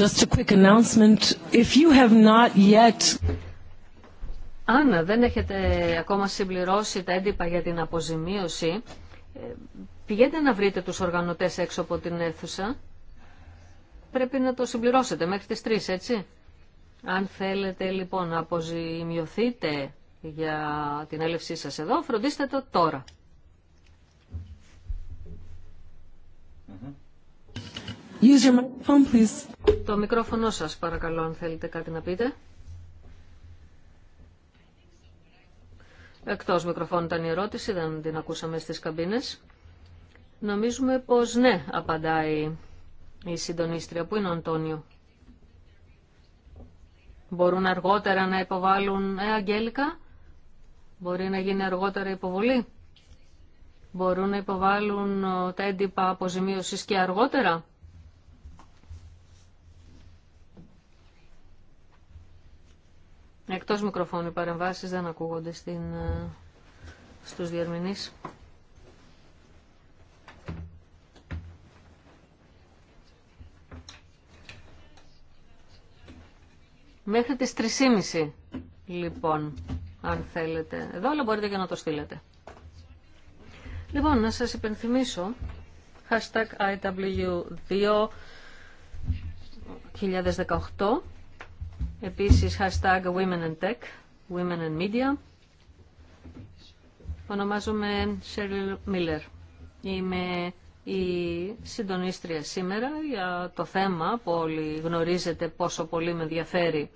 Just a quick announcement. If you have not yet... Αν δεν έχετε ακόμα συμπληρώσει τα έντυπα για την αποζημίωση, ε, πηγαίνετε να βρείτε τους οργανωτές έξω από την αίθουσα. Πρέπει να το συμπληρώσετε μέχρι τις 3, έτσι. Αν θέλετε λοιπόν να αποζημιωθείτε για την έλευσή σας εδώ, φροντίστε το τώρα. Use your please. Το μικρόφωνο σας παρακαλώ αν θέλετε κάτι να πείτε. Εκτός μικροφώνου ήταν η ερώτηση, δεν την ακούσαμε στις καμπίνες. Νομίζουμε πως ναι, απαντάει η συντονίστρια. Πού είναι ο Αντώνιο. Μπορούν αργότερα να υποβάλουν, ε, Αγγέλικα, μπορεί να γίνει αργότερα υποβολή. Μπορούν να υποβάλουν τα έντυπα αποζημίωσης και αργότερα. Εκτός μικροφώνου οι παρεμβάσεις δεν ακούγονται στην, ε, στους διερμηνείς. Μέχρι τις 3.30 λοιπόν, αν θέλετε. Εδώ αλλά μπορείτε και να το στείλετε. Λοιπόν, να σας υπενθυμίσω, hashtag IW2 2018 Επίσης hashtag Women and Tech, Women and Media. Ονομάζομαι Sheryl Miller. Είμαι η συντονίστρια σήμερα για το θέμα που όλοι γνωρίζετε πόσο πολύ με ενδιαφέρει.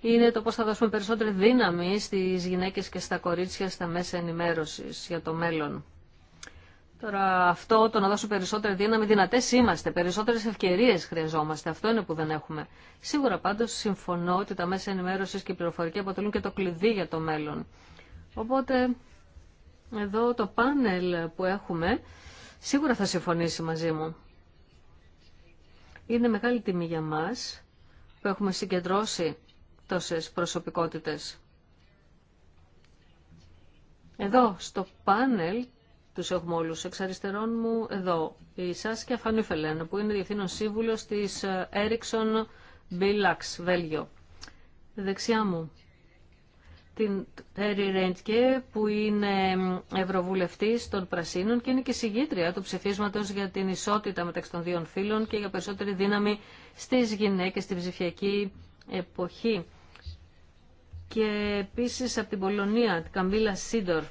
Είναι το πώς θα δώσουμε περισσότερη δύναμη στις γυναίκες και στα κορίτσια στα μέσα ενημέρωσης για το μέλλον. Τώρα αυτό το να δώσω περισσότερη δύναμη, δυνατέ είμαστε, περισσότερε ευκαιρίε χρειαζόμαστε. Αυτό είναι που δεν έχουμε. Σίγουρα πάντω συμφωνώ ότι τα μέσα ενημέρωση και η πληροφορική αποτελούν και το κλειδί για το μέλλον. Οπότε εδώ το πάνελ που έχουμε σίγουρα θα συμφωνήσει μαζί μου. Είναι μεγάλη τιμή για μας που έχουμε συγκεντρώσει τόσες προσωπικότητες. Εδώ στο πάνελ τους έχουμε όλους. Εξ αριστερών μου εδώ η Σάσκια Φανούφελεν που είναι διευθύνων σύμβουλος της ε, Ericsson Bilax, Βέλγιο. Δεξιά μου την Terry Ρέντκε που είναι Ευρωβουλευτής των Πρασίνων και είναι και συγγήτρια του ψηφίσματος για την ισότητα μεταξύ των δύο φίλων και για περισσότερη δύναμη στις γυναίκες στην ψηφιακή εποχή. Και επίσης από την Πολωνία, την Καμπίλα Σίντορ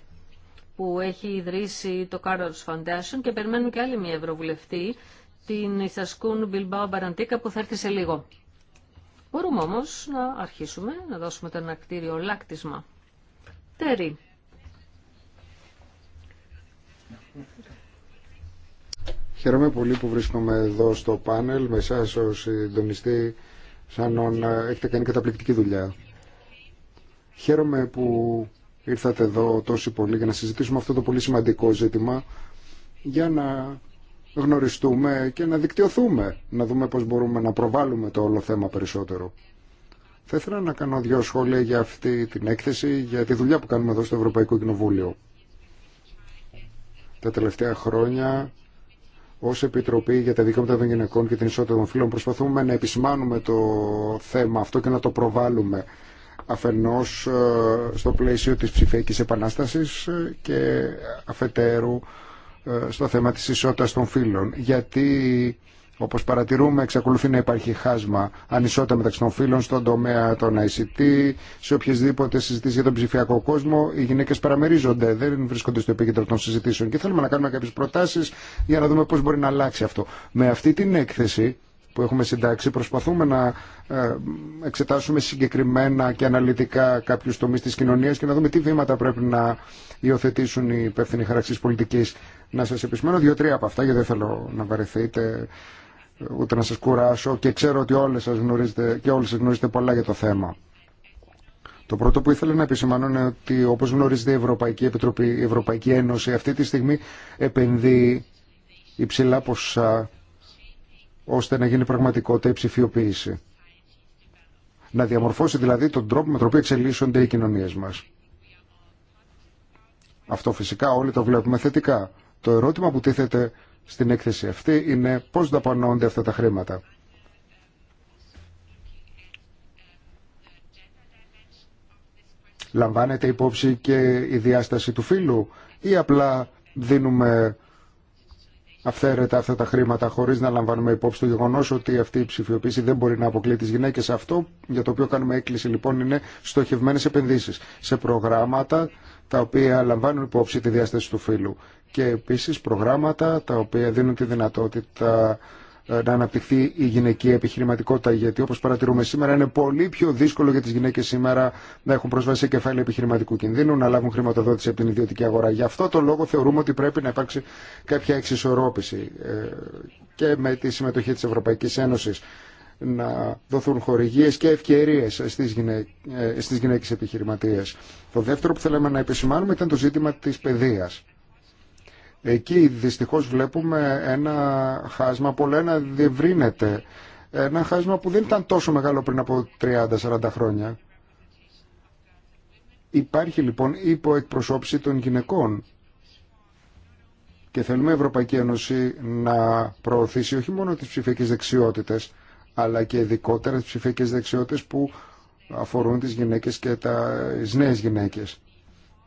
που έχει ιδρύσει το Carlos Foundation και περιμένουμε και άλλη μια ευρωβουλευτή, την Ιθασκούν Μπιλμπάου Μπαραντίκα που θα έρθει σε λίγο. Μπορούμε όμως να αρχίσουμε, να δώσουμε το ανακτήριο λάκτισμα. Τέρι. Χαίρομαι πολύ που βρίσκομαι εδώ στο πάνελ με εσά ω συντονιστή σαν έχετε κάνει καταπληκτική δουλειά. Χαίρομαι που ήρθατε εδώ τόσοι πολλοί για να συζητήσουμε αυτό το πολύ σημαντικό ζήτημα για να γνωριστούμε και να δικτυωθούμε, να δούμε πώς μπορούμε να προβάλλουμε το όλο θέμα περισσότερο. Θα ήθελα να κάνω δύο σχόλια για αυτή την έκθεση, για τη δουλειά που κάνουμε εδώ στο Ευρωπαϊκό Κοινοβούλιο. Τα τελευταία χρόνια, ως Επιτροπή για τα Δικαιώματα των Γυναικών και την Ισότητα των Φίλων, προσπαθούμε να επισημάνουμε το θέμα αυτό και να το προβάλλουμε αφενός ε, στο πλαίσιο της ψηφιακής επανάστασης ε, και αφετέρου ε, στο θέμα της ισότητας των φύλων. Γιατί, όπως παρατηρούμε, εξακολουθεί να υπάρχει χάσμα ανισότητα μεταξύ των φύλων στον τομέα των ICT, σε οποιασδήποτε συζητήσει για τον ψηφιακό κόσμο, οι γυναίκες παραμερίζονται, δεν βρίσκονται στο επίκεντρο των συζητήσεων και θέλουμε να κάνουμε κάποιες προτάσεις για να δούμε πώς μπορεί να αλλάξει αυτό. Με αυτή την έκθεση που έχουμε συντάξει προσπαθούμε να ε, εξετάσουμε συγκεκριμένα και αναλυτικά κάποιου τομεί τη κοινωνία και να δούμε τι βήματα πρέπει να υιοθετήσουν οι υπεύθυνοι χαρακτήρε πολιτική Να σα επισημαίνω δύο-τρία από αυτά γιατί δεν θέλω να βαρεθείτε ε, ούτε να σα κουράσω και ξέρω ότι όλες σα γνωρίζετε, και όλες σα γνωρίζετε πολλά για το θέμα. Το πρώτο που ήθελα να επισημάνω είναι ότι όπως γνωρίζετε η Ευρωπαϊκή Επιτροπή, η Ευρωπαϊκή Ένωση αυτή τη στιγμή επενδύει υψηλά ποσά ώστε να γίνει πραγματικότητα η ψηφιοποίηση. Να διαμορφώσει δηλαδή τον τρόπο με τον οποίο εξελίσσονται οι κοινωνίες μας. Αυτό φυσικά όλοι το βλέπουμε θετικά. Το ερώτημα που τίθεται στην έκθεση αυτή είναι πώς δαπανώνται αυτά τα χρήματα. Λαμβάνεται υπόψη και η διάσταση του φύλου ή απλά δίνουμε αυθαίρετα αυτά τα χρήματα χωρίς να λαμβάνουμε υπόψη το γεγονός ότι αυτή η ψηφιοποίηση δεν μπορεί να αποκλεί τις γυναίκες. Αυτό για το οποίο κάνουμε έκκληση λοιπόν είναι στοχευμένες επενδύσεις σε προγράμματα τα οποία λαμβάνουν υπόψη τη διάσταση του φύλου και επίσης προγράμματα τα οποία δίνουν τη δυνατότητα να αναπτυχθεί η γυναική επιχειρηματικότητα. Γιατί όπω παρατηρούμε σήμερα, είναι πολύ πιο δύσκολο για τι γυναίκε σήμερα να έχουν πρόσβαση σε κεφάλαιο επιχειρηματικού κινδύνου, να λάβουν χρηματοδότηση από την ιδιωτική αγορά. Γι' αυτό το λόγο θεωρούμε ότι πρέπει να υπάρξει κάποια εξισορρόπηση ε, και με τη συμμετοχή τη Ευρωπαϊκή Ένωση να δοθούν χορηγίες και ευκαιρίες στις, γυναί... Ε, στις γυναίκες επιχειρηματίες. Το δεύτερο που θέλαμε να επισημάνουμε ήταν το ζήτημα της παιδείας. Εκεί δυστυχώς βλέπουμε ένα χάσμα που να διευρύνεται. Ένα χάσμα που δεν ήταν τόσο μεγάλο πριν από 30-40 χρόνια. Υπάρχει λοιπόν υποεκπροσώπηση των γυναικών και θέλουμε η Ευρωπαϊκή Ένωση να προωθήσει όχι μόνο τις ψηφιακές δεξιότητες αλλά και ειδικότερα τις ψηφιακές δεξιότητες που αφορούν τις γυναίκες και τις νέες γυναίκες.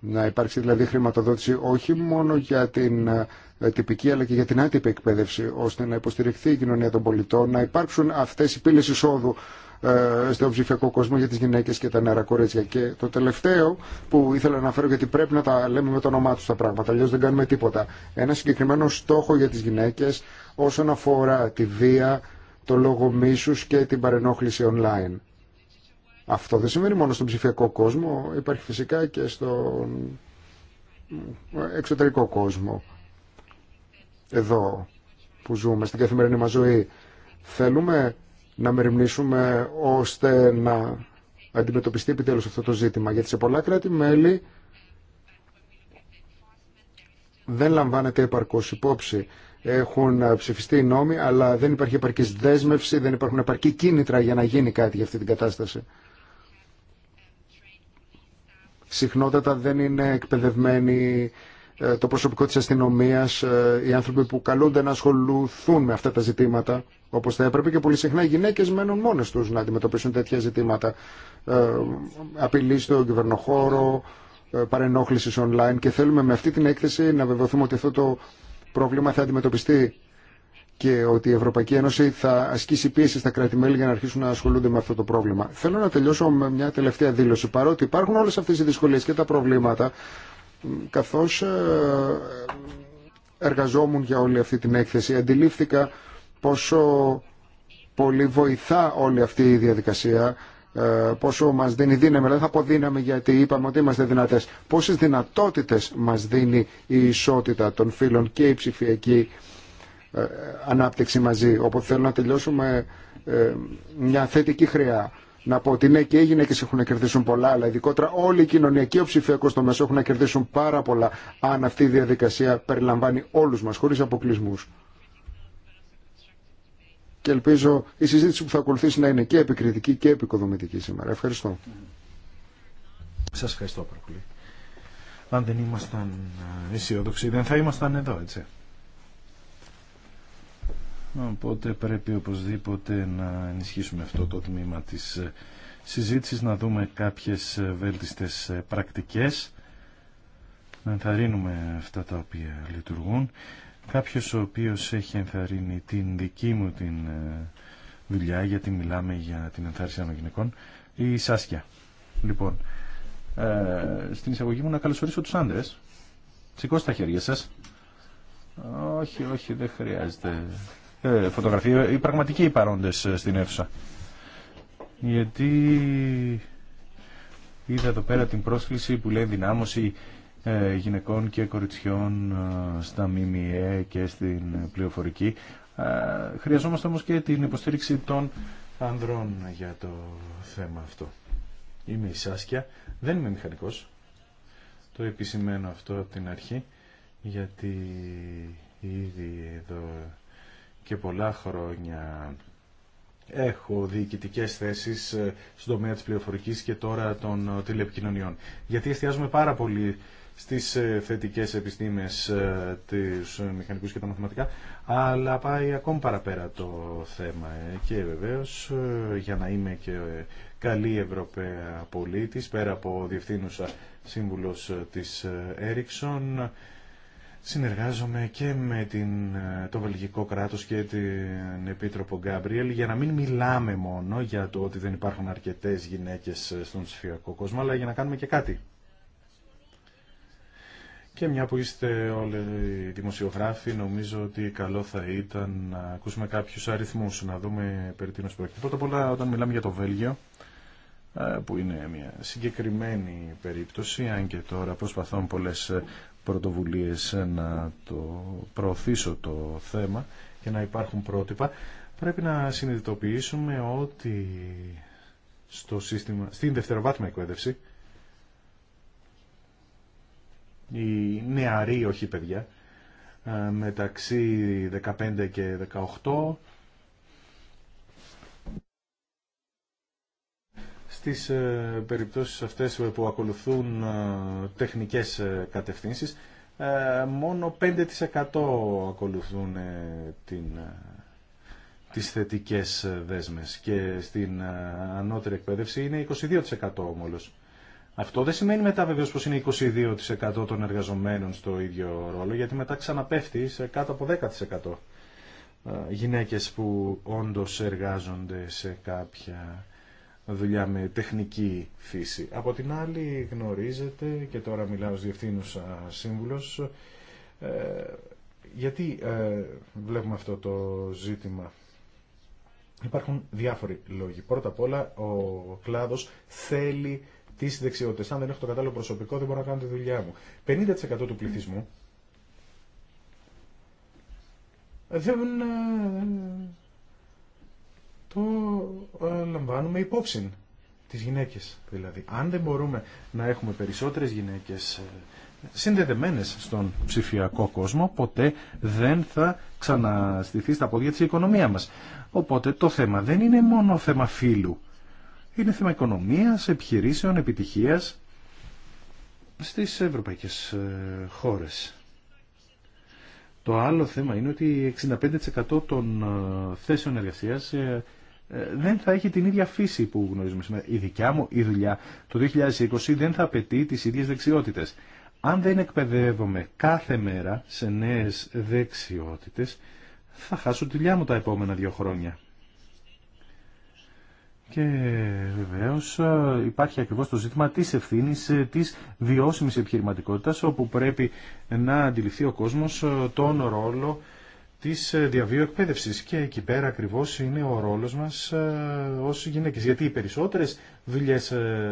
Να υπάρξει δηλαδή χρηματοδότηση όχι μόνο για την ε, τυπική αλλά και για την άτυπη εκπαίδευση ώστε να υποστηριχθεί η κοινωνία των πολιτών, να υπάρξουν αυτές οι πύλες εισόδου ε, στον ψηφιακό κόσμο για τις γυναίκες και τα νεαρά κορίτσια. Και το τελευταίο που ήθελα να αναφέρω γιατί πρέπει να τα λέμε με το όνομά τους τα πράγματα, αλλιώς δεν κάνουμε τίποτα. Ένα συγκεκριμένο στόχο για τις γυναίκες όσον αφορά τη βία, το λόγο μίσους και την παρενόχληση online. Αυτό δεν σημαίνει μόνο στον ψηφιακό κόσμο, υπάρχει φυσικά και στον εξωτερικό κόσμο. Εδώ που ζούμε, στην καθημερινή μας ζωή, θέλουμε να μεριμνήσουμε ώστε να αντιμετωπιστεί επιτέλους αυτό το ζήτημα. Γιατί σε πολλά κράτη-μέλη δεν λαμβάνεται επαρκώς υπόψη. Έχουν ψηφιστεί οι νόμοι, αλλά δεν υπάρχει επαρκής δέσμευση, δεν υπάρχουν επαρκή κίνητρα για να γίνει κάτι για αυτή την κατάσταση συχνότατα δεν είναι εκπαιδευμένοι ε, το προσωπικό της αστυνομίας, ε, οι άνθρωποι που καλούνται να ασχοληθούν με αυτά τα ζητήματα, όπως θα έπρεπε και πολύ συχνά οι γυναίκες μένουν μόνες τους να αντιμετωπίσουν τέτοια ζητήματα. Ε, απειλή στον κυβερνοχώρο, παρενόχληση online και θέλουμε με αυτή την έκθεση να βεβαιωθούμε ότι αυτό το πρόβλημα θα αντιμετωπιστεί και ότι η Ευρωπαϊκή Ένωση θα ασκήσει πίεση στα κράτη-μέλη για να αρχίσουν να ασχολούνται με αυτό το πρόβλημα. Θέλω να τελειώσω με μια τελευταία δήλωση. Παρότι υπάρχουν όλε αυτέ οι δυσκολίε και τα προβλήματα, καθώ ε, εργαζόμουν για όλη αυτή την έκθεση, αντιλήφθηκα πόσο πολύ βοηθά όλη αυτή η διαδικασία ε, πόσο μας δίνει δύναμη, δεν θα πω δύναμη γιατί είπαμε ότι είμαστε δυνατές, πόσες δυνατότητε μα δίνει η ισότητα των φίλων και η ψηφιακή ανάπτυξη μαζί. Οπότε θέλω να τελειώσουμε ε, μια θετική χρειά. Να πω ότι ναι και οι γυναίκε έχουν να κερδίσουν πολλά, αλλά ειδικότερα όλοι οι κοινωνιακοί ψηφιακοί στο μέσο έχουν να κερδίσουν πάρα πολλά, αν αυτή η διαδικασία περιλαμβάνει όλου μα, χωρί αποκλεισμού. Και ελπίζω η συζήτηση που θα ακολουθήσει να είναι και επικριτική και επικοδομητική σήμερα. Ευχαριστώ. Σα ευχαριστώ πολύ. Αν δεν ήμασταν αισιόδοξοι, δεν θα ήμασταν εδώ, έτσι. Οπότε πρέπει οπωσδήποτε να ενισχύσουμε αυτό το τμήμα της ε, συζήτησης, να δούμε κάποιες ε, βέλτιστες ε, πρακτικές, να ενθαρρύνουμε αυτά τα οποία λειτουργούν. Κάποιος ο οποίος έχει ενθαρρύνει την δική μου την δουλειά, γιατί μιλάμε για την ενθάρρυνση των γυναικών, η Σάσκια. Λοιπόν, στην εισαγωγή μου να καλωσορίσω τους άντρες. Σηκώστε τα χέρια σας. Όχι, όχι, δεν χρειάζεται ε, φωτογραφία, οι πραγματικοί παρόντες ε, στην αίθουσα. Γιατί είδα εδώ πέρα την πρόσκληση που λέει δυνάμωση ε, γυναικών και κοριτσιών στα ΜΜΕ και στην πληροφορική. Χρειαζόμαστε όμως και την υποστήριξη των ανδρών για το θέμα αυτό. Είμαι η Σάσκια, δεν είμαι μηχανικός. Το επισημαίνω αυτό από την αρχή, γιατί ήδη εδώ και πολλά χρόνια έχω διοικητικέ θέσει ε, στον τομέα τη πληροφορική και τώρα των ε, τηλεπικοινωνιών. Γιατί εστιάζουμε πάρα πολύ στι ε, θετικέ επιστήμε, του μηχανικού και τα μαθηματικά, αλλά πάει ακόμη παραπέρα το θέμα. Και βεβαίω, για να είμαι και καλή Ευρωπαία πολίτη, πέρα από διευθύνουσα σύμβουλο τη Έριξον, συνεργάζομαι και με την, ε, το βελγικό κράτος και την Επίτροπο Γκάμπριελ για να μην μιλάμε μόνο για το ότι δεν υπάρχουν αρκετές γυναίκες ε, στον ψηφιακό κόσμο, αλλά για να κάνουμε και κάτι. Και μια που είστε όλοι οι δημοσιογράφοι, νομίζω ότι καλό θα ήταν να ακούσουμε κάποιους αριθμούς, να δούμε περί τίνος πρόκειται. Πρώτα απ' όλα, όταν μιλάμε για το Βέλγιο, ε, που είναι μια συγκεκριμένη περίπτωση, αν και τώρα προσπαθώ πολλέ πρωτοβουλίες να το προωθήσω το θέμα και να υπάρχουν πρότυπα. Πρέπει να συνειδητοποιήσουμε ότι στο σύστημα, στην δευτεροβάθμια εκπαίδευση οι νεαροί, όχι παιδιά, ε, μεταξύ 15 και 18 στις ε, περιπτώσεις αυτές ε, που ακολουθούν ε, τεχνικές κατευθύνσεις μόνο 5% ακολουθούν την, τις θετικές δέσμες και στην ανώτερη εκπαίδευση είναι 22% όμως. Αυτό δεν σημαίνει μετά βεβαίως πως είναι 22% των εργαζομένων στο ίδιο ρόλο γιατί μετά ξαναπέφτει σε κάτω από 10% γυναίκες που όντως εργάζονται σε κάποια δουλειά με τεχνική φύση. Από την άλλη γνωρίζετε, και τώρα μιλάω ως διευθύνουσα σύμβουλος, ε, γιατί ε, βλέπουμε αυτό το ζήτημα. Υπάρχουν διάφοροι λόγοι. Πρώτα απ' όλα ο κλάδος θέλει τις δεξιότητες. Αν δεν έχω το κατάλληλο προσωπικό δεν μπορώ να κάνω τη δουλειά μου. 50% του πληθυσμού mm. δεν ε, το ε, λαμβάνουμε υπόψη. Τις γυναίκες δηλαδή. Αν δεν μπορούμε να έχουμε περισσότερες γυναίκες ε, συνδεδεμένες στον ψηφιακό κόσμο, ποτέ δεν θα ξαναστηθεί στα πόδια της οικονομία μας. Οπότε το θέμα δεν είναι μόνο θέμα φύλου. Είναι θέμα οικονομίας, επιχειρήσεων, επιτυχίας στις ευρωπαϊκές ε, χώρες. Το άλλο θέμα είναι ότι 65% των θέσεων εργασίας ε, δεν θα έχει την ίδια φύση που γνωρίζουμε σήμερα. Η δικιά μου η δουλειά το 2020 δεν θα απαιτεί τις ίδιες δεξιότητες. Αν δεν εκπαιδεύομαι κάθε μέρα σε νέες δεξιότητες, θα χάσω τη δουλειά μου τα επόμενα δύο χρόνια. Και βεβαίω ε, υπάρχει ακριβώ το ζήτημα τη ευθύνη ε, τη βιώσιμη επιχειρηματικότητα, όπου πρέπει να αντιληφθεί ο κόσμο τον ρόλο της ε, διαβίου εκπαίδευση και εκεί πέρα ακριβώς είναι ο ρόλος μας ε, ως γυναίκες. Γιατί οι περισσότερες δουλειέ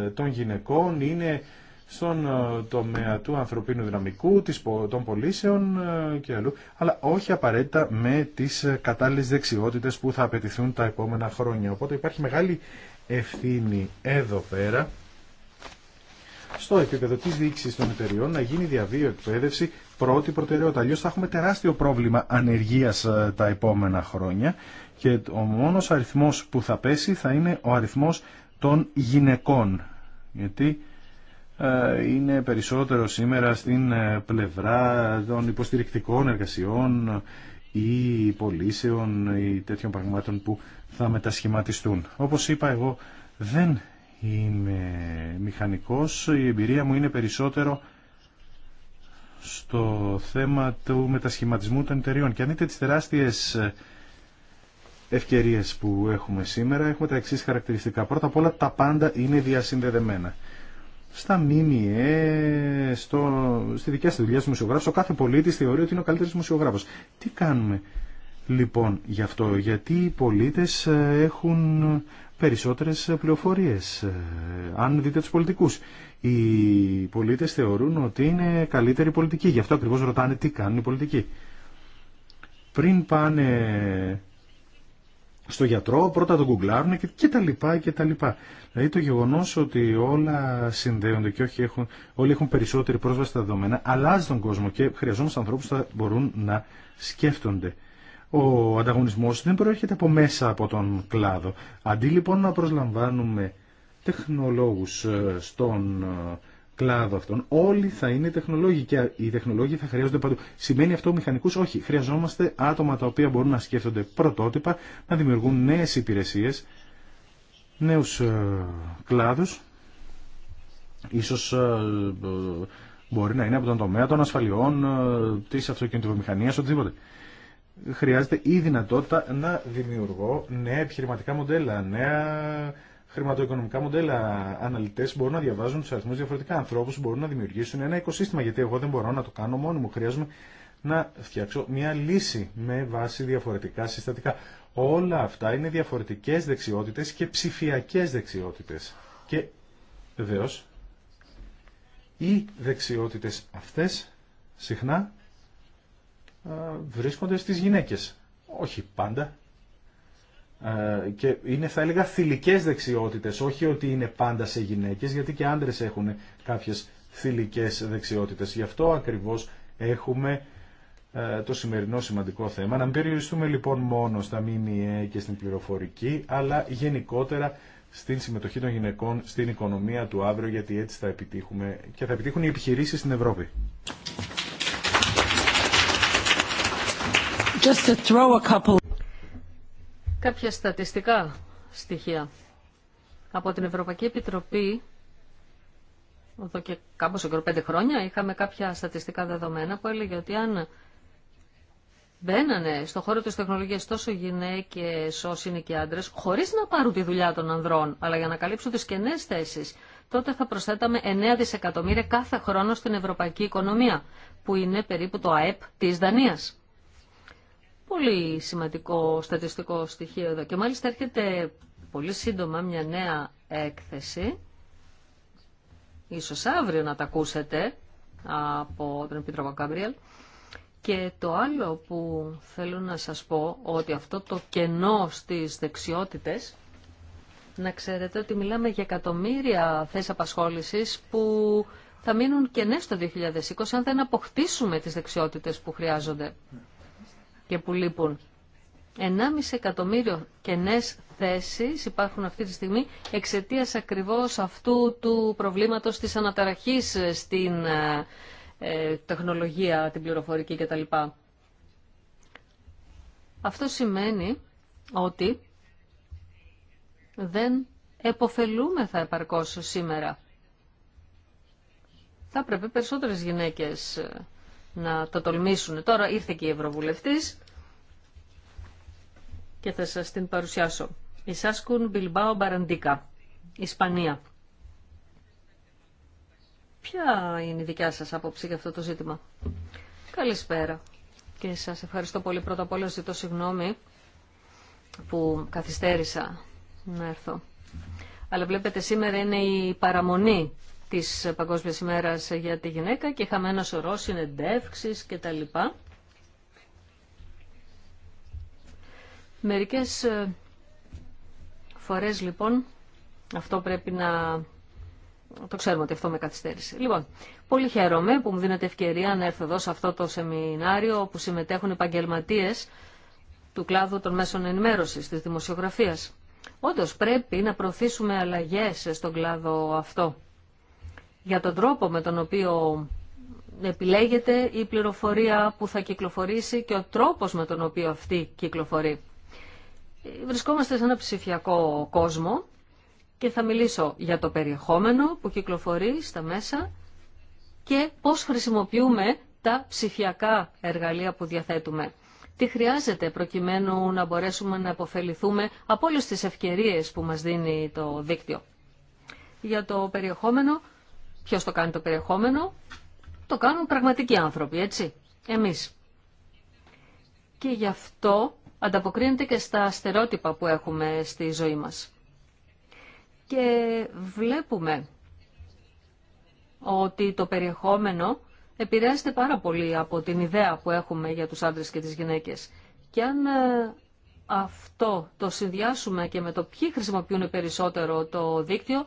ε, των γυναικών είναι στον τομέα του ανθρωπίνου δυναμικού, των πολίσεων και αλλού, αλλά όχι απαραίτητα με τις κατάλληλε δεξιότητες που θα απαιτηθούν τα επόμενα χρόνια. Οπότε υπάρχει μεγάλη ευθύνη εδώ πέρα στο επίπεδο τη διοίκηση των εταιριών να γίνει διαβίω εκπαίδευση πρώτη προτεραιότητα. Αλλιώ θα έχουμε τεράστιο πρόβλημα ανεργία ε, τα επόμενα χρόνια και ο μόνο αριθμό που θα πέσει θα είναι ο αριθμό των γυναικών. Γιατί ε, είναι περισσότερο σήμερα στην ε, πλευρά των υποστηρικτικών εργασιών ή πωλήσεων ή τέτοιων πραγμάτων που θα μετασχηματιστούν. Όπως είπα εγώ δεν είμαι μηχανικός, η εμπειρία μου είναι περισσότερο στο θέμα του μετασχηματισμού των εταιριών. Και αν είτε τις τεράστιες ευκαιρίες που έχουμε σήμερα, έχουμε τα εξής χαρακτηριστικά. Πρώτα απ' όλα τα πάντα είναι διασυνδεδεμένα. Στα μήνυε, στο, στη δικιά σας δουλειά του ο κάθε πολίτης θεωρεί ότι είναι ο καλύτερος δημοσιογράφος. Τι κάνουμε λοιπόν γι' αυτό, γιατί οι πολίτες ε, έχουν περισσότερες πληροφορίες. Αν δείτε τους πολιτικούς, οι πολίτες θεωρούν ότι είναι καλύτερη πολιτική. Γι' αυτό ακριβώς ρωτάνε τι κάνουν οι πολιτικοί. Πριν πάνε στο γιατρό, πρώτα τον γκουγκλάρουν και, και τα λοιπά και τα λοιπά. Δηλαδή το γεγονός ότι όλα συνδέονται και όχι έχουν, όλοι έχουν περισσότερη πρόσβαση στα δεδομένα, αλλάζει τον κόσμο και χρειαζόμαστε ανθρώπους που θα μπορούν να σκέφτονται. Ο ανταγωνισμός δεν προέρχεται από μέσα από τον κλάδο. Αντί λοιπόν να προσλαμβάνουμε τεχνολόγους ε, στον ε, κλάδο αυτόν, όλοι θα είναι τεχνολόγοι και οι τεχνολόγοι θα χρειάζονται παντού. Σημαίνει αυτό μηχανικούς, όχι. Χρειαζόμαστε άτομα τα οποία μπορούν να σκέφτονται πρωτότυπα, να δημιουργούν νέες υπηρεσίες, νέους ε, κλάδους. Ίσως μπορεί να είναι από τον τομέα των ασφαλιών, της αυτοκινητοβιομηχανίας, οτιδήποτε χρειάζεται η δυνατότητα να δημιουργώ νέα επιχειρηματικά μοντέλα, νέα χρηματοοικονομικά μοντέλα. Αναλυτέ μπορούν να διαβάζουν του αριθμού διαφορετικά. Ανθρώπου μπορούν να δημιουργήσουν ένα οικοσύστημα. Γιατί εγώ δεν μπορώ να το κάνω μόνο μου. Χρειάζομαι να φτιάξω μια λύση με βάση διαφορετικά συστατικά. Όλα αυτά είναι διαφορετικέ δεξιότητε και ψηφιακέ δεξιότητε. Και βεβαίω οι δεξιότητε αυτέ συχνά ε, βρίσκονται στις γυναίκες. Όχι πάντα. Ε, και είναι θα έλεγα θηλυκές δεξιότητες, όχι ότι είναι πάντα σε γυναίκες, γιατί και άντρες έχουν κάποιες θηλυκές δεξιότητες. Γι' αυτό ακριβώς έχουμε ε, το σημερινό σημαντικό θέμα. Να μην περιοριστούμε λοιπόν μόνο στα ΜΜΕ και στην πληροφορική, αλλά γενικότερα στην συμμετοχή των γυναικών στην οικονομία του αύριο, γιατί έτσι θα επιτύχουμε και θα επιτύχουν οι επιχειρήσεις στην Ευρώπη. Κάποια στατιστικά στοιχεία. Από την Ευρωπαϊκή Επιτροπή, εδώ και κάπως εγώ πέντε χρόνια, είχαμε κάποια στατιστικά δεδομένα που έλεγε ότι αν μπαίνανε στον χώρο της τεχνολογίας τόσο γυναίκες όσοι είναι και άντρες, χωρίς να πάρουν τη δουλειά των ανδρών, αλλά για να καλύψουν τις κενές θέσεις, τότε θα προσθέταμε 9 δισεκατομμύρια κάθε χρόνο στην ευρωπαϊκή οικονομία, που είναι περίπου το ΑΕΠ της Δανίας. Πολύ σημαντικό στατιστικό στοιχείο εδώ. Και μάλιστα έρχεται πολύ σύντομα μια νέα έκθεση. Ίσως αύριο να τα ακούσετε από τον Επίτροπο Καμπρίελ. Και το άλλο που θέλω να σας πω, ότι αυτό το κενό στις δεξιότητες, να ξέρετε ότι μιλάμε για εκατομμύρια θέσεις απασχόλησης που θα μείνουν κενές το 2020 αν δεν αποκτήσουμε τις δεξιότητες που χρειάζονται και που λείπουν. 1,5 εκατομμύριο κενές θέσεις υπάρχουν αυτή τη στιγμή εξαιτία ακριβώς αυτού του προβλήματος της αναταραχής στην ε, ε, τεχνολογία, την πληροφορική κτλ. Αυτό σημαίνει ότι δεν εποφελούμε θα επαρκώς σήμερα. Θα πρέπει περισσότερες γυναίκες ε, να το τολμήσουν. Τώρα ήρθε και η Ευρωβουλευτής και θα σα την παρουσιάσω. Σάσκουν Μπιλμπάο Μπαραντίκα, Ισπανία. Ποια είναι η δικιά σας άποψη για αυτό το ζήτημα. Καλησπέρα και σας ευχαριστώ πολύ. Πρώτα απ' όλα ζητώ συγγνώμη που καθυστέρησα να έρθω. Αλλά βλέπετε σήμερα είναι η παραμονή Τη παγκόσμια ημέρας για τη γυναίκα και είχαμε ένα σωρό συνεντεύξεις και τα λοιπά. Μερικές ε, φορές λοιπόν αυτό πρέπει να το ξέρουμε ότι αυτό με καθυστέρησε. Λοιπόν, πολύ χαίρομαι που μου δίνετε ευκαιρία να έρθω εδώ σε αυτό το σεμινάριο όπου συμμετέχουν επαγγελματίε του κλάδου των μέσων ενημέρωση, της δημοσιογραφίας. Όντω πρέπει να προωθήσουμε αλλαγέ στον κλάδο αυτό για τον τρόπο με τον οποίο επιλέγεται η πληροφορία που θα κυκλοφορήσει και ο τρόπος με τον οποίο αυτή κυκλοφορεί. Βρισκόμαστε σε ένα ψηφιακό κόσμο και θα μιλήσω για το περιεχόμενο που κυκλοφορεί στα μέσα και πώς χρησιμοποιούμε τα ψηφιακά εργαλεία που διαθέτουμε. Τι χρειάζεται προκειμένου να μπορέσουμε να αποφεληθούμε από όλες τις ευκαιρίες που μας δίνει το δίκτυο. Για το περιεχόμενο Ποιο το κάνει το περιεχόμενο, το κάνουν πραγματικοί άνθρωποι, έτσι, εμείς. Και γι' αυτό ανταποκρίνεται και στα στερότυπα που έχουμε στη ζωή μας. Και βλέπουμε ότι το περιεχόμενο επηρεάζεται πάρα πολύ από την ιδέα που έχουμε για τους άντρες και τις γυναίκες. Και αν ε, αυτό το συνδυάσουμε και με το ποιοι χρησιμοποιούν περισσότερο το δίκτυο,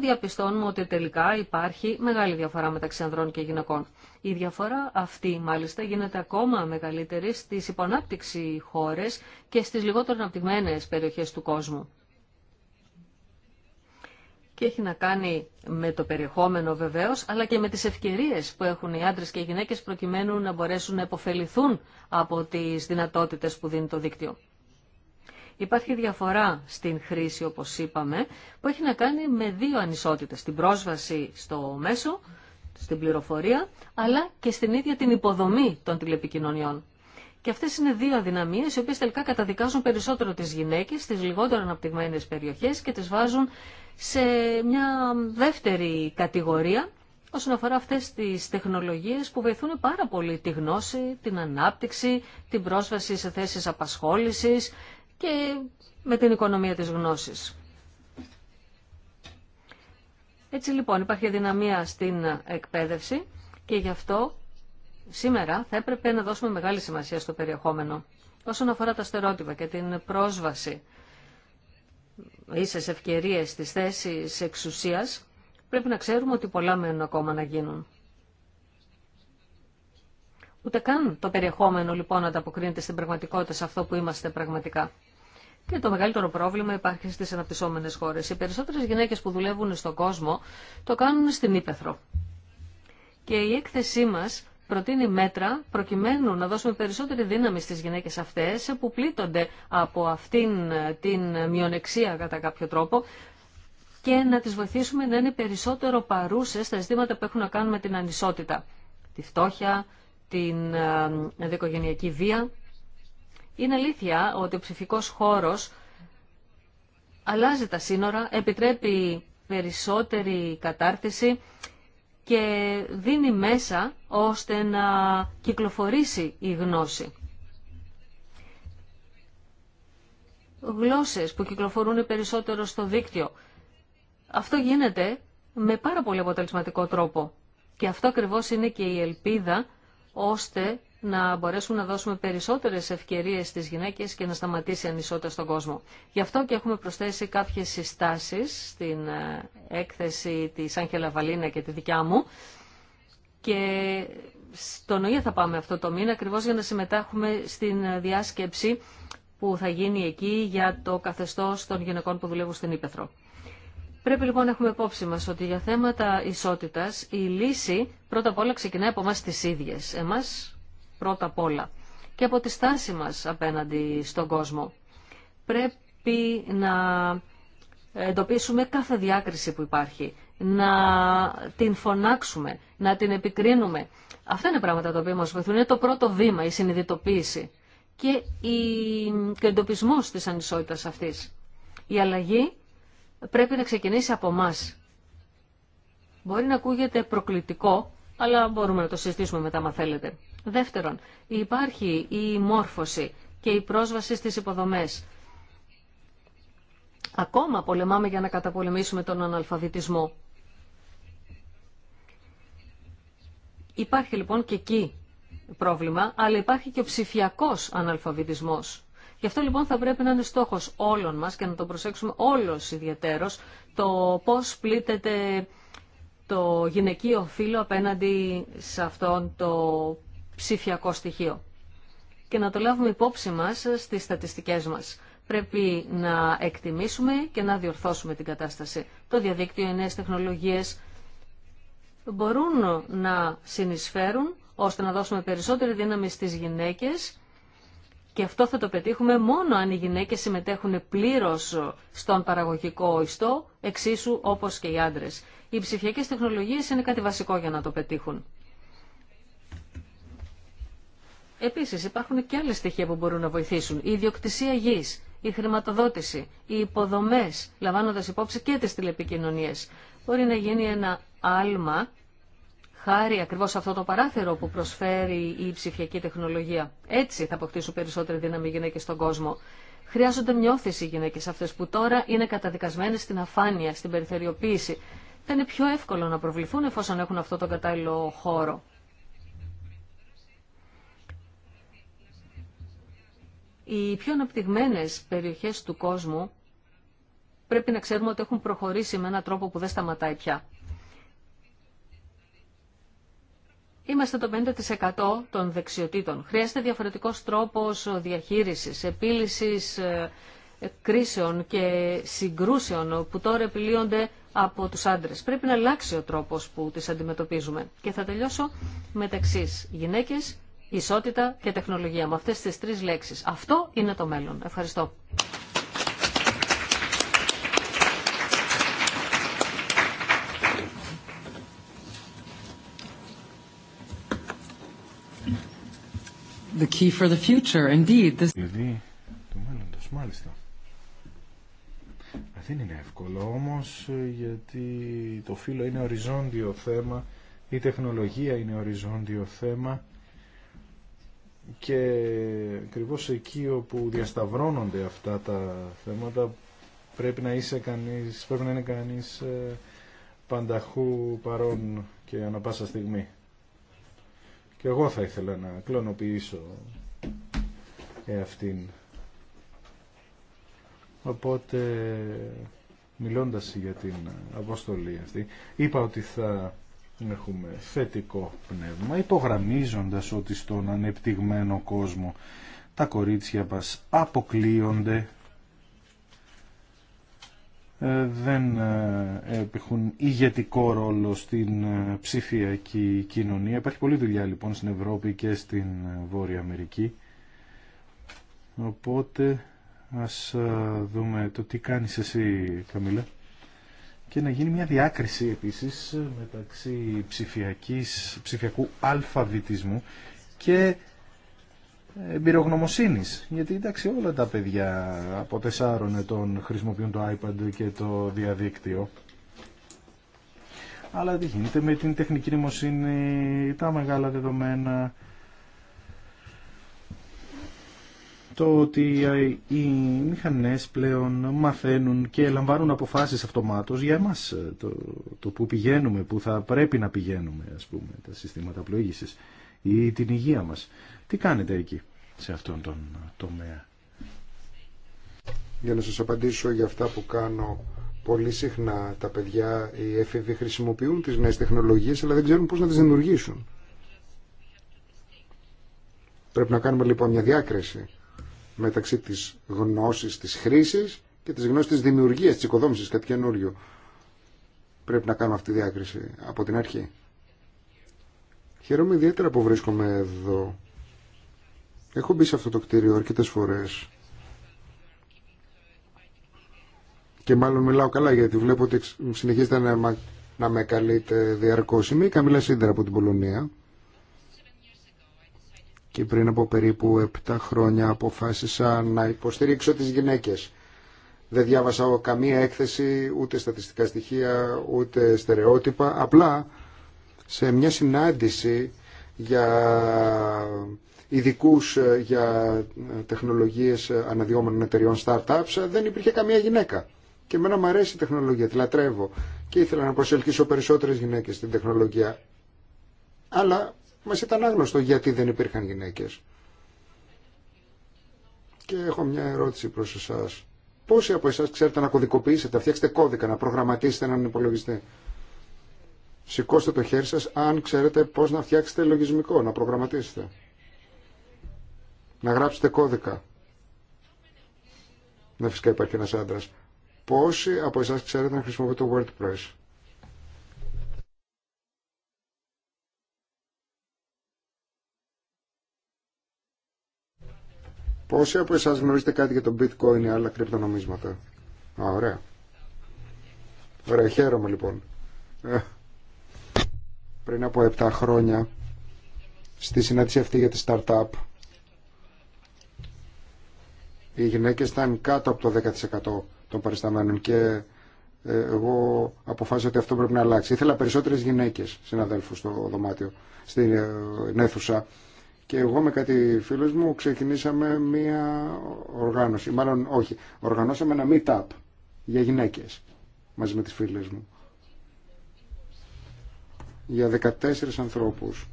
διαπιστώνουμε ότι τελικά υπάρχει μεγάλη διαφορά μεταξύ ανδρών και γυναικών. Η διαφορά αυτή μάλιστα γίνεται ακόμα μεγαλύτερη στις υπονάπτυξη χώρες και στις λιγότερο αναπτυγμένες περιοχές του κόσμου. Και έχει να κάνει με το περιεχόμενο βεβαίως, αλλά και με τις ευκαιρίες που έχουν οι άντρες και οι γυναίκες προκειμένου να μπορέσουν να υποφεληθούν από τις δυνατότητες που δίνει το δίκτυο. Υπάρχει διαφορά στην χρήση, όπως είπαμε, που έχει να κάνει με δύο ανισότητες. Την πρόσβαση στο μέσο, στην πληροφορία, αλλά και στην ίδια την υποδομή των τηλεπικοινωνιών. Και αυτές είναι δύο αδυναμίες, οι οποίες τελικά καταδικάζουν περισσότερο τις γυναίκες στις λιγότερο αναπτυγμένες περιοχές και τις βάζουν σε μια δεύτερη κατηγορία, όσον αφορά αυτές τις τεχνολογίες που βοηθούν πάρα πολύ τη γνώση, την ανάπτυξη, την πρόσβαση σε θέσεις απασχόλησης, και με την οικονομία της γνώσης. Έτσι λοιπόν υπάρχει δυναμία στην εκπαίδευση και γι' αυτό σήμερα θα έπρεπε να δώσουμε μεγάλη σημασία στο περιεχόμενο. Όσον αφορά τα στερότυπα και την πρόσβαση ίσες ευκαιρίες στις θέσεις εξουσίας, πρέπει να ξέρουμε ότι πολλά μένουν ακόμα να γίνουν. Ούτε καν το περιεχόμενο λοιπόν ανταποκρίνεται στην πραγματικότητα σε αυτό που είμαστε πραγματικά. Και το μεγαλύτερο πρόβλημα υπάρχει στι αναπτυσσόμενες χώρε. Οι περισσότερε γυναίκε που δουλεύουν στον κόσμο το κάνουν στην ύπεθρο. Και η έκθεσή μα προτείνει μέτρα προκειμένου να δώσουμε περισσότερη δύναμη στις γυναίκες αυτές που πλήττονται από αυτήν την μειονεξία κατά κάποιο τρόπο και να τις βοηθήσουμε να είναι περισσότερο παρούσες στα ζητήματα που έχουν να κάνουν με την ανισότητα, τη φτώχεια, την ε, δικογενειακή βία. Είναι αλήθεια ότι ο ψηφικός χώρος αλλάζει τα σύνορα, επιτρέπει περισσότερη κατάρτιση και δίνει μέσα ώστε να κυκλοφορήσει η γνώση. Γλώσσες που κυκλοφορούν περισσότερο στο δίκτυο. Αυτό γίνεται με πάρα πολύ αποτελεσματικό τρόπο. Και αυτό ακριβώ είναι και η ελπίδα ώστε να μπορέσουμε να δώσουμε περισσότερες ευκαιρίες στις γυναίκες και να σταματήσει η ανισότητα στον κόσμο. Γι' αυτό και έχουμε προσθέσει κάποιες συστάσεις στην ε, έκθεση της Άγγελα Βαλίνα και τη δικιά μου και στον ΟΗΕ θα πάμε αυτό το μήνα ακριβώ για να συμμετάχουμε στην διάσκεψη που θα γίνει εκεί για το καθεστώς των γυναικών που δουλεύουν στην Ήπεθρο. Πρέπει λοιπόν να έχουμε υπόψη μας ότι για θέματα ισότητας η λύση πρώτα απ' όλα ξεκινάει από εμάς τις ίδιες. Εμάς πρώτα απ' όλα. Και από τη στάση μας απέναντι στον κόσμο. Πρέπει να εντοπίσουμε κάθε διάκριση που υπάρχει. Να την φωνάξουμε, να την επικρίνουμε. Αυτά είναι πράγματα τα οποία μας βοηθούν. Είναι το πρώτο βήμα, η συνειδητοποίηση και, ο εντοπισμός της ανισότητας αυτής. Η αλλαγή πρέπει να ξεκινήσει από εμά. Μπορεί να ακούγεται προκλητικό, αλλά μπορούμε να το συζητήσουμε μετά, αν θέλετε. Δεύτερον, υπάρχει η μόρφωση και η πρόσβαση στις υποδομές. Ακόμα πολεμάμε για να καταπολεμήσουμε τον αναλφαβητισμό. Υπάρχει λοιπόν και εκεί πρόβλημα, αλλά υπάρχει και ο ψηφιακός αναλφαβητισμός. Γι' αυτό λοιπόν θα πρέπει να είναι στόχος όλων μας και να το προσέξουμε όλος ιδιαίτερος το πώς πλήττεται το γυναικείο φύλλο απέναντι σε αυτόν το ψηφιακό στοιχείο. Και να το λάβουμε υπόψη μας στις στατιστικές μας. Πρέπει να εκτιμήσουμε και να διορθώσουμε την κατάσταση. Το διαδίκτυο, οι νέες τεχνολογίες μπορούν να συνεισφέρουν ώστε να δώσουμε περισσότερη δύναμη στις γυναίκες και αυτό θα το πετύχουμε μόνο αν οι γυναίκες συμμετέχουν πλήρως στον παραγωγικό ιστό, εξίσου όπως και οι άντρες. Οι ψηφιακές τεχνολογίες είναι κάτι βασικό για να το πετύχουν. Επίσης υπάρχουν και άλλες στοιχεία που μπορούν να βοηθήσουν. Η ιδιοκτησία γης, η χρηματοδότηση, οι υποδομές, λαμβάνοντας υπόψη και τις τηλεπικοινωνίες. Μπορεί να γίνει ένα άλμα χάρη ακριβώς αυτό το παράθυρο που προσφέρει η ψηφιακή τεχνολογία. Έτσι θα αποκτήσουν περισσότερη δύναμη οι γυναίκες στον κόσμο. Χρειάζονται μια οι γυναίκες αυτές που τώρα είναι καταδικασμένες στην αφάνεια, στην περιθεριοποίηση. Θα είναι πιο εύκολο να προβληθούν εφόσον έχουν αυτό το κατάλληλο χώρο. Οι πιο αναπτυγμένες περιοχές του κόσμου πρέπει να ξέρουμε ότι έχουν προχωρήσει με έναν τρόπο που δεν σταματάει πια. Είμαστε το 50% των δεξιοτήτων. Χρειάζεται διαφορετικός τρόπος διαχείρισης, επίλυσης ε, ε, κρίσεων και συγκρούσεων που τώρα επιλύονται από τους άντρες. Πρέπει να αλλάξει ο τρόπος που τις αντιμετωπίζουμε. Και θα τελειώσω με τα Γυναίκες, ισότητα και τεχνολογία. Με αυτές τις τρεις λέξεις. Αυτό είναι το μέλλον. Ευχαριστώ. the key for the future, indeed. This... Δηλαδή, μέλλοντος, μάλιστα. Δεν είναι εύκολο όμως ε, γιατί το φύλλο είναι οριζόντιο θέμα, η τεχνολογία είναι οριζόντιο θέμα και ακριβώ εκεί όπου διασταυρώνονται αυτά τα θέματα πρέπει να, είσαι κανείς, πρέπει να είναι κανείς ε, πανταχού παρόν και ανα πάσα στιγμή εγώ θα ήθελα να κλωνοποιήσω αυτήν. Οπότε, μιλώντας για την αποστολή αυτή, είπα ότι θα έχουμε θετικό πνεύμα, υπογραμμίζοντας ότι στον ανεπτυγμένο κόσμο τα κορίτσια μας αποκλείονται ε, δεν ε, επιχούν ηγετικό ρόλο στην ε, ψηφιακή κοινωνία. Υπάρχει πολλή δουλειά λοιπόν στην Ευρώπη και στην Βόρεια Αμερική. Οπότε ας δούμε το τι κάνεις εσύ Καμίλα και να γίνει μια διάκριση επίσης μεταξύ ψηφιακής, ψηφιακού αλφαβητισμού και εμπειρογνωμοσύνη. Γιατί εντάξει όλα τα παιδιά από τεσσάρων ετών χρησιμοποιούν το iPad και το διαδίκτυο. Αλλά τι γίνεται με την τεχνική νοημοσύνη, τα μεγάλα δεδομένα, το ότι οι μηχανές πλέον μαθαίνουν και λαμβάνουν αποφάσεις αυτομάτως για εμάς, το, το που πηγαίνουμε, που θα πρέπει να πηγαίνουμε, ας πούμε, τα συστήματα πλοήγησης ή την υγεία μας. Τι κάνετε εκεί, σε αυτόν τον τομέα. Για να σας απαντήσω για αυτά που κάνω πολύ συχνά τα παιδιά, οι έφηβοι χρησιμοποιούν τις νέες τεχνολογίες αλλά δεν ξέρουν πώς να τις δημιουργήσουν. Πρέπει να κάνουμε λοιπόν μια διάκριση μεταξύ της γνώσης της χρήσης και της γνώσης της δημιουργίας, της οικοδόμησης, κάτι καινούριο. Πρέπει να κάνουμε αυτή τη διάκριση από την αρχή. Χαίρομαι ιδιαίτερα που βρίσκομαι εδώ Έχω μπει σε αυτό το κτίριο αρκετές φορές και μάλλον μιλάω καλά γιατί βλέπω ότι συνεχίζετε να, να με καλείτε διαρκώς. Είμαι η Καμίλα Σίντερα από την Πολωνία και πριν από περίπου 7 χρόνια αποφάσισα να υποστηρίξω τις γυναίκες. Δεν διάβασα καμία έκθεση, ούτε στατιστικά στοιχεία, ούτε στερεότυπα. Απλά σε μια συνάντηση για ειδικού ε, για ε, τεχνολογίε ε, αναδυόμενων εταιριών startups δεν υπήρχε καμία γυναίκα. Και εμένα μου αρέσει η τεχνολογία, τη λατρεύω και ήθελα να προσελκύσω περισσότερε γυναίκε στην τεχνολογία. Αλλά μα ήταν άγνωστο γιατί δεν υπήρχαν γυναίκε. Και έχω μια ερώτηση προ εσά. Πόσοι από εσά ξέρετε να κωδικοποιήσετε, να φτιάξετε κώδικα, να προγραμματίσετε έναν υπολογιστή. Σηκώστε το χέρι σας αν ξέρετε πώς να φτιάξετε λογισμικό, να προγραμματίσετε να γράψετε κώδικα. Ναι, φυσικά υπάρχει ένα άντρα. Πόσοι από εσά ξέρετε να χρησιμοποιείτε το WordPress. Πόσοι από εσά γνωρίζετε κάτι για το bitcoin ή άλλα κρυπτονομίσματα. Α, ωραία. Ωραία, χαίρομαι λοιπόν. Ε, πριν από 7 χρόνια στη συνάντηση αυτή για τη startup οι γυναίκες ήταν κάτω από το 10% των παρισταμένων και ε, εγώ αποφάσισα ότι αυτό πρέπει να αλλάξει. Ήθελα περισσότερες γυναίκες συναδέλφους στο δωμάτιο, στην ε, αίθουσα. Και εγώ με κάτι φίλους μου ξεκινήσαμε μία οργάνωση, μάλλον όχι, οργανώσαμε ένα meet-up για γυναίκες μαζί με τις φίλες μου. Για 14 ανθρώπους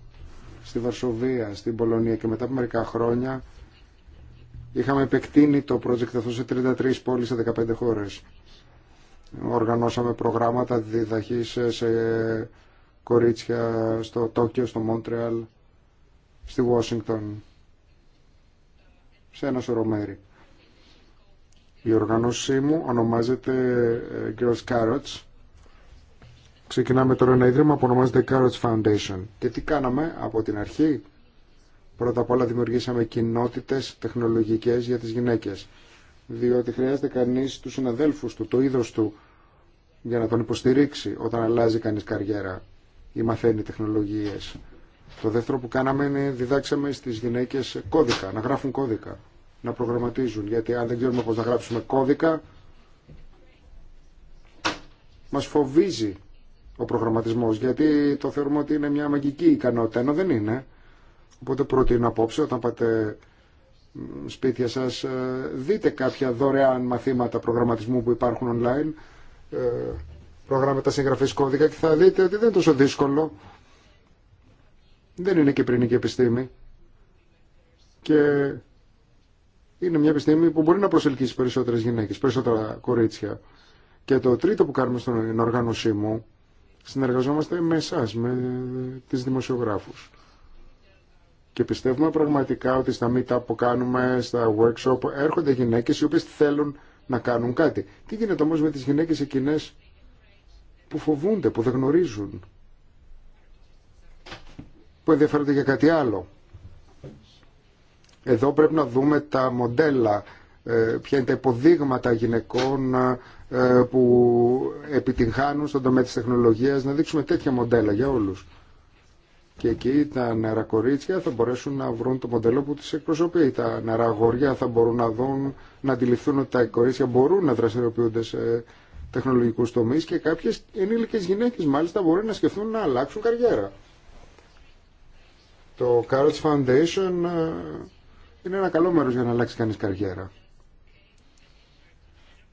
στη Βαρσοβία, στην Πολωνία και μετά από μερικά χρόνια Είχαμε επεκτείνει το project αυτό σε 33 πόλεις σε 15 χώρες. Οργανώσαμε προγράμματα διδαχής σε κορίτσια στο Τόκιο, στο Μόντρεαλ, στη Ουάσιγκτον, σε ένα σωρό μέρη. Η οργανώσή μου ονομάζεται ε, Girls Carrots. Ξεκινάμε τώρα ένα ίδρυμα που ονομάζεται Carrots Foundation. Και τι κάναμε από την αρχή. Πρώτα απ' όλα δημιουργήσαμε κοινότητε τεχνολογικέ για τις γυναίκες, διότι χρειάζεται κανείς του συναδέλφους του, το είδο του, για να τον υποστηρίξει όταν αλλάζει κανείς καριέρα ή μαθαίνει τεχνολογίες. Το δεύτερο που κάναμε είναι διδάξαμε στις γυναίκες κώδικα, να γράφουν κώδικα, να προγραμματίζουν, γιατί αν δεν ξέρουμε πώ να γράψουμε κώδικα, μα φοβίζει ο προγραμματισμό. γιατί το θεωρούμε ότι είναι μια μαγική ικανότητα, ενώ δεν είναι. Οπότε είναι απόψε όταν πάτε σπίτια σας ε, δείτε κάποια δωρεάν μαθήματα προγραμματισμού που υπάρχουν online ε, προγράμματα συγγραφής κώδικα και θα δείτε ότι δεν είναι τόσο δύσκολο δεν είναι κυπρινική επιστήμη και είναι μια επιστήμη που μπορεί να προσελκύσει περισσότερες γυναίκες, περισσότερα κορίτσια και το τρίτο που κάνουμε στην οργάνωσή μου συνεργαζόμαστε με εσά, με ε, τις δημοσιογράφους και πιστεύουμε πραγματικά ότι στα meetup που κάνουμε, στα workshop, έρχονται γυναίκες οι οποίες θέλουν να κάνουν κάτι. Τι γίνεται όμως με τις γυναίκες εκείνες που φοβούνται, που δεν γνωρίζουν, που ενδιαφέρονται για κάτι άλλο. Εδώ πρέπει να δούμε τα μοντέλα, ε, ποια είναι τα υποδείγματα γυναικών ε, που επιτυγχάνουν στον τομέα της τεχνολογίας, να δείξουμε τέτοια μοντέλα για όλους και εκεί τα νεαρά κορίτσια θα μπορέσουν να βρουν το μοντέλο που τις εκπροσωπεί. Τα νεαρά αγόρια θα μπορούν να δουν, να αντιληφθούν ότι τα κορίτσια μπορούν να δραστηριοποιούνται σε τεχνολογικού τομεί και κάποιε ενήλικες γυναίκε μάλιστα μπορεί να σκεφτούν να αλλάξουν καριέρα. Το Carrots Foundation ε, είναι ένα καλό μέρος για να αλλάξει κανείς καριέρα.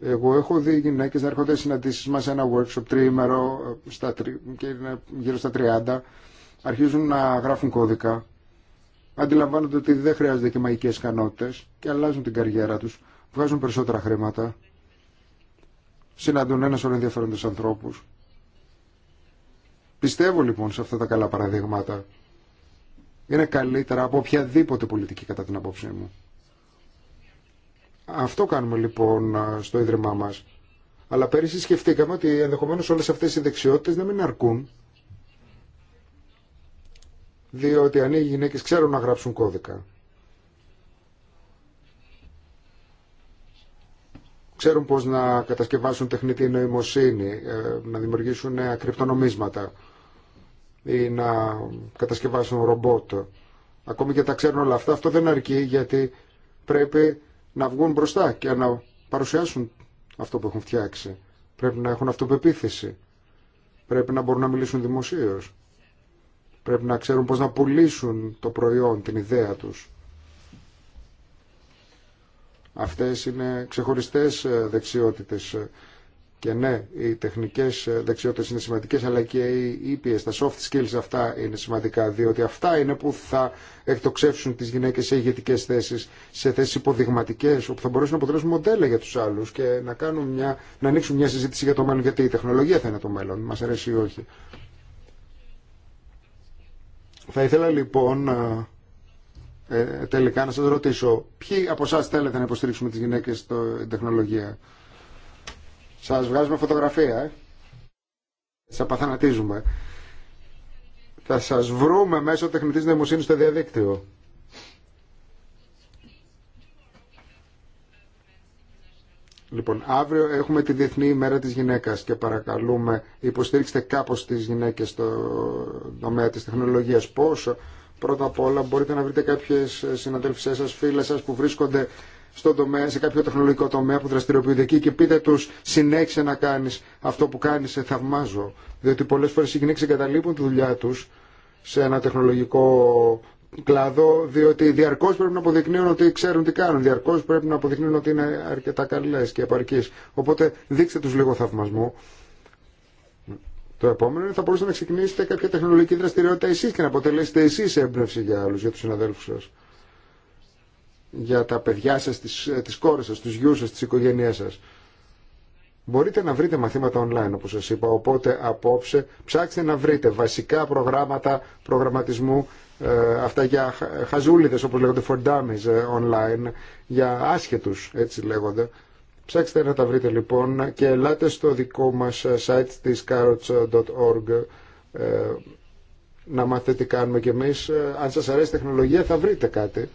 Εγώ έχω δει γυναίκες να έρχονται συναντήσεις μας σε ένα workshop τριήμερο ε, στα, και είναι γύρω στα 30 αρχίζουν να γράφουν κώδικα, αντιλαμβάνονται ότι δεν χρειάζονται και μαγικές ικανότητες και αλλάζουν την καριέρα τους, βγάζουν περισσότερα χρήματα, συναντούν ένα σωρό ενδιαφέροντες ανθρώπους. Πιστεύω λοιπόν σε αυτά τα καλά παραδείγματα. Είναι καλύτερα από οποιαδήποτε πολιτική κατά την απόψη μου. Αυτό κάνουμε λοιπόν στο Ίδρυμά μας. Αλλά πέρυσι σκεφτήκαμε ότι ενδεχομένως όλες αυτές οι δεξιότητες να μην αρκούν διότι αν οι γυναίκες ξέρουν να γράψουν κώδικα, ξέρουν πώς να κατασκευάσουν τεχνητή νοημοσύνη, ε, να δημιουργήσουν νέα κρυπτονομίσματα ή να κατασκευάσουν ρομπότ. Ακόμη και τα ξέρουν όλα αυτά, αυτό δεν αρκεί γιατί πρέπει να βγουν μπροστά και να παρουσιάσουν αυτό που έχουν φτιάξει. Πρέπει να έχουν αυτοπεποίθηση. Πρέπει να μπορούν να μιλήσουν δημοσίως. Πρέπει να ξέρουν πώς να πουλήσουν το προϊόν, την ιδέα τους. Αυτές είναι ξεχωριστές ε, δεξιότητες και ναι, οι τεχνικές ε, δεξιότητες είναι σημαντικές αλλά και οι ήπιες, e τα soft skills αυτά είναι σημαντικά διότι αυτά είναι που θα εκτοξεύσουν τις γυναίκες σε ηγετικέ θέσεις, σε θέσεις υποδειγματικές όπου θα μπορέσουν να αποτελέσουν μοντέλα για τους άλλους και να, κάνουν μια, να ανοίξουν μια συζήτηση για το μέλλον γιατί η τεχνολογία θα είναι το μέλλον, μας αρέσει ή όχι. Θα ήθελα λοιπόν ε, ε, τελικά να σας ρωτήσω ποιοι από εσά θέλετε να υποστηρίξουμε τις γυναίκες στην τεχνολογία. Σας βγάζουμε φωτογραφία, ε. Σας απαθανατίζουμε. Θα σας βρούμε μέσω τεχνητής νοημοσύνης στο διαδίκτυο. Λοιπόν, αύριο έχουμε τη Διεθνή ημέρα της γυναίκας και παρακαλούμε υποστήριξτε κάπως τις γυναίκες στο τομέα της τεχνολογίας. Πώς, πρώτα απ' όλα, μπορείτε να βρείτε κάποιες συναδέλφισές σας, φίλες σας που βρίσκονται στον τομέα, σε κάποιο τεχνολογικό τομέα που δραστηριοποιούνται εκεί και πείτε τους συνέχισε να κάνεις αυτό που κάνεις, σε θαυμάζω. Διότι πολλές φορές οι γυναίκες εγκαταλείπουν τη δουλειά τους σε ένα τεχνολογικό κλάδο, διότι διαρκώ πρέπει να αποδεικνύουν ότι ξέρουν τι κάνουν. Διαρκώ πρέπει να αποδεικνύουν ότι είναι αρκετά καλέ και επαρκεί. Οπότε δείξτε του λίγο θαυμασμό. Το επόμενο είναι θα μπορούσατε να ξεκινήσετε κάποια τεχνολογική δραστηριότητα εσεί και να αποτελέσετε εσεί έμπνευση για άλλου, για του συναδέλφου σα. Για τα παιδιά σα, τι ε, κόρε σα, του γιου σα, τι οικογένειέ σα. Μπορείτε να βρείτε μαθήματα online όπως σας είπα, οπότε απόψε ψάξτε να βρείτε βασικά προγράμματα προγραμματισμού ε, αυτά για χαζούλιδες όπως λέγονται for dummies ε, online, για άσχετους έτσι λέγονται. Ψάξτε να τα βρείτε λοιπόν και ελάτε στο δικό μας ε, site της carrots.org να μάθετε τι κάνουμε κι εμείς. Αν σας αρέσει τεχνολογία θα βρείτε κάτι.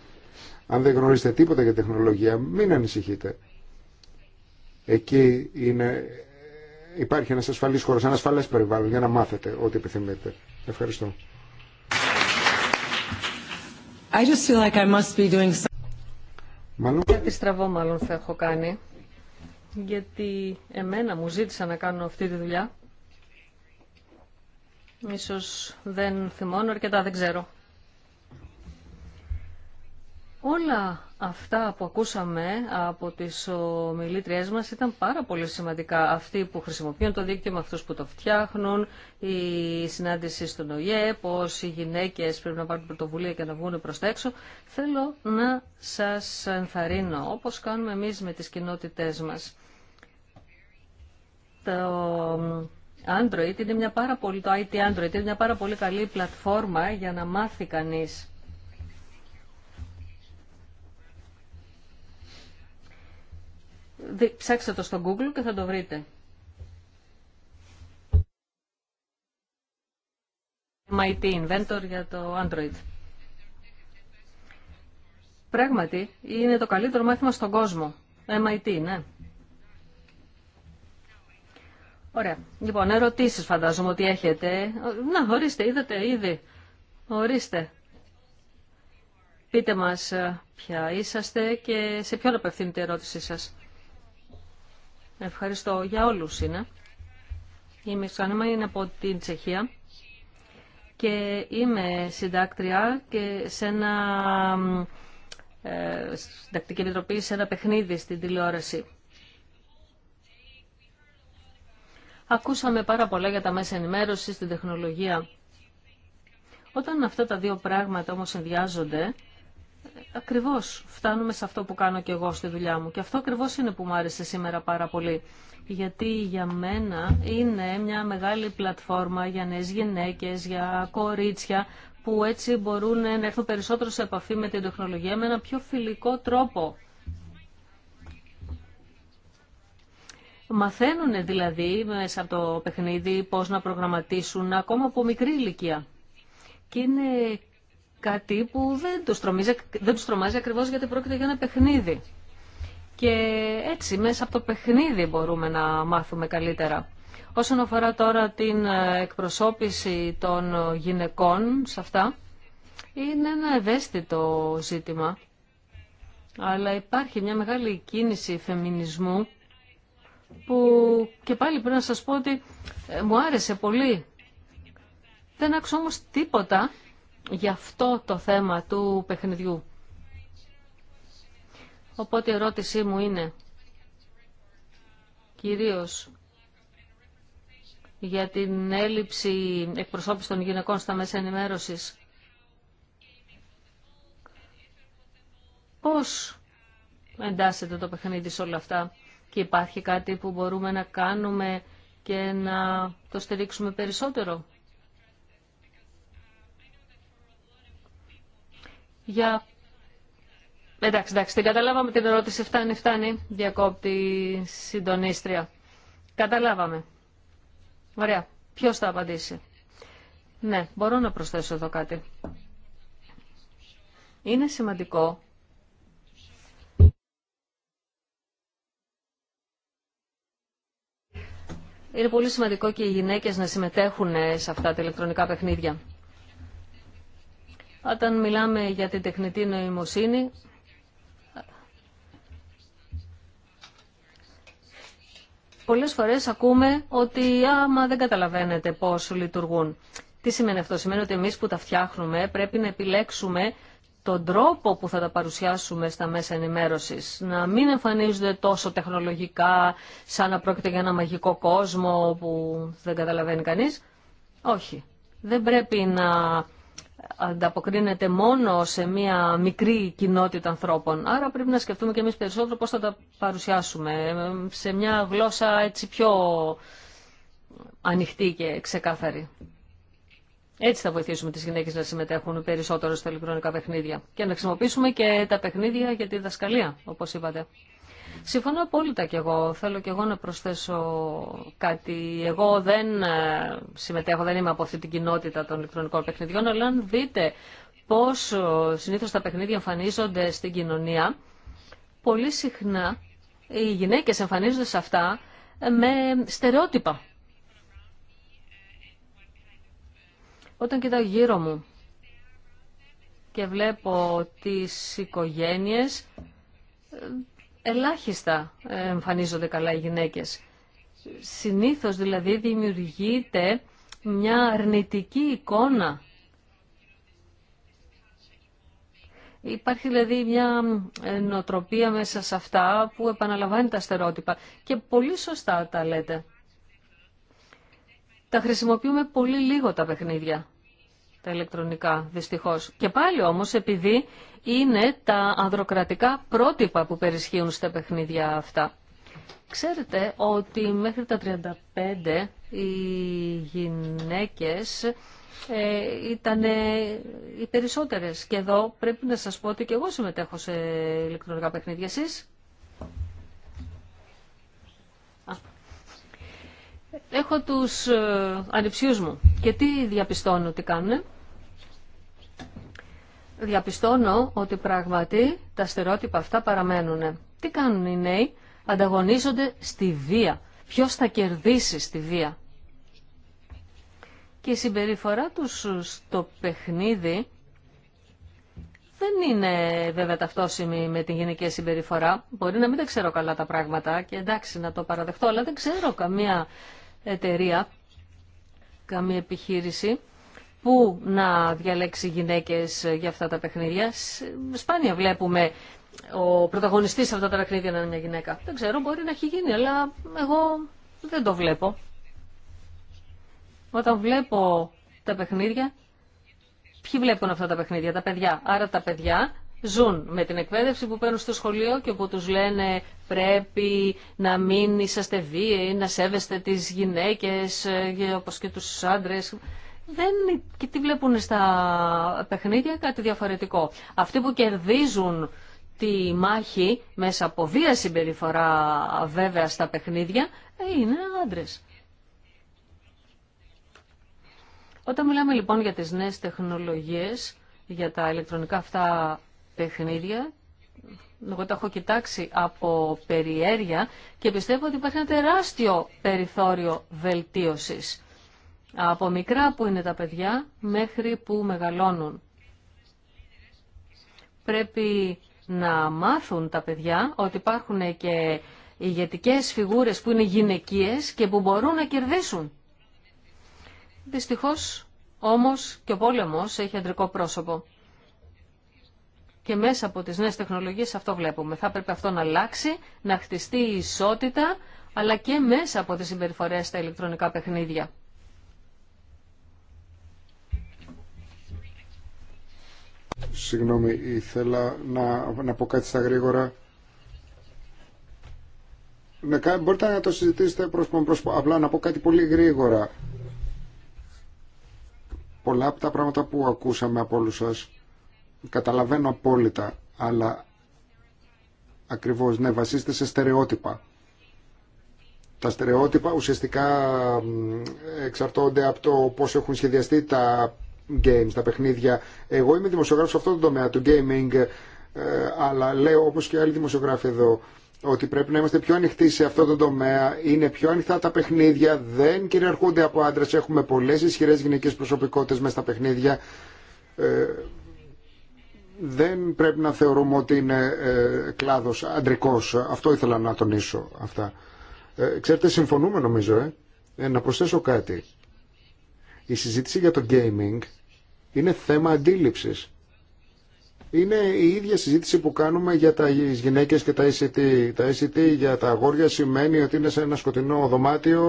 Αν δεν γνωρίζετε τίποτα για τεχνολογία μην ανησυχείτε. Εκεί είναι, υπάρχει ένας ασφαλής χώρος, ένας ασφαλές περιβάλλον για να μάθετε ό,τι επιθυμείτε. Ευχαριστώ. I just feel like I must be doing something. Κάτι στραβό μάλλον θα έχω κάνει, γιατί εμένα μου ζήτησαν να κάνω αυτή τη δουλειά. Ίσως δεν θυμώνω αρκετά, δεν ξέρω. Όλα Αυτά που ακούσαμε από τις ομιλήτριές μας ήταν πάρα πολύ σημαντικά. Αυτοί που χρησιμοποιούν το δίκτυο με αυτούς που το φτιάχνουν, η συνάντηση στον ΟΙΕ, πώς οι γυναίκες πρέπει να πάρουν πρωτοβουλία και να βγουν προς τα έξω. Θέλω να σας ενθαρρύνω, όπως κάνουμε εμείς με τις κοινότητές μας. Το Android είναι μια το IT Android είναι μια πάρα πολύ καλή πλατφόρμα για να μάθει κανείς Ψάξτε το στο Google και θα το βρείτε. MIT Inventor για το Android. Πράγματι, είναι το καλύτερο μάθημα στον κόσμο. MIT, ναι. Ωραία. Λοιπόν, ερωτήσεις φαντάζομαι ότι έχετε. Να, ορίστε, είδατε ήδη. Ορίστε. Πείτε μας ε, ποια είσαστε και σε ποιον απευθύνεται η ερώτησή σας. Ευχαριστώ για όλους είναι. Είμαι Σάνεμα, είναι από την Τσεχία και είμαι συντάκτρια και σε ένα ε, συντακτική επιτροπή σε ένα παιχνίδι στην τηλεόραση. Ακούσαμε πάρα πολλά για τα μέσα ενημέρωση, την τεχνολογία. Όταν αυτά τα δύο πράγματα όμως συνδυάζονται, ακριβώς φτάνουμε σε αυτό που κάνω και εγώ στη δουλειά μου. Και αυτό ακριβώ είναι που μου άρεσε σήμερα πάρα πολύ. Γιατί για μένα είναι μια μεγάλη πλατφόρμα για νέες γυναίκες, για κορίτσια, που έτσι μπορούν να έρθουν περισσότερο σε επαφή με την τεχνολογία με ένα πιο φιλικό τρόπο. Μαθαίνουν δηλαδή μέσα από το παιχνίδι πώς να προγραμματίσουν ακόμα από μικρή ηλικία. Και είναι κάτι που δεν τους, δεν τρομάζει ακριβώς γιατί πρόκειται για ένα παιχνίδι. Και έτσι μέσα από το παιχνίδι μπορούμε να μάθουμε καλύτερα. Όσον αφορά τώρα την ε, εκπροσώπηση των γυναικών σε αυτά, είναι ένα ευαίσθητο ζήτημα. Αλλά υπάρχει μια μεγάλη κίνηση φεμινισμού που και πάλι πρέπει να σας πω ότι ε, μου άρεσε πολύ. Δεν άκουσα όμως τίποτα γι' αυτό το θέμα του παιχνιδιού. Οπότε η ερώτησή μου είναι κυρίως για την έλλειψη εκπροσώπησης των γυναικών στα μέσα ενημέρωσης. Πώς εντάσσεται το παιχνίδι σε όλα αυτά και υπάρχει κάτι που μπορούμε να κάνουμε και να το στηρίξουμε περισσότερο. Για... Εντάξει, εντάξει, την καταλάβαμε την ερώτηση. Φτάνει, φτάνει, διακόπτη συντονίστρια. Καταλάβαμε. Ωραία. Ποιος θα απαντήσει. Ναι, μπορώ να προσθέσω εδώ κάτι. Είναι σημαντικό Είναι πολύ σημαντικό και οι γυναίκες να συμμετέχουν σε αυτά τα ηλεκτρονικά παιχνίδια. Όταν μιλάμε για την τεχνητή νοημοσύνη, πολλές φορές ακούμε ότι άμα δεν καταλαβαίνετε πώς λειτουργούν. Τι σημαίνει αυτό, σημαίνει ότι εμείς που τα φτιάχνουμε πρέπει να επιλέξουμε τον τρόπο που θα τα παρουσιάσουμε στα μέσα ενημέρωσης. Να μην εμφανίζονται τόσο τεχνολογικά, σαν να πρόκειται για ένα μαγικό κόσμο που δεν καταλαβαίνει κανείς. Όχι. Δεν πρέπει να ανταποκρίνεται μόνο σε μία μικρή κοινότητα ανθρώπων. Άρα πρέπει να σκεφτούμε και εμείς περισσότερο πώς θα τα παρουσιάσουμε σε μια γλώσσα έτσι πιο ανοιχτή και ξεκάθαρη. Έτσι θα βοηθήσουμε τις γυναίκες να συμμετέχουν περισσότερο στα ηλεκτρονικά παιχνίδια και να χρησιμοποιήσουμε και τα παιχνίδια για τη δασκαλία, όπως είπατε. Συμφωνώ απόλυτα κι εγώ. Θέλω κι εγώ να προσθέσω κάτι. Εγώ δεν ε, συμμετέχω, δεν είμαι από αυτή την κοινότητα των ηλεκτρονικών παιχνιδιών, αλλά αν δείτε πώς ε, συνήθως τα παιχνίδια εμφανίζονται στην κοινωνία, πολύ συχνά οι γυναίκες εμφανίζονται σε αυτά ε, με στερεότυπα. Όταν κοιτάω γύρω μου και βλέπω τις οικογένειες, ελάχιστα εμφανίζονται καλά οι γυναίκες. Συνήθως δηλαδή δημιουργείται μια αρνητική εικόνα. Υπάρχει δηλαδή μια νοοτροπία μέσα σε αυτά που επαναλαμβάνει τα στερότυπα και πολύ σωστά τα λέτε. Τα χρησιμοποιούμε πολύ λίγο τα παιχνίδια τα ηλεκτρονικά, δυστυχώς. Και πάλι όμως επειδή είναι τα ανδροκρατικά πρότυπα που περισχύουν στα παιχνίδια αυτά. Ξέρετε ότι μέχρι τα 35 οι γυναίκες ε, ήταν οι περισσότερες. Και εδώ πρέπει να σας πω ότι και εγώ συμμετέχω σε ηλεκτρονικά παιχνίδια. Εσείς έχω τους ε, ανιψιούς μου. Και τι διαπιστώνω τι κάνουν. Διαπιστώνω ότι πράγματι τα στερότυπα αυτά παραμένουν. Τι κάνουν οι νέοι. Ανταγωνίζονται στη βία. Ποιος θα κερδίσει στη βία. Και η συμπεριφορά τους στο παιχνίδι δεν είναι βέβαια ταυτόσιμη με την γενική συμπεριφορά. Μπορεί να μην τα ξέρω καλά τα πράγματα και εντάξει να το παραδεχτώ, αλλά δεν ξέρω καμία εταιρεία, καμία επιχείρηση που να διαλέξει γυναίκες για αυτά τα παιχνίδια. Σπάνια βλέπουμε ο πρωταγωνιστής σε αυτά τα παιχνίδια να είναι μια γυναίκα. Δεν ξέρω, μπορεί να έχει γίνει, αλλά εγώ δεν το βλέπω. Όταν βλέπω τα παιχνίδια, ποιοι βλέπουν αυτά τα παιχνίδια, τα παιδιά. Άρα τα παιδιά ζουν με την εκπαίδευση που παίρνουν στο σχολείο και που τους λένε πρέπει να μην είσαστε βίαιοι, να σέβεστε τις γυναίκες ε, όπως και τους άντρες. Δεν, και τι βλέπουν στα παιχνίδια, κάτι διαφορετικό. Αυτοί που κερδίζουν τη μάχη μέσα από βία συμπεριφορά βέβαια στα παιχνίδια ε, είναι άντρες. Όταν μιλάμε λοιπόν για τις νέες τεχνολογίες, για τα ηλεκτρονικά αυτά παιχνίδια. Εγώ τα έχω κοιτάξει από περιέργεια και πιστεύω ότι υπάρχει ένα τεράστιο περιθώριο βελτίωσης. Από μικρά που είναι τα παιδιά μέχρι που μεγαλώνουν. Πρέπει να μάθουν τα παιδιά ότι υπάρχουν και ηγετικές φιγούρες που είναι γυναικείες και που μπορούν να κερδίσουν. Δυστυχώς όμως και ο πόλεμος έχει αντρικό πρόσωπο. Και μέσα από τις νέες τεχνολογίες αυτό βλέπουμε. Θα πρέπει αυτό να αλλάξει, να χτιστεί η ισότητα, αλλά και μέσα από τις συμπεριφορές στα ηλεκτρονικά παιχνίδια. Συγγνώμη, ήθελα να, να πω κάτι στα γρήγορα. Ναι, μπορείτε να το συζητήσετε προς με Απλά να πω κάτι πολύ γρήγορα. Πολλά από τα πράγματα που ακούσαμε από όλους σας Καταλαβαίνω απόλυτα, αλλά ακριβώς ναι, βασίζεται σε στερεότυπα. Τα στερεότυπα ουσιαστικά εξαρτώνται από το πώς έχουν σχεδιαστεί τα games, τα παιχνίδια. Εγώ είμαι δημοσιογράφος σε αυτό το τομέα του gaming, ε, αλλά λέω όπως και άλλοι δημοσιογράφοι εδώ, ότι πρέπει να είμαστε πιο ανοιχτοί σε αυτό το τομέα. Είναι πιο ανοιχτά τα παιχνίδια, δεν κυριαρχούνται από άντρες Έχουμε πολλές ισχυρέ γυναικές προσωπικότητες μέσα στα παιχνίδια. Ε, δεν πρέπει να θεωρούμε ότι είναι ε, κλάδος αντρικός. Αυτό ήθελα να τονίσω αυτά. Ε, ξέρετε, συμφωνούμε νομίζω, ε, ε. Να προσθέσω κάτι. Η συζήτηση για το gaming είναι θέμα αντίληψης. Είναι η ίδια συζήτηση που κάνουμε για τα γυναίκες και τα ICT. Τα ICT για τα αγόρια σημαίνει ότι είναι σε ένα σκοτεινό δωμάτιο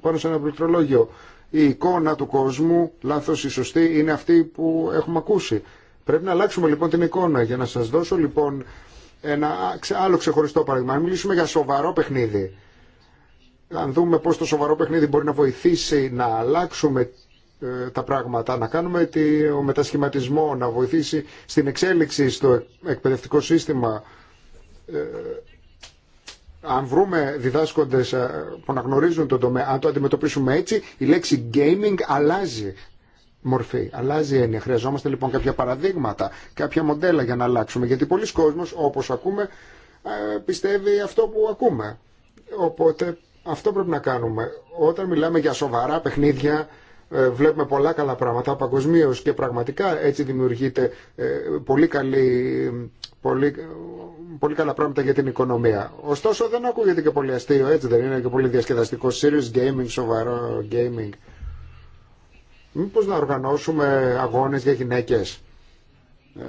πάνω σε ένα πληκτρολόγιο. Η εικόνα του κόσμου, λάθος ή σωστή, είναι αυτή που έχουμε ακούσει. Πρέπει να αλλάξουμε λοιπόν την εικόνα. Για να σας δώσω λοιπόν ένα άλλο ξεχωριστό παράδειγμα. Αν μιλήσουμε για σοβαρό παιχνίδι, αν δούμε πώς το σοβαρό παιχνίδι μπορεί να βοηθήσει να αλλάξουμε ε, τα πράγματα, να κάνουμε το μετασχηματισμό, να βοηθήσει στην εξέλιξη στο εκπαιδευτικό σύστημα. Ε, αν βρούμε διδάσκοντες ε, που να γνωρίζουν τον τομέα, αν το αντιμετωπίσουμε έτσι, η λέξη gaming αλλάζει μορφή. Αλλάζει η έννοια. Χρειαζόμαστε λοιπόν κάποια παραδείγματα, κάποια μοντέλα για να αλλάξουμε. Γιατί πολλοί κόσμος, όπως ακούμε, ε, πιστεύει αυτό που ακούμε. Οπότε αυτό πρέπει να κάνουμε. Όταν μιλάμε για σοβαρά παιχνίδια, ε, βλέπουμε πολλά καλά πράγματα παγκοσμίω και πραγματικά έτσι δημιουργείται ε, πολύ, καλή, πολύ, πολύ καλά πράγματα για την οικονομία. Ωστόσο δεν ακούγεται και πολύ αστείο, έτσι δεν είναι και πολύ διασκεδαστικό. Serious gaming, σοβαρό gaming. Μήπως να οργανώσουμε αγώνες για γυναίκες. Ε,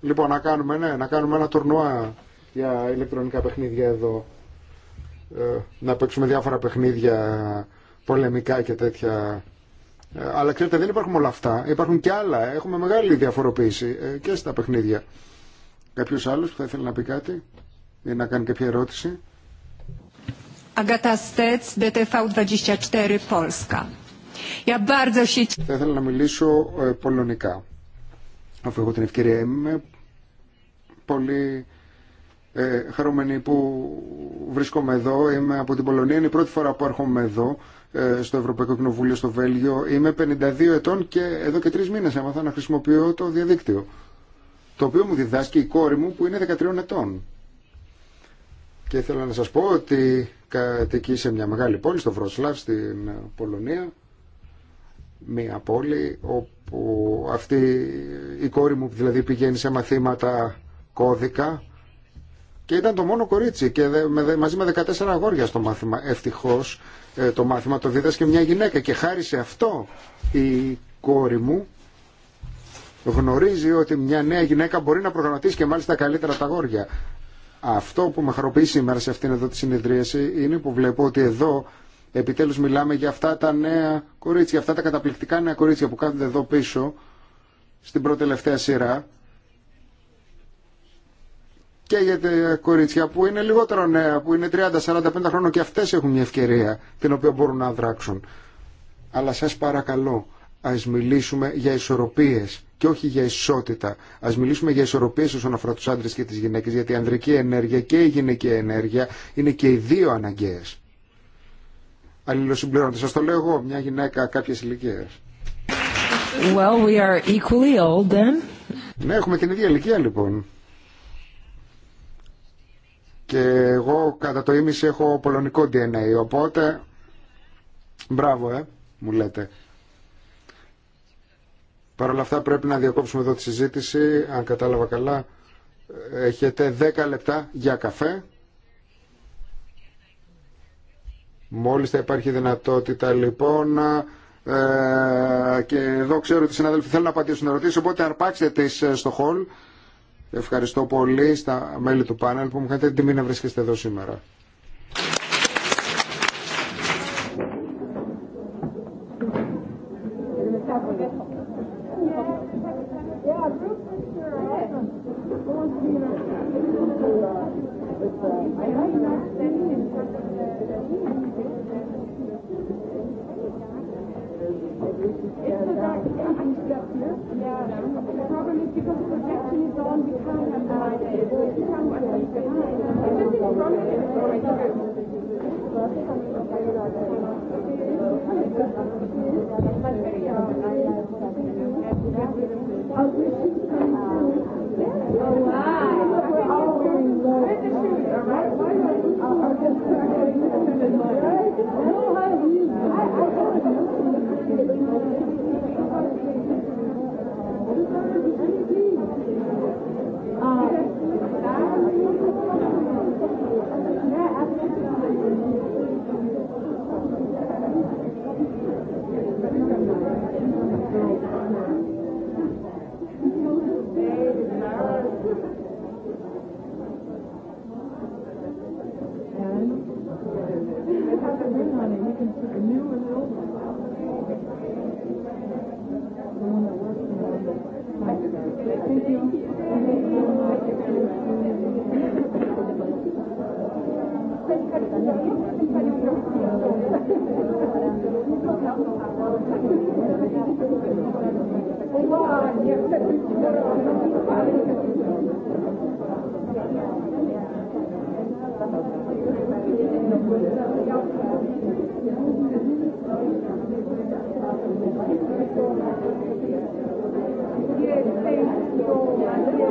λοιπόν, να κάνουμε, ναι, να κάνουμε ένα τουρνουά για ηλεκτρονικά παιχνίδια εδώ. Ε, να παίξουμε διάφορα παιχνίδια πολεμικά και τέτοια. Ε, αλλά ξέρετε, δεν υπάρχουν όλα αυτά. Υπάρχουν και άλλα. Έχουμε μεγάλη διαφοροποίηση και στα παιχνίδια. Κάποιο άλλο που θα ήθελε να πει κάτι ή να κάνει κάποια ερώτηση. 24 Πόλσκα. Θα ήθελα να μιλήσω ε, πολωνικά. Αφού έχω την ευκαιρία είμαι πολύ ε, χαρούμενη που βρίσκομαι εδώ. Είμαι από την Πολωνία. Είναι η πρώτη φορά που έρχομαι εδώ ε, στο Ευρωπαϊκό Κοινοβούλιο στο Βέλγιο. Είμαι 52 ετών και εδώ και τρει μήνε έμαθα να χρησιμοποιώ το διαδίκτυο. Το οποίο μου διδάσκει η κόρη μου που είναι 13 ετών. Και ήθελα να σας πω ότι κατοικεί σε μια μεγάλη πόλη, στο Βροσλάβ, στην ε, Πολωνία μια πόλη όπου αυτή η κόρη μου δηλαδή πηγαίνει σε μαθήματα κώδικα και ήταν το μόνο κορίτσι και μαζί με 14 αγόρια στο μάθημα. Ευτυχώς ε, το μάθημα το δίδασκε μια γυναίκα και χάρη σε αυτό η κόρη μου γνωρίζει ότι μια νέα γυναίκα μπορεί να προγραμματίσει και μάλιστα καλύτερα τα αγόρια. Αυτό που με χαροποιεί σήμερα σε αυτήν εδώ τη συνεδρίαση είναι που βλέπω ότι εδώ Επιτέλους μιλάμε για αυτά τα νέα κορίτσια, αυτά τα καταπληκτικά νέα κορίτσια που κάθονται εδώ πίσω, στην πρώτη τελευταία σειρά, και για τα κορίτσια που είναι λιγότερο νέα, που είναι 30, 30-45 χρόνια και αυτές έχουν μια ευκαιρία την οποία μπορούν να δράξουν. Αλλά σας παρακαλώ, ας μιλήσουμε για ισορροπίες και όχι για ισότητα. Ας μιλήσουμε για ισορροπίες όσον αφορά τους άντρες και τις γυναίκες, γιατί η ανδρική ενέργεια και η γυναική ενέργεια είναι και οι δύο αναγκαίες αλληλοσυμπληρώνεται. σα το λέω εγώ, μια γυναίκα κάποιε ηλικίε. Well, we are equally old then. Ναι, έχουμε την ίδια ηλικία λοιπόν. Και εγώ κατά το ίμιση έχω πολωνικό DNA, οπότε μπράβο ε, μου λέτε. Παρ' όλα αυτά πρέπει να διακόψουμε εδώ τη συζήτηση, αν κατάλαβα καλά. Έχετε 10 λεπτά για καφέ Μόλις θα υπάρχει δυνατότητα λοιπόν ε, και εδώ ξέρω ότι οι συνάδελφοι θέλουν να απαντήσουν ερωτήσεις οπότε αρπάξτε τις ε, στο χολ. Ευχαριστώ πολύ στα μέλη του πάνελ που μου είχατε την τιμή να βρίσκεστε εδώ σήμερα. Thank you.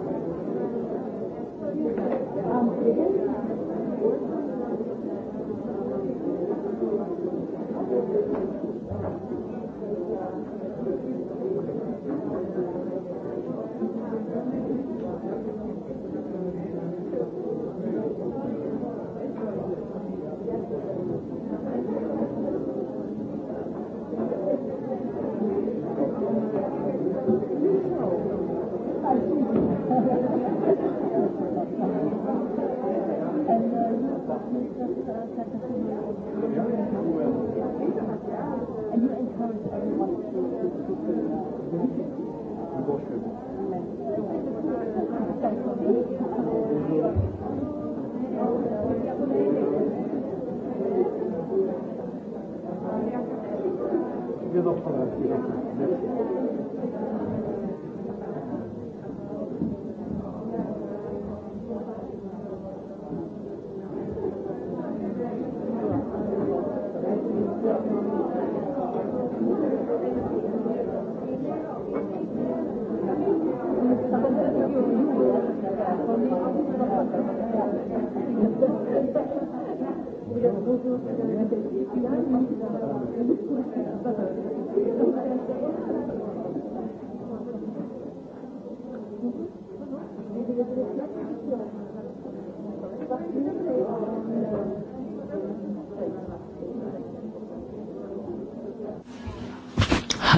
Thank you.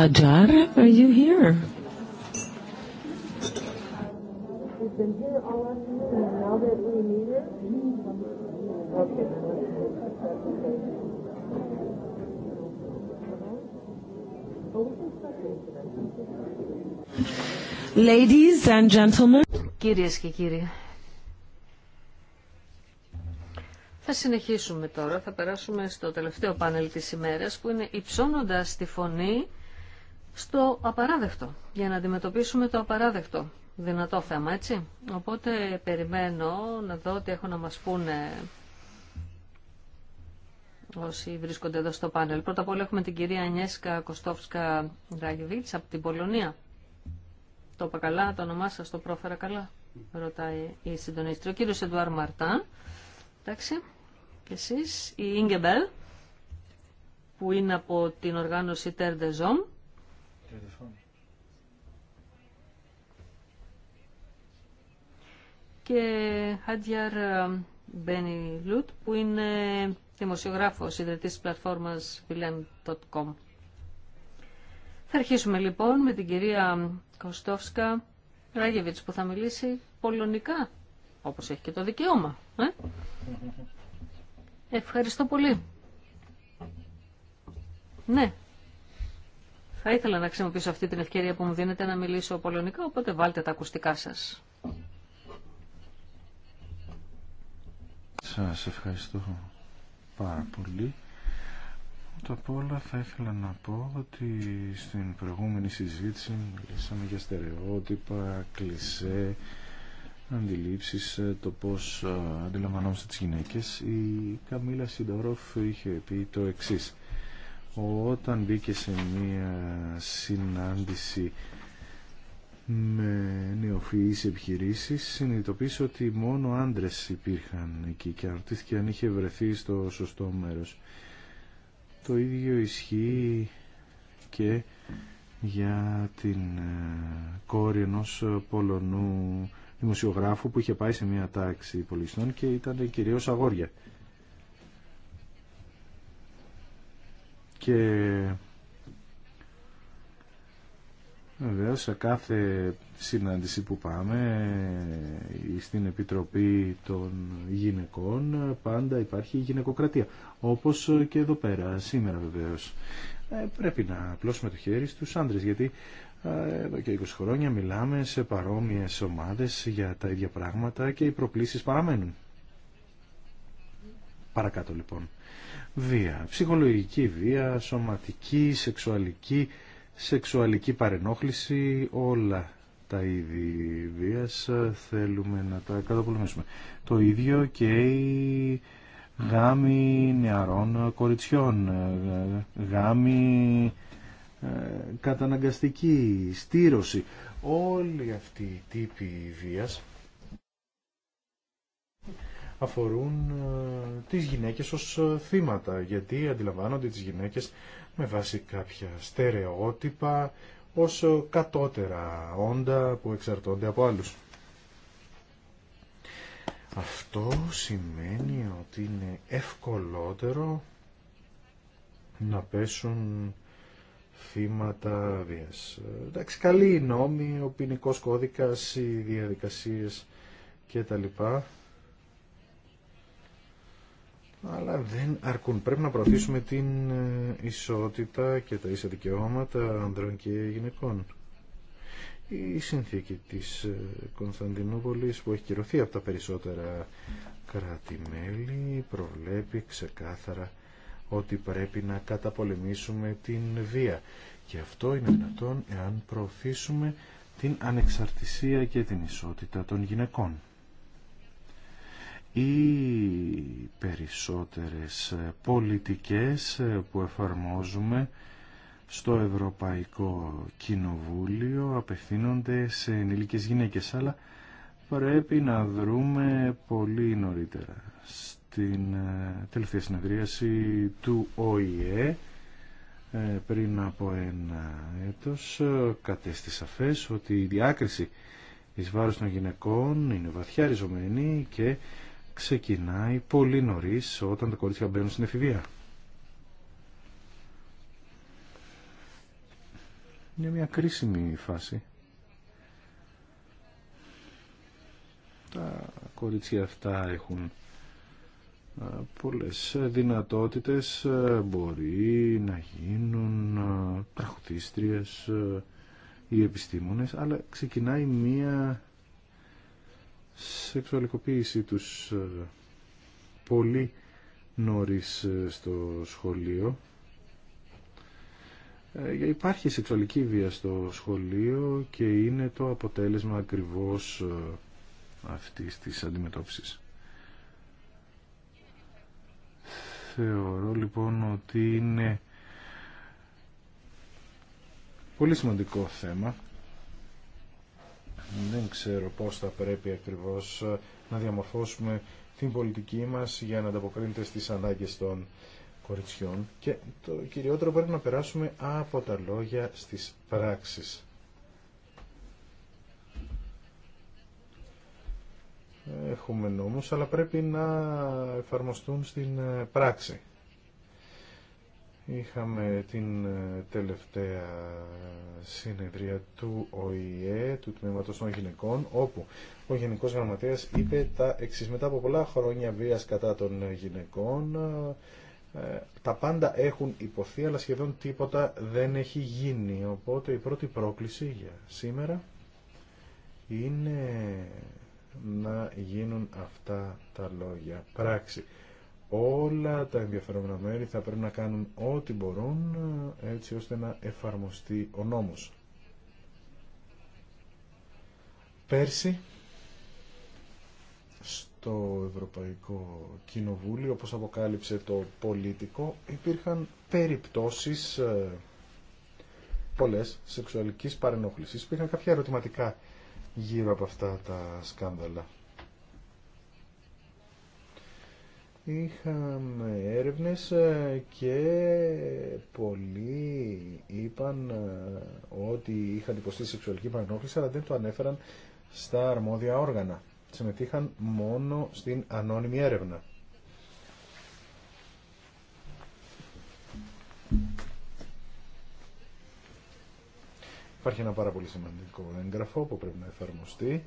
Hajar, are you here? Ladies and gentlemen. Κυρίες και κύριοι, θα συνεχίσουμε τώρα, θα περάσουμε στο τελευταίο πάνελ της ημέρας που είναι «Υψώνοντας τη φωνή» στο απαράδεκτο, για να αντιμετωπίσουμε το απαράδεκτο. Δυνατό θέμα, έτσι. Οπότε περιμένω να δω τι έχουν να μας πούνε όσοι βρίσκονται εδώ στο πάνελ. Πρώτα απ' όλα έχουμε την κυρία Ανιέσκα Κοστόφσκα Ραγιβίτς από την Πολωνία. Το είπα καλά, το όνομά σας το πρόφερα καλά, ρωτάει η συντονίστρια. Ο κύριος Εντουάρ Μαρτάν, εντάξει, και εσείς, η Ίγκεμπελ, που είναι από την οργάνωση Hommes και Χατιάρ Μπένι Λουτ που είναι δημοσιογράφος ιδρυτής της πλατφόρμας villain.com. Θα αρχίσουμε λοιπόν με την κυρία Κωστόφσκα Ράγεβιτς που θα μιλήσει πολωνικά, όπως έχει και το δικαίωμα. Ε? Ευχαριστώ πολύ. Ναι, θα ήθελα να χρησιμοποιήσω αυτή την ευκαιρία που μου δίνετε να μιλήσω πολωνικά, οπότε βάλτε τα ακουστικά σας. Σας ευχαριστώ πάρα πολύ. Πρώτα απ' όλα θα ήθελα να πω ότι στην προηγούμενη συζήτηση μιλήσαμε για στερεότυπα, κλισέ, αντιλήψεις, το πώς ε, αντιλαμβανόμαστε τις γυναίκες. Η Καμίλα Σιντορόφ είχε πει το εξής όταν μπήκε σε μία συνάντηση με νεοφυείς επιχειρήσεις συνειδητοποίησε ότι μόνο άντρες υπήρχαν εκεί και αναρωτήθηκε αν είχε βρεθεί στο σωστό μέρος. Το ίδιο ισχύει και για την ε, κόρη ενός Πολωνού δημοσιογράφου που είχε πάει σε μια τάξη πολιστών και ήταν κυρίως αγόρια. και βεβαίως σε κάθε συνάντηση που πάμε στην Επιτροπή των Γυναικών πάντα υπάρχει η γυναικοκρατία όπως και εδώ πέρα σήμερα βεβαίως ε, πρέπει να απλώσουμε το χέρι στους άντρες γιατί ε, εδώ και 20 χρόνια μιλάμε σε παρόμοιες ομάδες για τα ίδια πράγματα και οι προκλήσεις παραμένουν. Παρακάτω λοιπόν βία. Ψυχολογική βία, σωματική, σεξουαλική, σεξουαλική παρενόχληση, όλα τα είδη βίας ε, θέλουμε να τα καταπολεμήσουμε. Το ίδιο και η γάμη νεαρών κοριτσιών, ε, γάμι ε, καταναγκαστική, στήρωση. Όλοι αυτοί οι τύποι βίας αφορούν ε, τις γυναίκες ως ε, θύματα, γιατί αντιλαμβάνονται τις γυναίκες με βάση κάποια στερεότυπα ως ε, κατώτερα όντα που εξαρτώνται από άλλους. Αυτό σημαίνει ότι είναι ευκολότερο να πέσουν θύματα βίας. Εντάξει, καλή η νόμη, ο ποινικό κώδικας, οι διαδικασίες και τα λοιπά αλλά δεν αρκούν. Πρέπει να προωθήσουμε την ε, ισότητα και τα ίσα δικαιώματα ανδρών και γυναικών. Η συνθήκη της ε, Κωνσταντινούπολης που έχει κυρωθεί από τα περισσότερα κράτη-μέλη προβλέπει ξεκάθαρα ότι πρέπει να καταπολεμήσουμε την βία. Και αυτό είναι δυνατόν εάν προωθήσουμε την ανεξαρτησία και την ισότητα των γυναικών η περισσότερες πολιτικές που εφαρμόζουμε στο Ευρωπαϊκό Κοινοβούλιο απευθύνονται σε ενήλικες γυναίκες, αλλά πρέπει να δρούμε πολύ νωρίτερα. Στην ε, τελευταία συνεδρίαση του ΟΗΕ ε, πριν από ένα έτος ε, κατέστησα σαφές ότι η διάκριση εις βάρος των γυναικών είναι βαθιά ριζωμένη και ξεκινάει πολύ νωρίς όταν τα κορίτσια μπαίνουν στην εφηβεία. Είναι μια κρίσιμη φάση. Τα κορίτσια αυτά έχουν πολλές δυνατότητες μπορεί να γίνουν τραχουτίστριες ή επιστήμονες αλλά ξεκινάει μία σεξουαλικοποίηση τους ε, πολύ νωρίς ε, στο σχολείο. Ε, υπάρχει σεξουαλική βία στο σχολείο και είναι το αποτέλεσμα ακριβώς αυτής της αντιμετώπισης. Θεωρώ λοιπόν ότι είναι πολύ σημαντικό θέμα δεν ξέρω πώς θα πρέπει ακριβώς ε, να διαμορφώσουμε την πολιτική μας για να ανταποκρίνεται στις ανάγκες των κοριτσιών και το κυριότερο πρέπει να περάσουμε από τα λόγια στις πράξεις. Έχουμε νόμους, αλλά πρέπει να εφαρμοστούν στην ε, πράξη. Είχαμε την ε, τελευταία συνεδρία του ΟΗΕ, του Τμήματος των Γυναικών, όπου ο Γενικός Γραμματέας είπε τα εξής μετά από πολλά χρόνια βίας κατά των γυναικών, ε, τα πάντα έχουν υποθεί, αλλά σχεδόν τίποτα δεν έχει γίνει. Οπότε η πρώτη πρόκληση για σήμερα είναι να γίνουν αυτά τα λόγια πράξη όλα τα ενδιαφερόμενα μέρη θα πρέπει να κάνουν ό,τι μπορούν ε, έτσι ώστε να εφαρμοστεί ο νόμος. Πέρσι στο Ευρωπαϊκό Κοινοβούλιο, όπως αποκάλυψε το πολιτικό, υπήρχαν περιπτώσεις ε, πολλές σεξουαλικής παρενόχλησης. Υπήρχαν κάποια ερωτηματικά γύρω από αυτά τα σκάνδαλα. Είχαμε έρευνες ε, και πολλοί είπαν ε, ότι είχαν υποστεί σεξουαλική παρενόχληση αλλά δεν το ανέφεραν στα αρμόδια όργανα. Συμμετείχαν μόνο στην ανώνυμη έρευνα. Υπάρχει ένα πάρα πολύ σημαντικό έγγραφο που πρέπει να εφαρμοστεί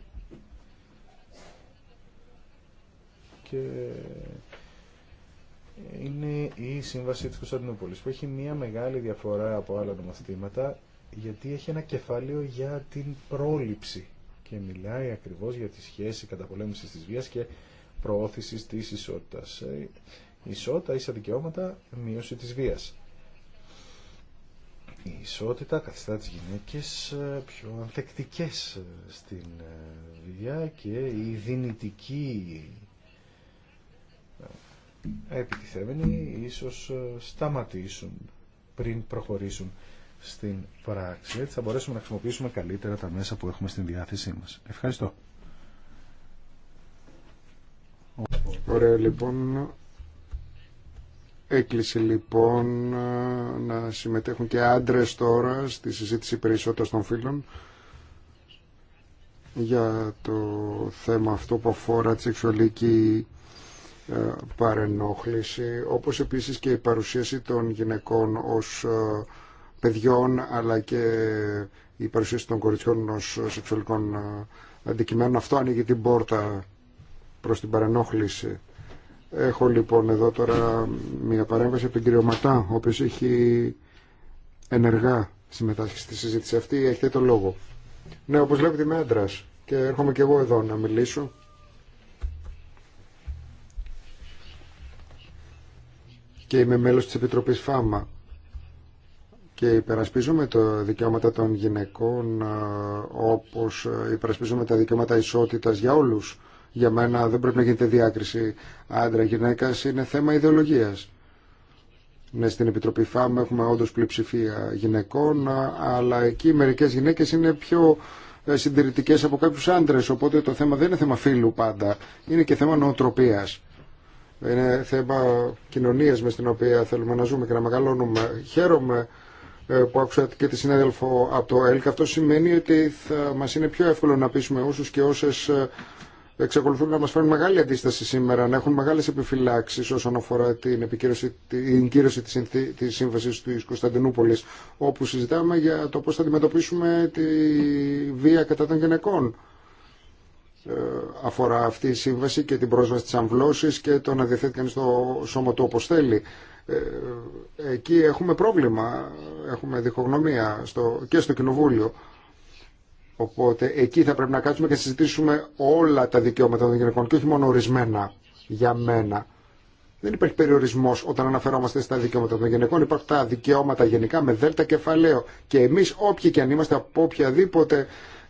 και είναι η Σύμβαση της Κωνσταντινούπολης που έχει μια μεγάλη διαφορά από άλλα νομοθετήματα γιατί έχει ένα κεφάλαιο για την πρόληψη και μιλάει ακριβώς για τη σχέση καταπολέμησης της βίας και προώθησης της ισότητας. Ε, ισότητα, ίσα δικαιώματα, μείωση της βίας. Η ισότητα καθιστά τις γυναίκες ε, πιο ανθεκτικές ε, στην βία και η δυνητική επιτιθέμενοι ίσως ε, σταματήσουν πριν προχωρήσουν στην πράξη. Έτσι θα μπορέσουμε να χρησιμοποιήσουμε καλύτερα τα μέσα που έχουμε στην διάθεσή μας. Ευχαριστώ. Ωραία λοιπόν. Έκλεισε λοιπόν να συμμετέχουν και άντρες τώρα στη συζήτηση περισσότερων των φίλων για το θέμα αυτό που αφορά τη σεξουαλική ε, παρενόχληση, όπως επίσης και η παρουσίαση των γυναικών ως ε, παιδιών, αλλά και η παρουσίαση των κοριτσιών ως σεξουαλικών ε, αντικειμένων. Αυτό ανοίγει την πόρτα προς την παρενόχληση. Έχω λοιπόν εδώ τώρα μια παρέμβαση από τον κύριο Ματά, ο οποίος έχει ενεργά συμμετάσχει στη συζήτηση αυτή. Έχετε το λόγο. Ναι, όπως βλέπετε είμαι και έρχομαι και εγώ εδώ να μιλήσω. και είμαι μέλος της Επιτροπής ΦΑΜΑ και υπερασπίζουμε τα δικαιώματα των γυναικών ε, όπως υπερασπίζουμε τα δικαιώματα ισότητας για όλους. Για μένα δεν πρέπει να γίνεται διάκριση άντρα-γυναίκα, είναι θέμα ιδεολογίας. Ναι, στην Επιτροπή ΦΑΜΑ έχουμε όντως πλειοψηφία γυναικών, αλλά εκεί μερικές γυναίκες είναι πιο ε, συντηρητικές από κάποιους άντρες, οπότε το θέμα δεν είναι θέμα φίλου πάντα, είναι και θέμα νοοτροπίας. Είναι θέμα κοινωνία με στην οποία θέλουμε να ζούμε και να μεγαλώνουμε. Χαίρομαι ε, που άκουσα και τη συνάδελφο από το ΕΛΚ. Αυτό σημαίνει ότι θα μας είναι πιο εύκολο να πείσουμε όσου και όσε ε, εξακολουθούν να μας φέρουν μεγάλη αντίσταση σήμερα, να έχουν μεγάλες επιφυλάξεις όσον αφορά την, επικύρωση, κύρωση της, της σύμβασης Κωνσταντινούπολη, όπου συζητάμε για το πώ θα αντιμετωπίσουμε τη βία κατά των γυναικών. Ε, αφορά αυτή η σύμβαση και την πρόσβαση της αμβλώσης και το να διαθέτει κανείς το σώμα του όπως θέλει. Ε, εκεί έχουμε πρόβλημα, έχουμε διχογνωμία στο, και στο Κοινοβούλιο. Οπότε εκεί θα πρέπει να κάτσουμε και να συζητήσουμε όλα τα δικαιώματα των γυναικών και όχι μόνο ορισμένα για μένα. Δεν υπάρχει περιορισμό όταν αναφερόμαστε στα δικαιώματα των γυναικών. Υπάρχουν τα δικαιώματα γενικά με δέλτα κεφαλαίο. Και εμεί, όποιοι και αν είμαστε από οποιαδήποτε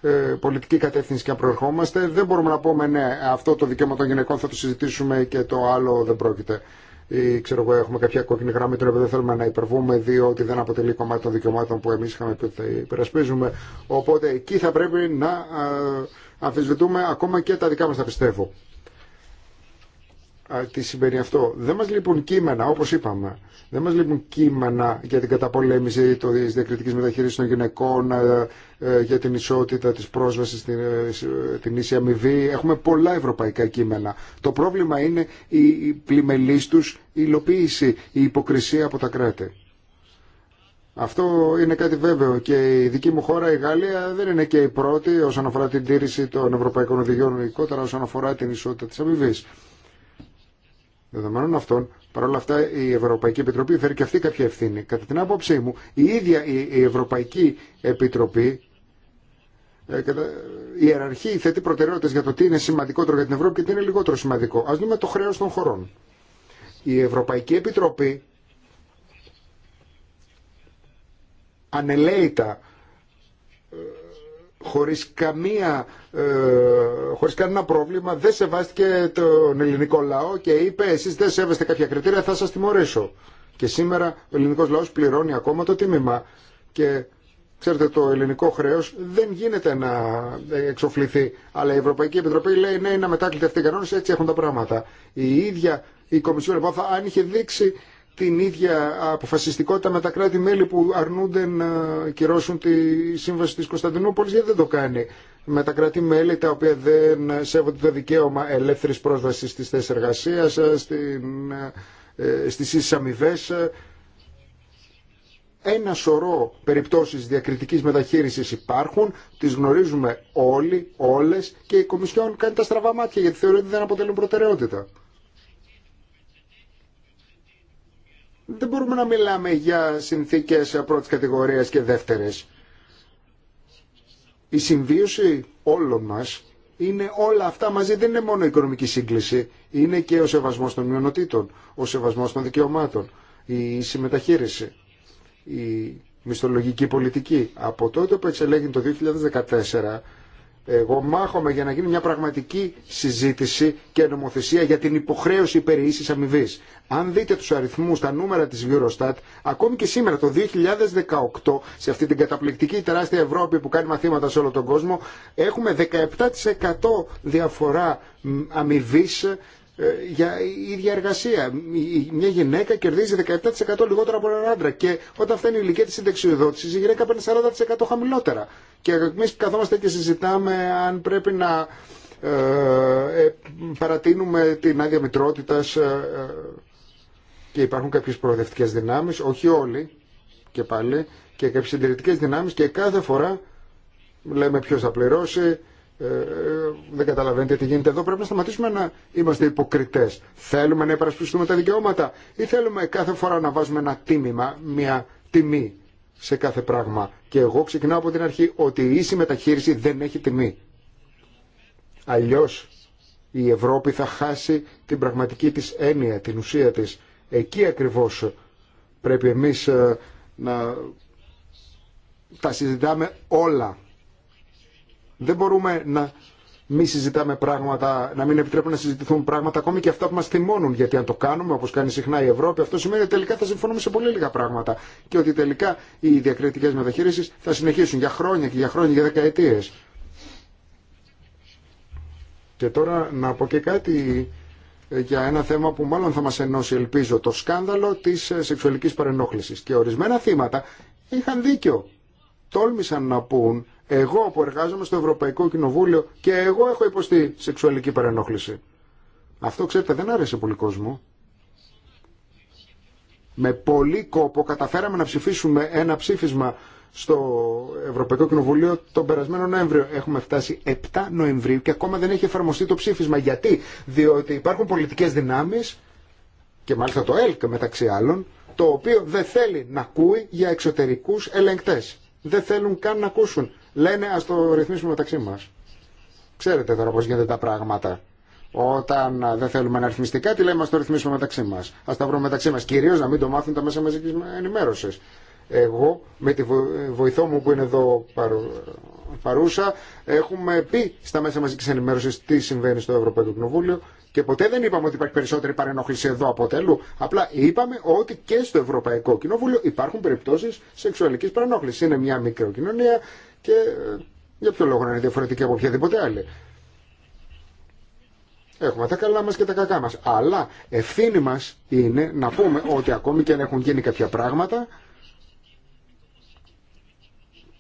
ε, πολιτική κατεύθυνση και αν προερχόμαστε. Δεν μπορούμε να πούμε ναι, αυτό το δικαίωμα των γυναικών θα το συζητήσουμε και το άλλο δεν πρόκειται. Ή, ξέρω εγώ, έχουμε κάποια κόκκινη γραμμή την οποία δεν θέλουμε να υπερβούμε, διότι δεν αποτελεί κομμάτι των δικαιωμάτων που εμεί είχαμε πει ότι θα υπερασπίζουμε. Οπότε εκεί θα πρέπει να ε, αμφισβητούμε ακόμα και τα δικά μα τα πιστεύω τι συμβαίνει αυτό. Δεν μας λείπουν κείμενα, όπως είπαμε. Δεν μας λείπουν κείμενα για την καταπολέμηση της διακριτικής μεταχείρισης των γυναικών, ε, ε, για την ισότητα της πρόσβασης στην, ε, την ίση αμοιβή. Έχουμε πολλά ευρωπαϊκά κείμενα. Το πρόβλημα είναι η πλημελής τους η υλοποίηση, η υποκρισία από τα κράτη. Αυτό είναι κάτι βέβαιο και η δική μου χώρα, η Γαλλία, δεν είναι και η πρώτη όσον αφορά την τήρηση των ευρωπαϊκών οδηγιών, ειδικότερα όσον αφορά την ισότητα της αμοιβή δεδομένων αυτών, παρόλα αυτά η Ευρωπαϊκή Επιτροπή φέρει και αυτή κάποια ευθύνη. Κατά την άποψή μου, η ίδια η Ευρωπαϊκή Επιτροπή ε, η ιεραρχή θέτει προτεραιότητες για το τι είναι σημαντικότερο για την Ευρώπη και τι είναι λιγότερο σημαντικό. Ας δούμε το χρέος των χωρών. Η Ευρωπαϊκή Επιτροπή ανελαίητα χωρίς, καμία, ε, χωρίς κανένα πρόβλημα δεν σεβάστηκε τον ελληνικό λαό και είπε εσείς δεν σέβεστε κάποια κριτήρια θα σας τιμωρήσω. Και σήμερα ο ελληνικός λαός πληρώνει ακόμα το τίμημα και Ξέρετε, το ελληνικό χρέος δεν γίνεται να εξοφληθεί. Αλλά η Ευρωπαϊκή Επιτροπή λέει ναι, είναι αμετάκλητη αυτή η κανόνε, έτσι έχουν τα πράγματα. Η ίδια η Κομισιόν, λοιπόν, αν είχε δείξει την ίδια αποφασιστικότητα με τα κράτη-μέλη που αρνούνται να κυρώσουν τη σύμβαση της Κωνσταντινούπολης γιατί δεν το κάνει με τα κράτη-μέλη τα οποία δεν σέβονται το δικαίωμα ελεύθερης πρόσβασης στις θέσεις εργασίας, στην, ε, στις ίσες αμοιβές. Ένα σωρό περιπτώσεις διακριτικής μεταχείρισης υπάρχουν, τις γνωρίζουμε όλοι, όλες και η Κομισιόν κάνει τα στραβά μάτια γιατί θεωρεί ότι δεν αποτελούν προτεραιότητα. δεν μπορούμε να μιλάμε για συνθήκες πρώτης κατηγορίας και δεύτερες. Η συμβίωση όλων μας είναι όλα αυτά μαζί, δεν είναι μόνο η οικονομική σύγκληση, είναι και ο σεβασμός των μειονοτήτων, ο σεβασμός των δικαιωμάτων, η συμμεταχείριση, η μισθολογική πολιτική. Από τότε που εξελέγει το 2014 εγώ μάχομαι για να γίνει μια πραγματική συζήτηση και νομοθεσία για την υποχρέωση περιήση αμοιβή. Αν δείτε τους αριθμούς, τα νούμερα της Eurostat, ακόμη και σήμερα το 2018, σε αυτή την καταπληκτική τεράστια Ευρώπη που κάνει μαθήματα σε όλο τον κόσμο, έχουμε 17% διαφορά αμοιβή ε, για η ίδια εργασία. Μια γυναίκα κερδίζει 17% λιγότερο από έναν άντρα και όταν φτάνει η ηλικία τη συνταξιοδότηση η γυναίκα παίρνει 40% χαμηλότερα. Και εμεί καθόμαστε και συζητάμε αν πρέπει να ε, ε παρατείνουμε την άδεια μητρότητα ε, και υπάρχουν κάποιε προοδευτικέ δυνάμει, όχι όλοι και πάλι, και κάποιε συντηρητικέ δυνάμει και κάθε φορά λέμε ποιο θα πληρώσει ε, ε, δεν καταλαβαίνετε τι γίνεται εδώ. Πρέπει να σταματήσουμε να είμαστε υποκριτέ. Θέλουμε να υπερασπιστούμε τα δικαιώματα ή θέλουμε κάθε φορά να βάζουμε ένα τίμημα, μια τιμή σε κάθε πράγμα. Και εγώ ξεκινάω από την αρχή ότι η ίση μεταχείριση δεν έχει τιμή. Αλλιώ η Ευρώπη θα χάσει την πραγματική της έννοια, την ουσία της. Εκεί ακριβώς πρέπει εμείς ε, να τα συζητάμε όλα δεν μπορούμε να μην συζητάμε πράγματα, να μην επιτρέπουν να συζητηθούν πράγματα ακόμη και αυτά που μα θυμώνουν. Γιατί αν το κάνουμε, όπω κάνει συχνά η Ευρώπη, αυτό σημαίνει ότι τελικά θα συμφωνούμε σε πολύ λίγα πράγματα. Και ότι τελικά οι διακριτικέ μεταχείρισει θα συνεχίσουν για χρόνια και για χρόνια, για δεκαετίε. Και τώρα να πω και κάτι ε, για ένα θέμα που μάλλον θα μας ενώσει ελπίζω το σκάνδαλο της ε, σεξουαλικής παρενόχλησης και ορισμένα θύματα είχαν δίκιο τόλμησαν να πούν εγώ που εργάζομαι στο Ευρωπαϊκό Κοινοβούλιο και εγώ έχω υποστεί σεξουαλική παρενόχληση. Αυτό ξέρετε δεν άρεσε πολύ κόσμο. Με πολύ κόπο καταφέραμε να ψηφίσουμε ένα ψήφισμα στο Ευρωπαϊκό Κοινοβουλίο τον περασμένο Νοέμβριο. Έχουμε φτάσει 7 Νοεμβρίου και ακόμα δεν έχει εφαρμοστεί το ψήφισμα. Γιατί? Διότι υπάρχουν πολιτικές δυνάμεις και μάλιστα το ΕΛΚ μεταξύ άλλων, το οποίο δεν θέλει να ακούει για εξωτερικούς ελεγκτές. Δεν θέλουν καν να ακούσουν λένε ας το ρυθμίσουμε μεταξύ μας. Ξέρετε τώρα πώς γίνονται τα πράγματα. Όταν δεν θέλουμε να ρυθμιστεί κάτι, λέμε ας το ρυθμίσουμε μεταξύ μα. Α τα βρούμε μεταξύ μα. Κυρίω να μην το μάθουν τα μέσα μαζικής ενημέρωση. Εγώ με τη βοηθό μου που είναι εδώ παρούσα έχουμε πει στα μέσα μαζική ενημέρωση τι συμβαίνει στο Ευρωπαϊκό Κοινοβούλιο και ποτέ δεν είπαμε ότι υπάρχει περισσότερη παρενόχληση εδώ από τέλου. Απλά είπαμε ότι και στο Ευρωπαϊκό Κοινοβούλιο υπάρχουν περιπτώσει σεξουαλική παρενόχληση. Είναι μια μικροκοινωνία, και ε, για ποιο λόγο να είναι διαφορετική από οποιαδήποτε άλλη. Έχουμε τα καλά μας και τα κακά μας. Αλλά ευθύνη μας είναι να πούμε ότι ακόμη και αν έχουν γίνει κάποια πράγματα,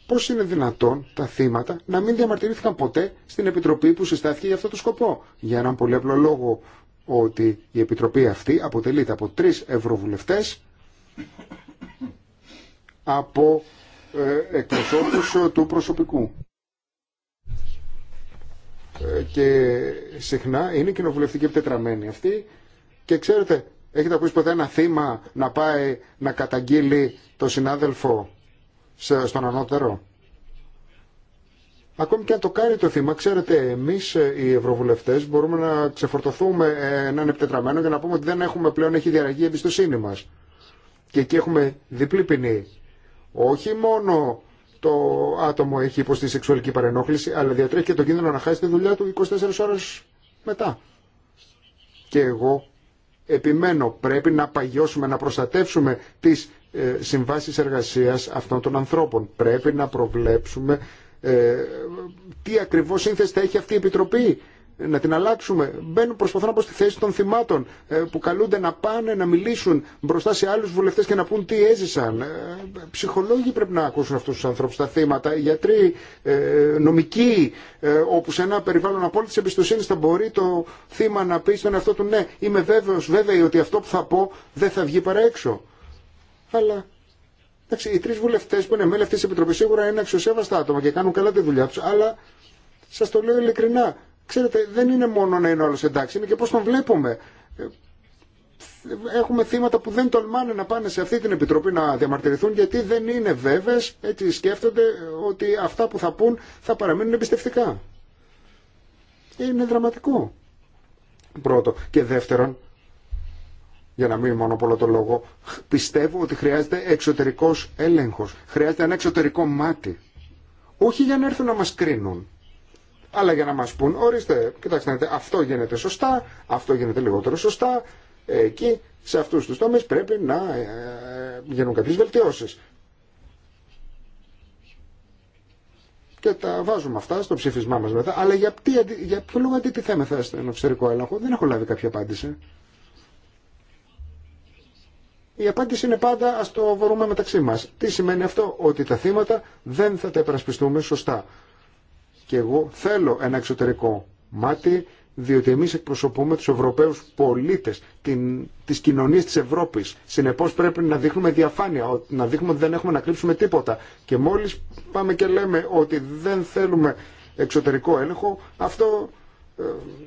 πώς είναι δυνατόν τα θύματα να μην διαμαρτυρήθηκαν ποτέ στην Επιτροπή που συστάθηκε για αυτό το σκοπό. Για έναν πολύ απλό λόγο ότι η Επιτροπή αυτή αποτελείται από τρεις ευρωβουλευτές από ε, εκπροσώπους ε, του προσωπικού. Ε, και συχνά είναι κοινοβουλευτικοί επιτετραμένοι αυτοί και ξέρετε, έχετε ακούσει ποτέ ένα θύμα να πάει να καταγγείλει το συνάδελφο στον ανώτερο. Ακόμη και αν το κάνει το θύμα, ξέρετε, εμεί οι Ευρωβουλευτέ μπορούμε να ξεφορτωθούμε έναν επιτετραμένο και να πούμε ότι δεν έχουμε πλέον, έχει διαραγεί η εμπιστοσύνη μα. Και εκεί έχουμε διπλή ποινή όχι μόνο το άτομο έχει υποστεί σεξουαλική παρενόχληση, αλλά διατρέχει και τον κίνδυνο να χάσει τη δουλειά του 24 ώρες μετά. Και εγώ επιμένω, πρέπει να παγιώσουμε, να προστατεύσουμε τις ε, συμβάσεις εργασίας αυτών των ανθρώπων. Πρέπει να προβλέψουμε ε, τι ακριβώς σύνθεση θα έχει αυτή η Επιτροπή να την αλλάξουμε. Μπαίνουν, προσπαθούν από στη θέση των θυμάτων ε, που καλούνται να πάνε να μιλήσουν μπροστά σε άλλου βουλευτέ και να πούν τι έζησαν. Ε, ψυχολόγοι πρέπει να ακούσουν αυτού του ανθρώπου, τα θύματα, γιατροί, ε, νομικοί, όπου σε ένα περιβάλλον απόλυτη εμπιστοσύνη θα μπορεί το θύμα να πει στον εαυτό του ναι, είμαι βέβαιο, βέβαιη ότι αυτό που θα πω δεν θα βγει παρά έξω. Αλλά εντάξει, οι τρει βουλευτέ που είναι μέλη αυτή τη επιτροπή σίγουρα είναι αξιοσέβαστα άτομα και κάνουν καλά τη δουλειά του, αλλά σα το λέω ειλικρινά. Ξέρετε, δεν είναι μόνο να είναι όλο εντάξει, είναι και πώ τον βλέπουμε. Ε, έχουμε θύματα που δεν τολμάνε να πάνε σε αυτή την επιτροπή να διαμαρτυρηθούν γιατί δεν είναι βέβαιες, έτσι σκέφτονται ότι αυτά που θα πούν θα παραμείνουν εμπιστευτικά. Είναι δραματικό. Πρώτο. Και δεύτερον, για να μην μονοπολώ το λόγο, πιστεύω ότι χρειάζεται εξωτερικός έλεγχος. Χρειάζεται ένα εξωτερικό μάτι. Όχι για να έρθουν να μας κρίνουν αλλά για να μας πούν, ορίστε, κοιτάξτε, αυτό γίνεται σωστά, αυτό γίνεται λιγότερο σωστά, εκεί σε αυτούς τους τομείς πρέπει να ε, γίνουν κάποιες βελτιώσεις. Και τα βάζουμε αυτά στο ψήφισμά μας μετά. Αλλά για, τι, για ποιο λόγο αντιτιθέμεθα στον εξωτερικό έλεγχο. Δεν έχω λάβει κάποια απάντηση. Η απάντηση είναι πάντα ας το βρούμε μεταξύ μας. Τι σημαίνει αυτό, ότι τα θύματα δεν θα τα επρασπιστούμε σωστά. Και εγώ θέλω ένα εξωτερικό μάτι, διότι εμείς εκπροσωπούμε τους Ευρωπαίους πολίτες, την, τις κοινωνίες της Ευρώπης. Συνεπώς πρέπει να δείχνουμε διαφάνεια, να δείχνουμε ότι δεν έχουμε να κρύψουμε τίποτα. Και μόλις πάμε και λέμε ότι δεν θέλουμε εξωτερικό έλεγχο, αυτό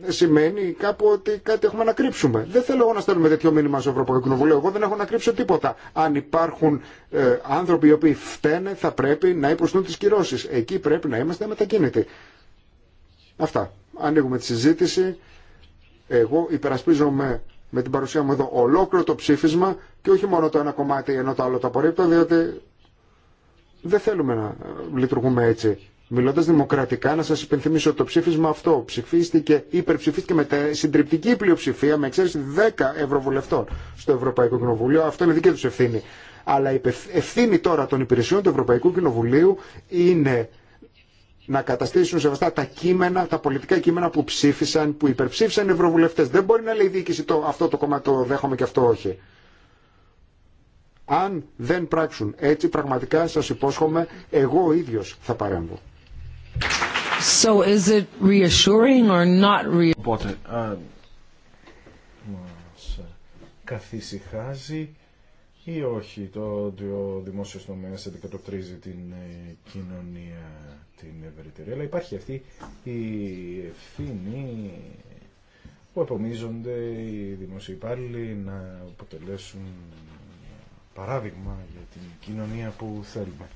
ε, σημαίνει κάπου ότι κάτι έχουμε να κρύψουμε. Δεν θέλω εγώ να στέλνουμε τέτοιο μήνυμα στο Ευρωπαϊκό Κοινοβούλιο. Εγώ δεν έχω να κρύψω τίποτα. Αν υπάρχουν ε, άνθρωποι οι οποίοι φταίνε, θα πρέπει να υποστούν τι κυρώσει. Εκεί πρέπει να είμαστε μετακίνητοι. Αυτά. Ανοίγουμε τη συζήτηση. Εγώ υπερασπίζομαι με την παρουσία μου εδώ ολόκληρο το ψήφισμα και όχι μόνο το ένα κομμάτι ενώ το άλλο το απορρίπτω, διότι δεν θέλουμε να λειτουργούμε έτσι. Μιλώντας δημοκρατικά, να σας υπενθυμίσω το ψήφισμα αυτό. Ψηφίστηκε, υπερψηφίστηκε με συντριπτική πλειοψηφία, με εξαίρεση 10 ευρωβουλευτών στο Ευρωπαϊκό Κοινοβούλιο. Αυτό είναι δική τους ευθύνη. Αλλά η ευθύνη τώρα των υπηρεσιών του Ευρωπαϊκού Κοινοβουλίου είναι να καταστήσουν σεβαστά τα κείμενα, τα πολιτικά κείμενα που ψήφισαν, που υπερψήφισαν οι ευρωβουλευτέ. Δεν μπορεί να λέει η διοίκηση το, αυτό το κομμάτι το δέχομαι και αυτό όχι. Αν δεν πράξουν έτσι, πραγματικά σα υπόσχομαι, εγώ ίδιο θα παρέμβω is or not Οπότε, α, μας καθησυχάζει ή όχι το ότι ο δημόσιος τομέας αντικατοπτρίζει την ε, κοινωνία την ευρύτερη. Αλλά υπάρχει αυτή η ευθύνη που επομίζονται οι δημόσιοι υπάλληλοι να αποτελέσουν παράδειγμα για την κοινωνία που θέλουμε.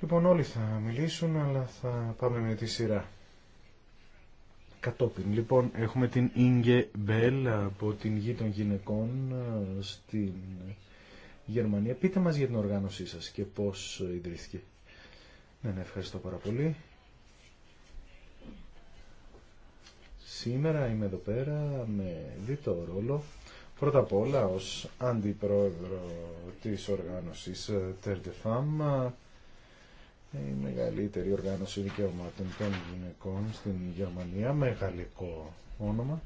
Λοιπόν, όλοι θα μιλήσουν, αλλά θα πάμε με τη σειρά. Κατόπιν, λοιπόν, έχουμε την Ίνγκε Μπέλ από την Γη των Γυναικών ε, στην Γερμανία. Πείτε μας για την οργάνωσή σας και πώς ιδρύθηκε. Ναι, ναι, ευχαριστώ πάρα πολύ. Σήμερα είμαι εδώ πέρα με δίτο ρόλο. Πρώτα απ' όλα ως αντιπρόεδρο της οργάνωσης ε, Femme, η μεγαλύτερη οργάνωση δικαιωμάτων των γυναικών στην Γερμανία με γαλλικό όνομα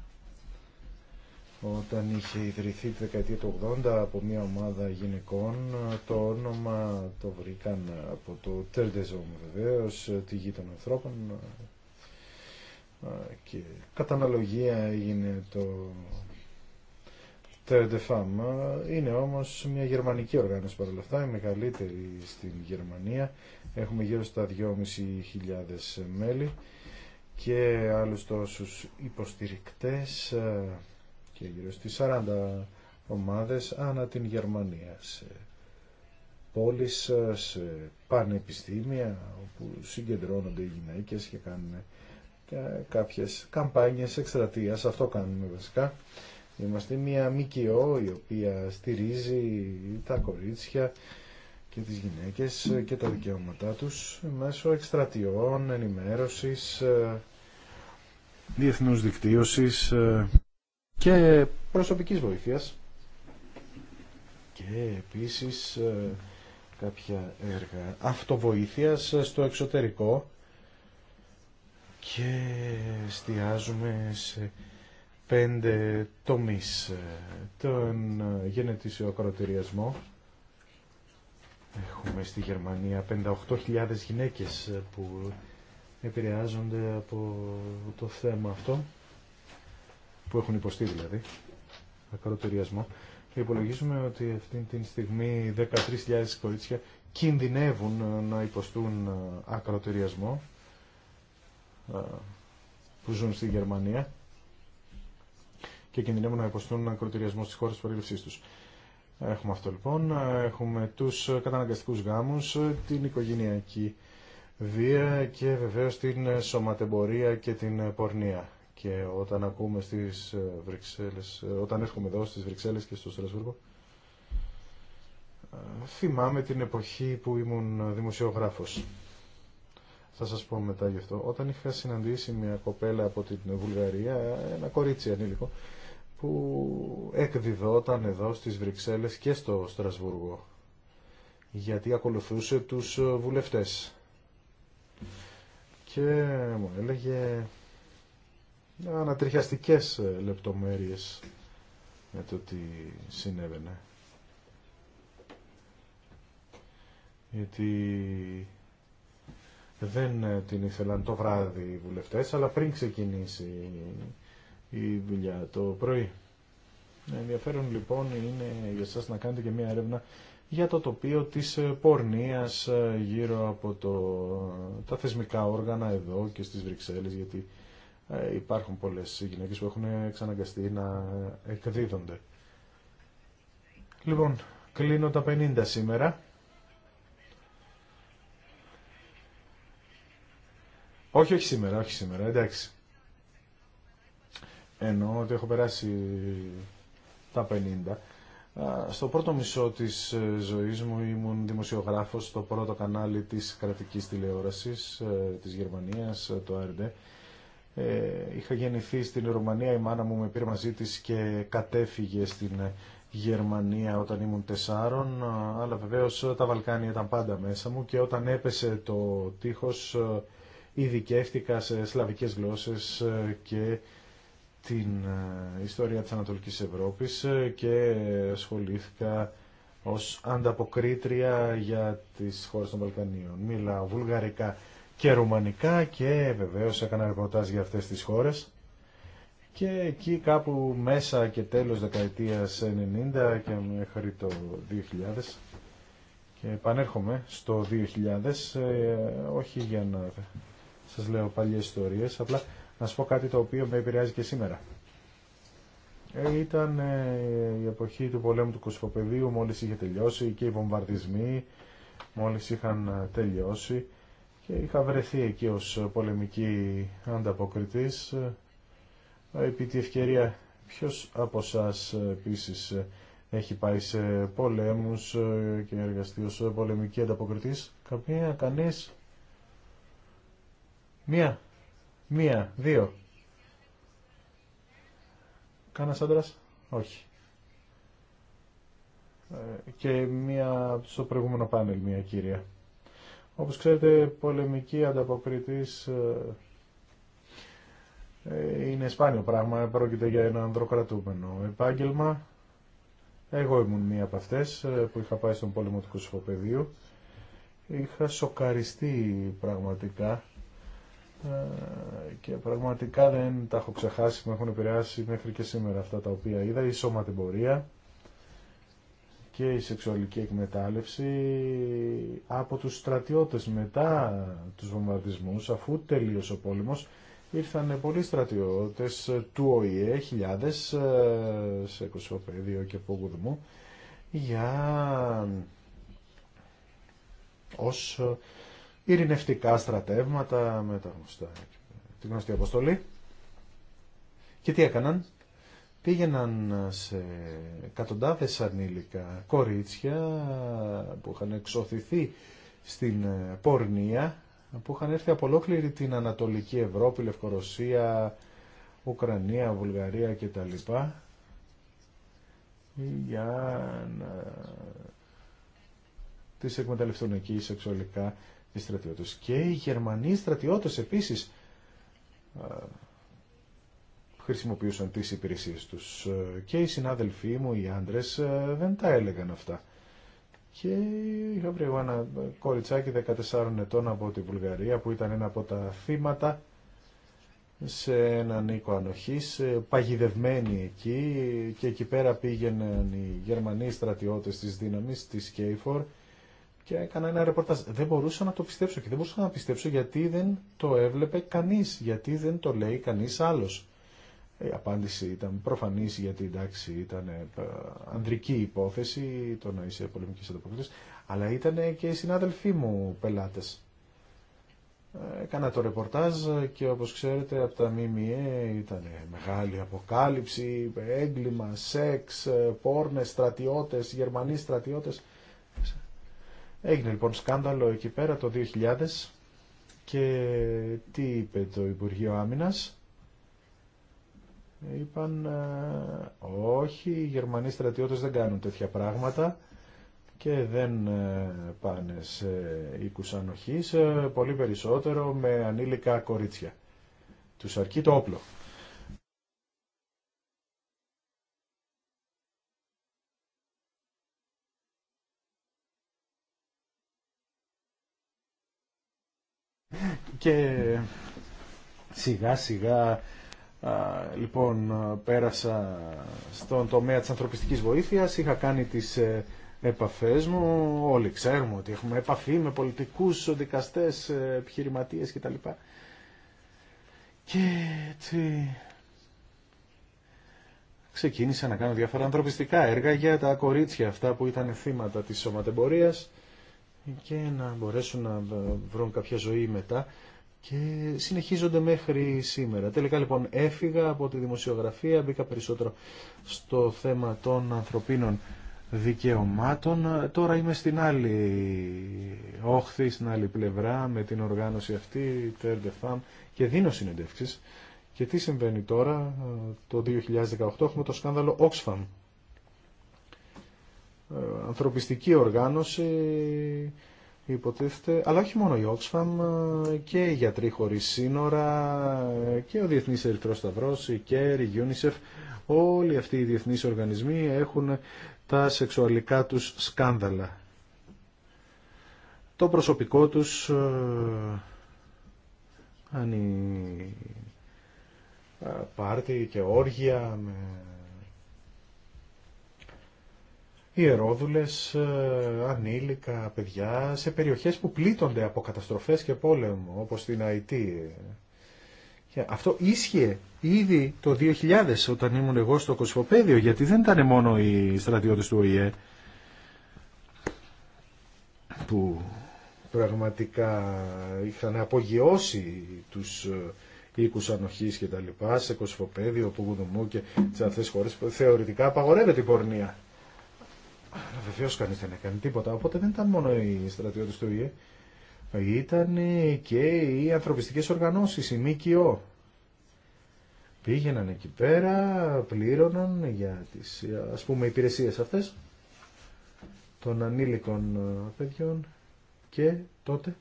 όταν είχε ιδρυθεί τη δεκαετία του 80 από μια ομάδα γυναικών το όνομα το βρήκαν από το Τερντεζόμ βεβαίω, τη γη των ανθρώπων και κατά αναλογία έγινε το Τερντεφάμ είναι όμως μια γερμανική οργάνωση παρόλα αυτά η μεγαλύτερη στην Γερμανία Έχουμε γύρω στα 2.500 μέλη και άλλους τόσους υποστηρικτές ε, και γύρω στις 40 ομάδες ανά την Γερμανία σε πόλεις, ε, σε πανεπιστήμια όπου συγκεντρώνονται οι γυναίκες και κάνουν ε, κάποιες καμπάνιες εκστρατείας, αυτό κάνουμε βασικά. Είμαστε μια ΜΚΟ η οποία στηρίζει τα κορίτσια και τις γυναίκες ε, και τα δικαιώματά τους μέσω εκστρατιών, ενημέρωσης, ε, διεθνούς δικτύωσης ε, και προσωπικής βοήθειας και επίσης κάποια έργα αυτοβοήθειας στο εξωτερικό και εστιάζουμε σε πέντε τομείς τον γενετήσιο ακροτηριασμό Έχουμε στη Γερμανία 58.000 γυναίκες που επηρεάζονται από το θέμα αυτό, που έχουν υποστεί δηλαδή, ακροτηριασμό. Και υπολογίζουμε ότι αυτή τη στιγμή 13.000 κορίτσια κινδυνεύουν να υποστούν ακροτηριασμό ε, που ζουν στη Γερμανία και κινδυνεύουν να υποστούν ακροτηριασμό στις χώρες της τους. Έχουμε αυτό λοιπόν, έχουμε τους καταναγκαστικούς γάμους, την οικογενειακή βία και βεβαίως την σωματεμπορία και την πορνεία. Και όταν ακούμε στις ε, Βρυξέλλες, ε, όταν έρχομαι εδώ στις Βρυξέλλες και στο Στρασβούργο, ε, θυμάμαι την εποχή που ήμουν δημοσιογράφος. Θα σας πω μετά γι' αυτό. Όταν είχα συναντήσει μια κοπέλα από την Βουλγαρία, ένα κορίτσι ανήλικο, που εκδιδόταν εδώ στις Βρυξέλλες και στο Στρασβούργο γιατί ακολουθούσε τους ε, βουλευτές και μου έλεγε ανατριχιαστικές ε, λεπτομέρειες με το τι συνέβαινε γιατί δεν ε, την ήθελαν το βράδυ οι βουλευτές αλλά πριν ξεκινήσει η δουλειά το πρωί. Ενδιαφέρον λοιπόν είναι για σας να κάνετε και μια έρευνα για το τοπίο της ε, πορνείας ε, γύρω από το, τα θεσμικά όργανα εδώ και στις Βρυξέλλες γιατί ε, υπάρχουν πολλές γυναίκες που έχουν εξαναγκαστεί να εκδίδονται. Λοιπόν, κλείνω τα 50 σήμερα. Όχι, όχι σήμερα, όχι σήμερα, εντάξει ενώ ότι έχω περάσει τα 50. Στο πρώτο μισό της ε, ζωής μου ήμουν δημοσιογράφος στο πρώτο κανάλι της κρατικής τηλεόρασης ε, της Γερμανίας, ε, το ARD. Είχα γεννηθεί στην Ρουμανία, η μάνα μου με πήρε μαζί της και κατέφυγε στην Γερμανία όταν ήμουν τεσσάρων, αλλά βεβαίως τα Βαλκάνια ήταν πάντα μέσα μου και όταν έπεσε το τείχος ειδικεύτηκα σε σλαβικές γλώσσες και την ε, ιστορία της Ανατολικής Ευρώπης ε, και ασχολήθηκα ως ανταποκρίτρια για τις χώρες των Βαλκανίων. Μίλα βουλγαρικά και ρουμανικά και βεβαίως έκανα ρεπορτάζ για αυτές τις χώρες. Και εκεί κάπου μέσα και τέλος δεκαετίας 90 και μέχρι το 2000 και επανέρχομαι στο 2000 ε, όχι για να σας λέω παλιές ιστορίες απλά να σου πω κάτι το οποίο με επηρεάζει και σήμερα. Ε, ήταν ε, η εποχή του πολέμου του Κοσμοπεδίου, μόλις είχε τελειώσει και οι βομβαρδισμοί μόλις είχαν ε, τελειώσει και είχα βρεθεί εκεί ως πολεμική ανταποκριτής. Επί τη ευκαιρία ποιος από εσά επίσης έχει πάει σε πολέμους και εργαστεί ως πολεμική ανταποκριτής. Καμία, κανείς. Μία Μία, δύο. Κάνα άντρα, όχι. Ε, και μία στο προηγούμενο πάνελ, μία κύρια. Όπως ξέρετε, πολεμική ανταποκριτής ε, ε, είναι σπάνιο πράγμα, πρόκειται για ένα ανδροκρατούμενο επάγγελμα. Εγώ ήμουν μία από αυτές που είχα πάει στον πόλεμο του Είχα σοκαριστεί πραγματικά ε, και πραγματικά δεν τα έχω ξεχάσει, με έχουν επηρεάσει μέχρι και σήμερα αυτά τα οποία είδα, η σωματεμπορία και η σεξουαλική εκμετάλλευση από τους στρατιώτες μετά τους βομβαρδισμούς, αφού τελείωσε ο πόλεμος, ήρθαν πολλοί στρατιώτες του ΟΗΕ, χιλιάδες, ε, σε κοσμοπέδιο και γουδμού για ως ειρηνευτικά στρατεύματα με τα γνωστά, τη γνωστή αποστολή. Και τι έκαναν. Πήγαιναν σε εκατοντάδες ανήλικα κορίτσια που είχαν εξωθηθεί στην ε, πορνεία, που είχαν έρθει από ολόκληρη την Ανατολική Ευρώπη, Λευκορωσία, Ουκρανία, Βουλγαρία κτλ. Για να ε, τις εκμεταλλευτούν εκεί σεξουαλικά οι Και οι Γερμανοί στρατιώτες επίσης ε, χρησιμοποιούσαν τις υπηρεσίες τους. Ε, και οι συνάδελφοί μου, οι άντρες, ε, δεν τα έλεγαν αυτά. Και είχα βρει εγώ ένα κοριτσάκι 14 ετών από τη Βουλγαρία που ήταν ένα από τα θύματα σε έναν οίκο ανοχής, παγιδευμένη εκεί και εκεί πέρα πήγαιναν οι Γερμανοί στρατιώτες της δύναμης, της Κέιφορ και έκανα ένα ρεπορτάζ. Δεν μπορούσα να το πιστέψω και δεν μπορούσα να πιστέψω γιατί δεν το έβλεπε κανείς, γιατί δεν το λέει κανείς άλλος. Ε, η απάντηση ήταν προφανής γιατί εντάξει ήταν ε, ανδρική υπόθεση το να είσαι πολεμική ανταποκριτή, αλλά ήταν και οι συνάδελφοί μου πελάτες. Ε, έκανα το ρεπορτάζ και όπως ξέρετε από τα ΜΜΕ ήταν μεγάλη αποκάλυψη, έγκλημα, σεξ, πόρνε, στρατιώτε, γερμανοί στρατιώτε. Έγινε λοιπόν σκάνδαλο εκεί πέρα το 2000 και τι είπε το Υπουργείο Άμυνας. Είπαν ε, όχι, οι Γερμανοί στρατιώτες δεν κάνουν τέτοια πράγματα και δεν ε, πάνε σε οίκους ανοχής, ε, πολύ περισσότερο με ανήλικα κορίτσια. Τους αρκεί το όπλο. Και σιγά σιγά λοιπόν πέρασα στον τομέα της ανθρωπιστικής βοήθειας, είχα κάνει τις ε, επαφές μου, όλοι ξέρουμε ότι έχουμε επαφή με πολιτικούς, δικαστές, ε, επιχειρηματίε κτλ. Και έτσι ξεκίνησα να κάνω διάφορα ανθρωπιστικά έργα για τα κορίτσια αυτά που ήταν θύματα της σωματεμπορίας και να μπορέσουν να βρουν κάποια ζωή μετά και συνεχίζονται μέχρι σήμερα. Τελικά λοιπόν έφυγα από τη δημοσιογραφία, μπήκα περισσότερο στο θέμα των ανθρωπίνων δικαιωμάτων. Τώρα είμαι στην άλλη όχθη, στην άλλη πλευρά με την οργάνωση αυτή, Third και δίνω συνεντεύξεις. Και τι συμβαίνει τώρα, το 2018 έχουμε το σκάνδαλο Oxfam. Ε, ανθρωπιστική οργάνωση υποτίθεται, αλλά όχι μόνο η Oxfam ε, και οι γιατροί χωρίς σύνορα ε, και ο Διεθνής Ερυθρός Σταυρός, η ΚΕΡ, η UNICEF, όλοι αυτοί οι διεθνείς οργανισμοί έχουν τα σεξουαλικά τους σκάνδαλα. Το προσωπικό τους κάνει ε, πάρτι και όργια με ιερόδουλες, ε, ανήλικα, παιδιά, σε περιοχές που πλήττονται από καταστροφές και πόλεμο, όπως στην Αϊτή. Αυτό ίσχυε ήδη το 2000 όταν ήμουν εγώ στο Κοσμοπέδιο, γιατί δεν ήταν μόνο οι στρατιώτες του ΟΗΕ που πραγματικά είχαν απογειώσει τους ε, οίκους ανοχής και τα λοιπά, σε Κοσμοπέδιο, Πουγουδουμού και σε αυτές τις χώρες που θεωρητικά απαγορεύεται η πορνεία. Αλλά βεβαίω κανεί δεν έκανε τίποτα. Οπότε δεν ήταν μόνο οι στρατιώτε του ΙΕ. Ήταν και οι ανθρωπιστικέ οργανώσει, η ΜΚΟ. Πήγαιναν εκεί πέρα, πλήρωναν για τις ας πούμε υπηρεσίες αυτές των ανήλικων ε, παιδιών και τότε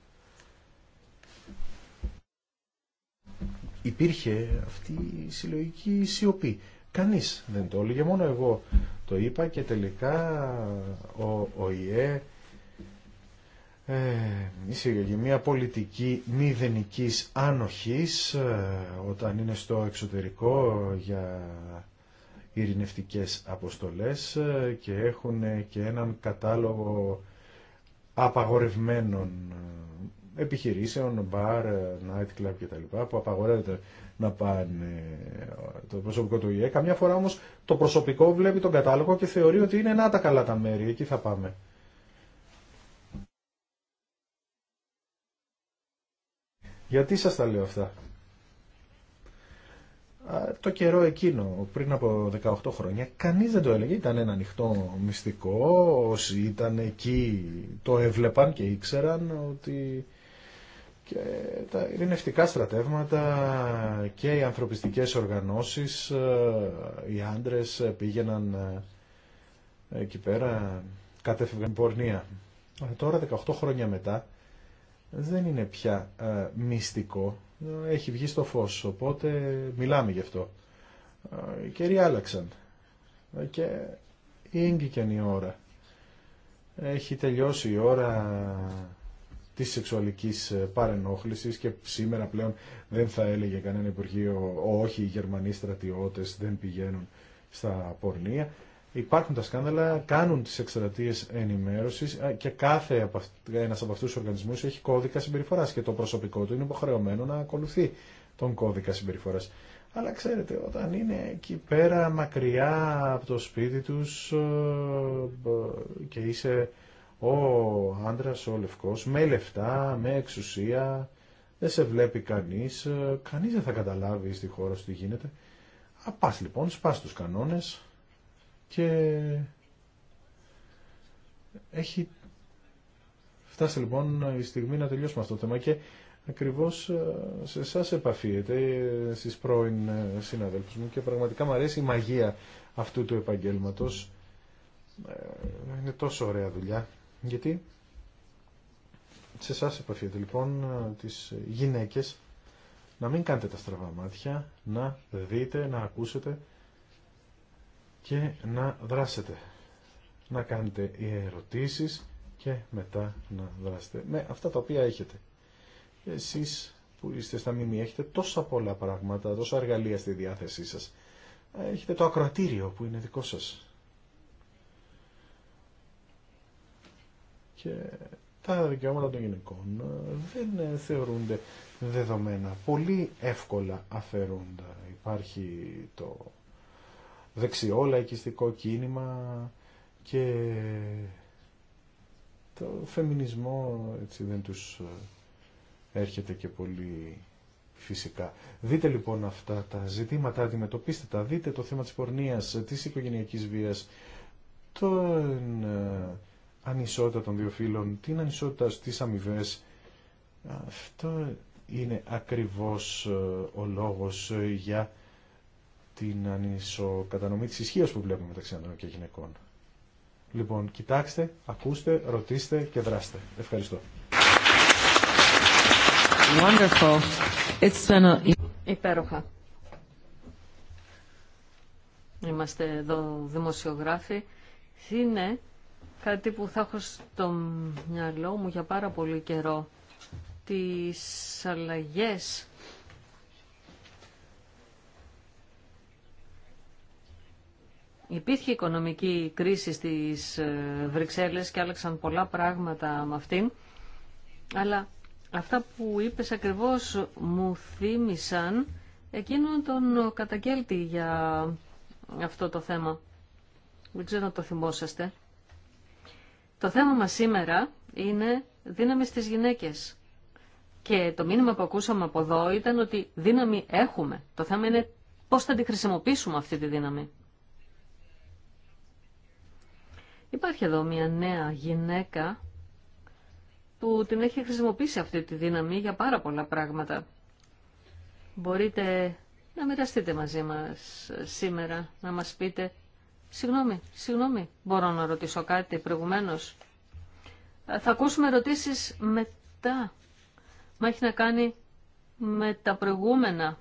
υπήρχε αυτή η συλλογική σιωπή. Κανείς δεν το έλεγε, μόνο εγώ το είπα και τελικά ο ΟΗΕ εισήγαγε μια πολιτική μηδενικής άνοχης ε, όταν είναι στο εξωτερικό για ειρηνευτικές αποστολές ε, και έχουν και έναν κατάλογο απαγορευμένων ε, επιχειρήσεων, μπαρ, nightclub κτλ. που απαγορεύεται να πάνε ε, το προσωπικό του ΙΕ. Καμιά φορά όμως το προσωπικό βλέπει τον κατάλογο και θεωρεί ότι είναι να τα καλά τα μέρη, εκεί θα πάμε. Γιατί σας τα λέω αυτά. Το καιρό εκείνο, πριν από 18 χρόνια, κανείς δεν το έλεγε, ήταν ένα ανοιχτό μυστικό, όσοι ήταν εκεί το έβλεπαν και ήξεραν ότι και τα ειρηνευτικά στρατεύματα και οι ανθρωπιστικές οργανώσεις, ε, οι άντρες ε, πήγαιναν ε, εκεί πέρα, κατέφευγαν πορνεία. Τώρα 18 χρόνια μετά δεν είναι πια μυστικό, έχει βγει στο φως, οπότε μιλάμε γι' αυτό. Οι καιροί άλλαξαν και ήγκηκαν η ώρα. Έχει τελειώσει η ώρα Τη σεξουαλική ε, παρενόχλησης και σήμερα πλέον δεν θα έλεγε κανένα Υπουργείο όχι οι Γερμανοί στρατιώτε δεν πηγαίνουν στα πορνεία. Υπάρχουν τα σκάνδαλα, κάνουν τις εκστρατείες ενημέρωσης ε, και κάθε ένα από αυτού του οργανισμούς έχει κώδικα συμπεριφοράς και το προσωπικό του είναι υποχρεωμένο να ακολουθεί τον κώδικα συμπεριφορά. Αλλά ξέρετε, όταν είναι εκεί πέρα μακριά από το σπίτι τους ε, και είσαι ο άντρας, ο λευκός, με λεφτά, με εξουσία, δεν σε βλέπει κανείς, ε, κανείς δεν θα καταλάβει στη χώρα σου τι γίνεται. Α, πας λοιπόν, σπάς τους κανόνες και έχει φτάσει λοιπόν η στιγμή να τελειώσουμε αυτό το θέμα και ακριβώς ε, σε εσά επαφίεται ε, στις πρώην συναδέλφους μου και πραγματικά μου αρέσει η μαγεία αυτού του επαγγέλματος. Είναι τόσο ωραία δουλειά. Γιατί σε εσά επαφείτε λοιπόν τις γυναίκες να μην κάνετε τα στραβά μάτια, να δείτε, να ακούσετε και να δράσετε. Να κάνετε οι ερωτήσεις και μετά να δράσετε με αυτά τα οποία έχετε. Εσείς που είστε στα μήμη έχετε τόσα πολλά πράγματα, τόσα εργαλεία στη διάθεσή σας. Έχετε το ακροατήριο που είναι δικό σας. τα δικαιώματα των γυναικών ε, δεν ε, θεωρούνται δεδομένα. Πολύ εύκολα αφαιρούνται. Υπάρχει το δεξιό λαϊκιστικό κίνημα και το φεμινισμό έτσι, δεν τους ε, έρχεται και πολύ φυσικά. Δείτε λοιπόν αυτά τα ζητήματα, αντιμετωπίστε τα, δείτε το θέμα της πορνείας, της οικογενειακής βίας, τον ανισότητα των δύο φύλων, την ανισότητα στις αμοιβέ. Αυτό είναι ακριβώς ε, ο λόγος ε, για την ανισοκατανομή της ισχύω που βλέπουμε μεταξύ ανδρών και γυναικών. Λοιπόν, κοιτάξτε, ακούστε, ρωτήστε και δράστε. Ευχαριστώ. It's been a... Υπέροχα. Είμαστε εδώ δημοσιογράφοι. Είναι κάτι που θα έχω στο μυαλό μου για πάρα πολύ καιρό. Τις αλλαγές Υπήρχε οικονομική κρίση στις ε, Βρυξέλλες και άλλαξαν πολλά πράγματα με αυτήν. Αλλά αυτά που είπες ακριβώς μου θύμισαν εκείνον τον καταγγέλτη για αυτό το θέμα. Δεν ξέρω αν το θυμόσαστε. Το θέμα μας σήμερα είναι δύναμη στις γυναίκες. Και το μήνυμα που ακούσαμε από εδώ ήταν ότι δύναμη έχουμε. Το θέμα είναι πώς θα τη χρησιμοποιήσουμε αυτή τη δύναμη. Υπάρχει εδώ μια νέα γυναίκα που την έχει χρησιμοποιήσει αυτή τη δύναμη για πάρα πολλά πράγματα. Μπορείτε να μοιραστείτε μαζί μας σήμερα, να μας πείτε Συγγνώμη, συγγνώμη, μπορώ να ρωτήσω κάτι προηγουμένως. Ε, θα ακούσουμε ερωτήσεις μετά. Μα έχει να κάνει με τα προηγούμενα.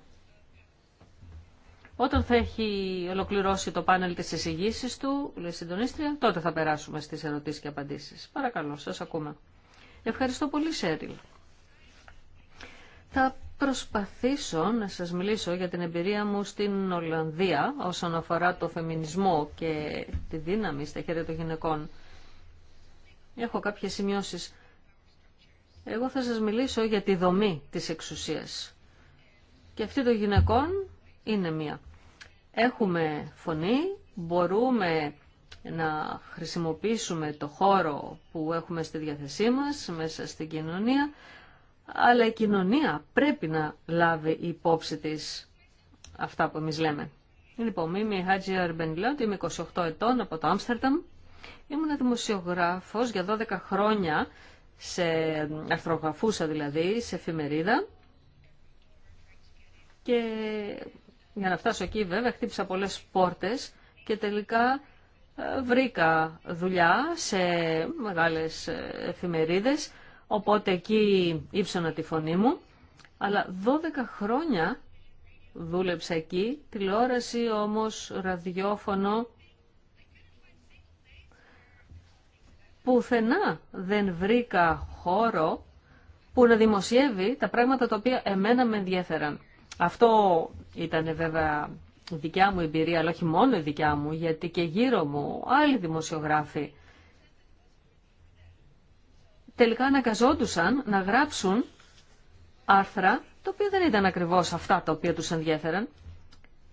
Όταν θα έχει ολοκληρώσει το πάνελ της εισηγήσεις του, λέει συντονίστρια, τότε θα περάσουμε στις ερωτήσεις και απαντήσεις. Παρακαλώ, σας ακούμε. Ευχαριστώ πολύ, Σέριλ. Θα προσπαθήσω να σας μιλήσω για την εμπειρία μου στην Ολλανδία όσον αφορά το φεμινισμό και τη δύναμη στα χέρια των γυναικών. Έχω κάποιες σημειώσεις. Εγώ θα σας μιλήσω για τη δομή της εξουσίας. Και αυτή των γυναικών είναι μία. Έχουμε φωνή, μπορούμε να χρησιμοποιήσουμε το χώρο που έχουμε στη διάθεσή μας μέσα στην κοινωνία αλλά η κοινωνία πρέπει να λάβει υπόψη της αυτά που εμείς λέμε. Λοιπόν, είμαι η Χάτζη Αρμπενιλότη, είμαι 28 ετών από το Άμστερνταμ. Ήμουν δημοσιογράφος για 12 χρόνια, σε αρθρογραφούσα δηλαδή, σε εφημερίδα. Και για να φτάσω εκεί βέβαια χτύπησα πολλές πόρτες και τελικά ε, βρήκα δουλειά σε μεγάλες ε, εφημερίδες Οπότε εκεί ύψωνα τη φωνή μου, αλλά 12 χρόνια δούλεψα εκεί, τηλεόραση όμως, ραδιόφωνο, πουθενά δεν βρήκα χώρο που να δημοσιεύει τα πράγματα τα οποία εμένα με ενδιαφέραν. Αυτό ήταν βέβαια δικιά μου εμπειρία, αλλά όχι μόνο η δικιά μου, γιατί και γύρω μου άλλοι δημοσιογράφοι τελικά αναγκαζόντουσαν να γράψουν άρθρα τα οποία δεν ήταν ακριβώς αυτά τα οποία τους ενδιέφεραν.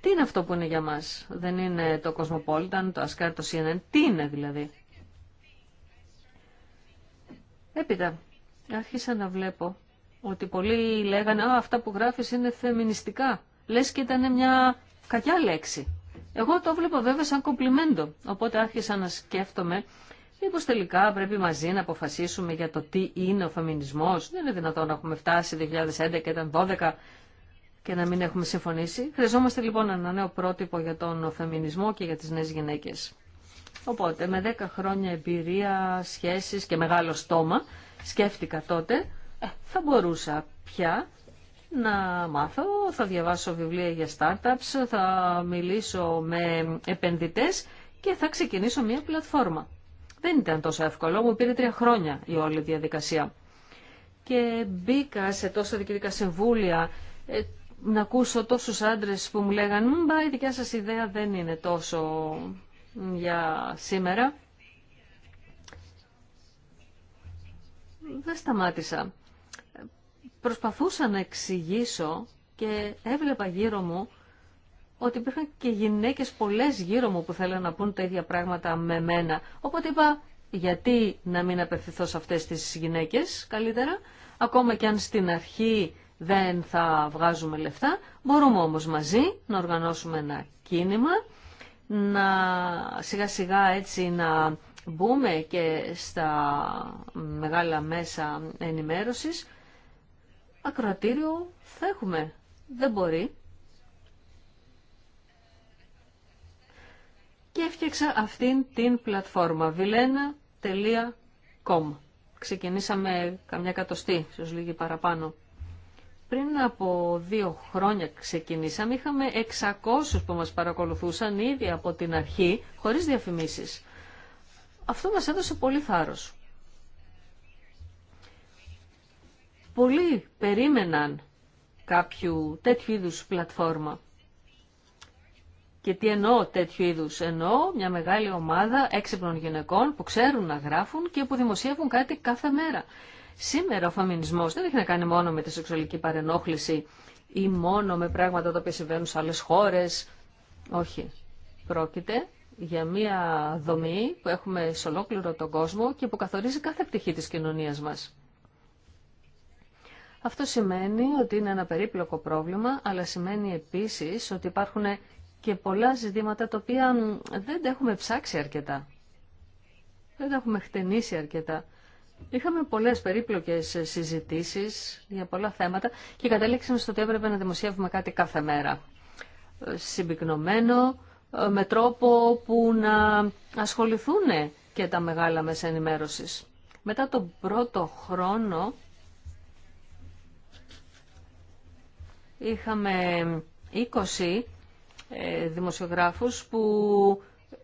Τι είναι αυτό που είναι για μας, δεν είναι το Cosmopolitan, το Ascar, το CNN, τι είναι δηλαδή. Έπειτα, άρχισα να βλέπω ότι πολλοί λέγανε «Α, αυτά που γράφεις είναι φεμινιστικά». Λες και ήταν μια κακιά λέξη. Εγώ το βλέπω βέβαια σαν κομπλιμέντο, οπότε άρχισα να σκέφτομαι Μήπω τελικά πρέπει μαζί να αποφασίσουμε για το τι είναι ο φεμινισμό. Δεν είναι δυνατόν να έχουμε φτάσει 2011 και ήταν 12 και να μην έχουμε συμφωνήσει. Χρειαζόμαστε λοιπόν ένα νέο πρότυπο για τον φεμινισμό και για τις νέες γυναίκες. Οπότε με 10 χρόνια εμπειρία, σχέσεις και μεγάλο στόμα σκέφτηκα τότε ε, θα μπορούσα πια να μάθω, θα διαβάσω βιβλία για startups, θα μιλήσω με επενδυτές και θα ξεκινήσω μια πλατφόρμα. Δεν ήταν τόσο εύκολο, μου πήρε τρία χρόνια η όλη διαδικασία. Και μπήκα σε τόσα διοικητικά συμβούλια, ε, να ακούσω τόσους άντρες που μου λέγανε «Μπα, η δικιά σας ιδέα δεν είναι τόσο για σήμερα». Δεν σταμάτησα. Προσπαθούσα να εξηγήσω και έβλεπα γύρω μου ότι υπήρχαν και γυναίκες πολλές γύρω μου που θέλουν να πούν τα ίδια πράγματα με μένα. Οπότε είπα, γιατί να μην απευθυνθώ σε αυτές τις γυναίκες καλύτερα, ακόμα και αν στην αρχή δεν θα βγάζουμε λεφτά, μπορούμε όμως μαζί να οργανώσουμε ένα κίνημα, να σιγά σιγά έτσι να μπούμε και στα μεγάλα μέσα ενημέρωσης, ακροατήριο θα έχουμε. Δεν μπορεί και έφτιαξα αυτήν την πλατφόρμα vilena.com. Ξεκινήσαμε καμιά κατοστή, ίσως λίγη παραπάνω. Πριν από δύο χρόνια ξεκινήσαμε, είχαμε 600 που μας παρακολουθούσαν ήδη από την αρχή, χωρίς διαφημίσεις. Αυτό μας έδωσε πολύ θάρρος. Πολλοί περίμεναν κάποιου τέτοιου είδους πλατφόρμα. Και τι εννοώ τέτοιου είδου. Εννοώ μια μεγάλη ομάδα έξυπνων γυναικών που ξέρουν να γράφουν και που δημοσιεύουν κάτι κάθε μέρα. Σήμερα ο φαμινισμός δεν έχει να κάνει μόνο με τη σεξουαλική παρενόχληση ή μόνο με πράγματα τα οποία συμβαίνουν σε άλλες χώρες. Όχι. Πρόκειται για μια δομή που έχουμε σε ολόκληρο τον κόσμο και που καθορίζει κάθε πτυχή της κοινωνίας μας. Αυτό σημαίνει ότι είναι ένα περίπλοκο πρόβλημα, αλλά σημαίνει επίσης ότι υπάρχουν και πολλά ζητήματα τα οποία δεν τα έχουμε ψάξει αρκετά. Δεν τα έχουμε χτενίσει αρκετά. Είχαμε πολλές περίπλοκες ε, συζητήσεις για πολλά θέματα και κατέληξαμε στο ότι έπρεπε να δημοσιεύουμε κάτι κάθε μέρα. Ε, συμπυκνωμένο, ε, με τρόπο που να ασχοληθούν και τα μεγάλα μέσα Μετά τον πρώτο χρόνο είχαμε 20 ε, δημοσιογράφους που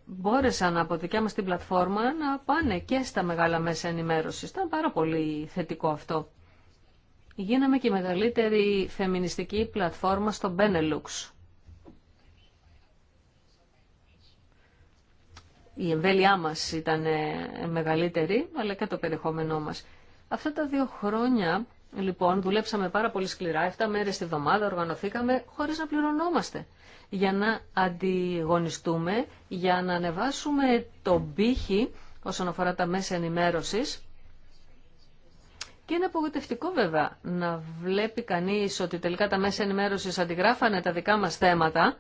μπόρεσαν από δικιά μας την πλατφόρμα να πάνε και στα μεγάλα μέσα ενημέρωσης. Ήταν πάρα πολύ θετικό αυτό. Γίναμε και η μεγαλύτερη φεμινιστική πλατφόρμα στο Benelux. Η εμβέλειά μας ήταν ε, μεγαλύτερη, αλλά και το περιεχόμενό μας. Αυτά τα δύο χρόνια, λοιπόν, δουλέψαμε πάρα πολύ σκληρά, 7 μέρες τη βδομάδα, οργανωθήκαμε χωρίς να πληρωνόμαστε για να αντιγωνιστούμε, για να ανεβάσουμε τον πύχη όσον αφορά τα μέσα ενημέρωσης. Και είναι απογοητευτικό βέβαια να βλέπει κανείς ότι τελικά τα μέσα ενημέρωσης αντιγράφανε τα δικά μας θέματα,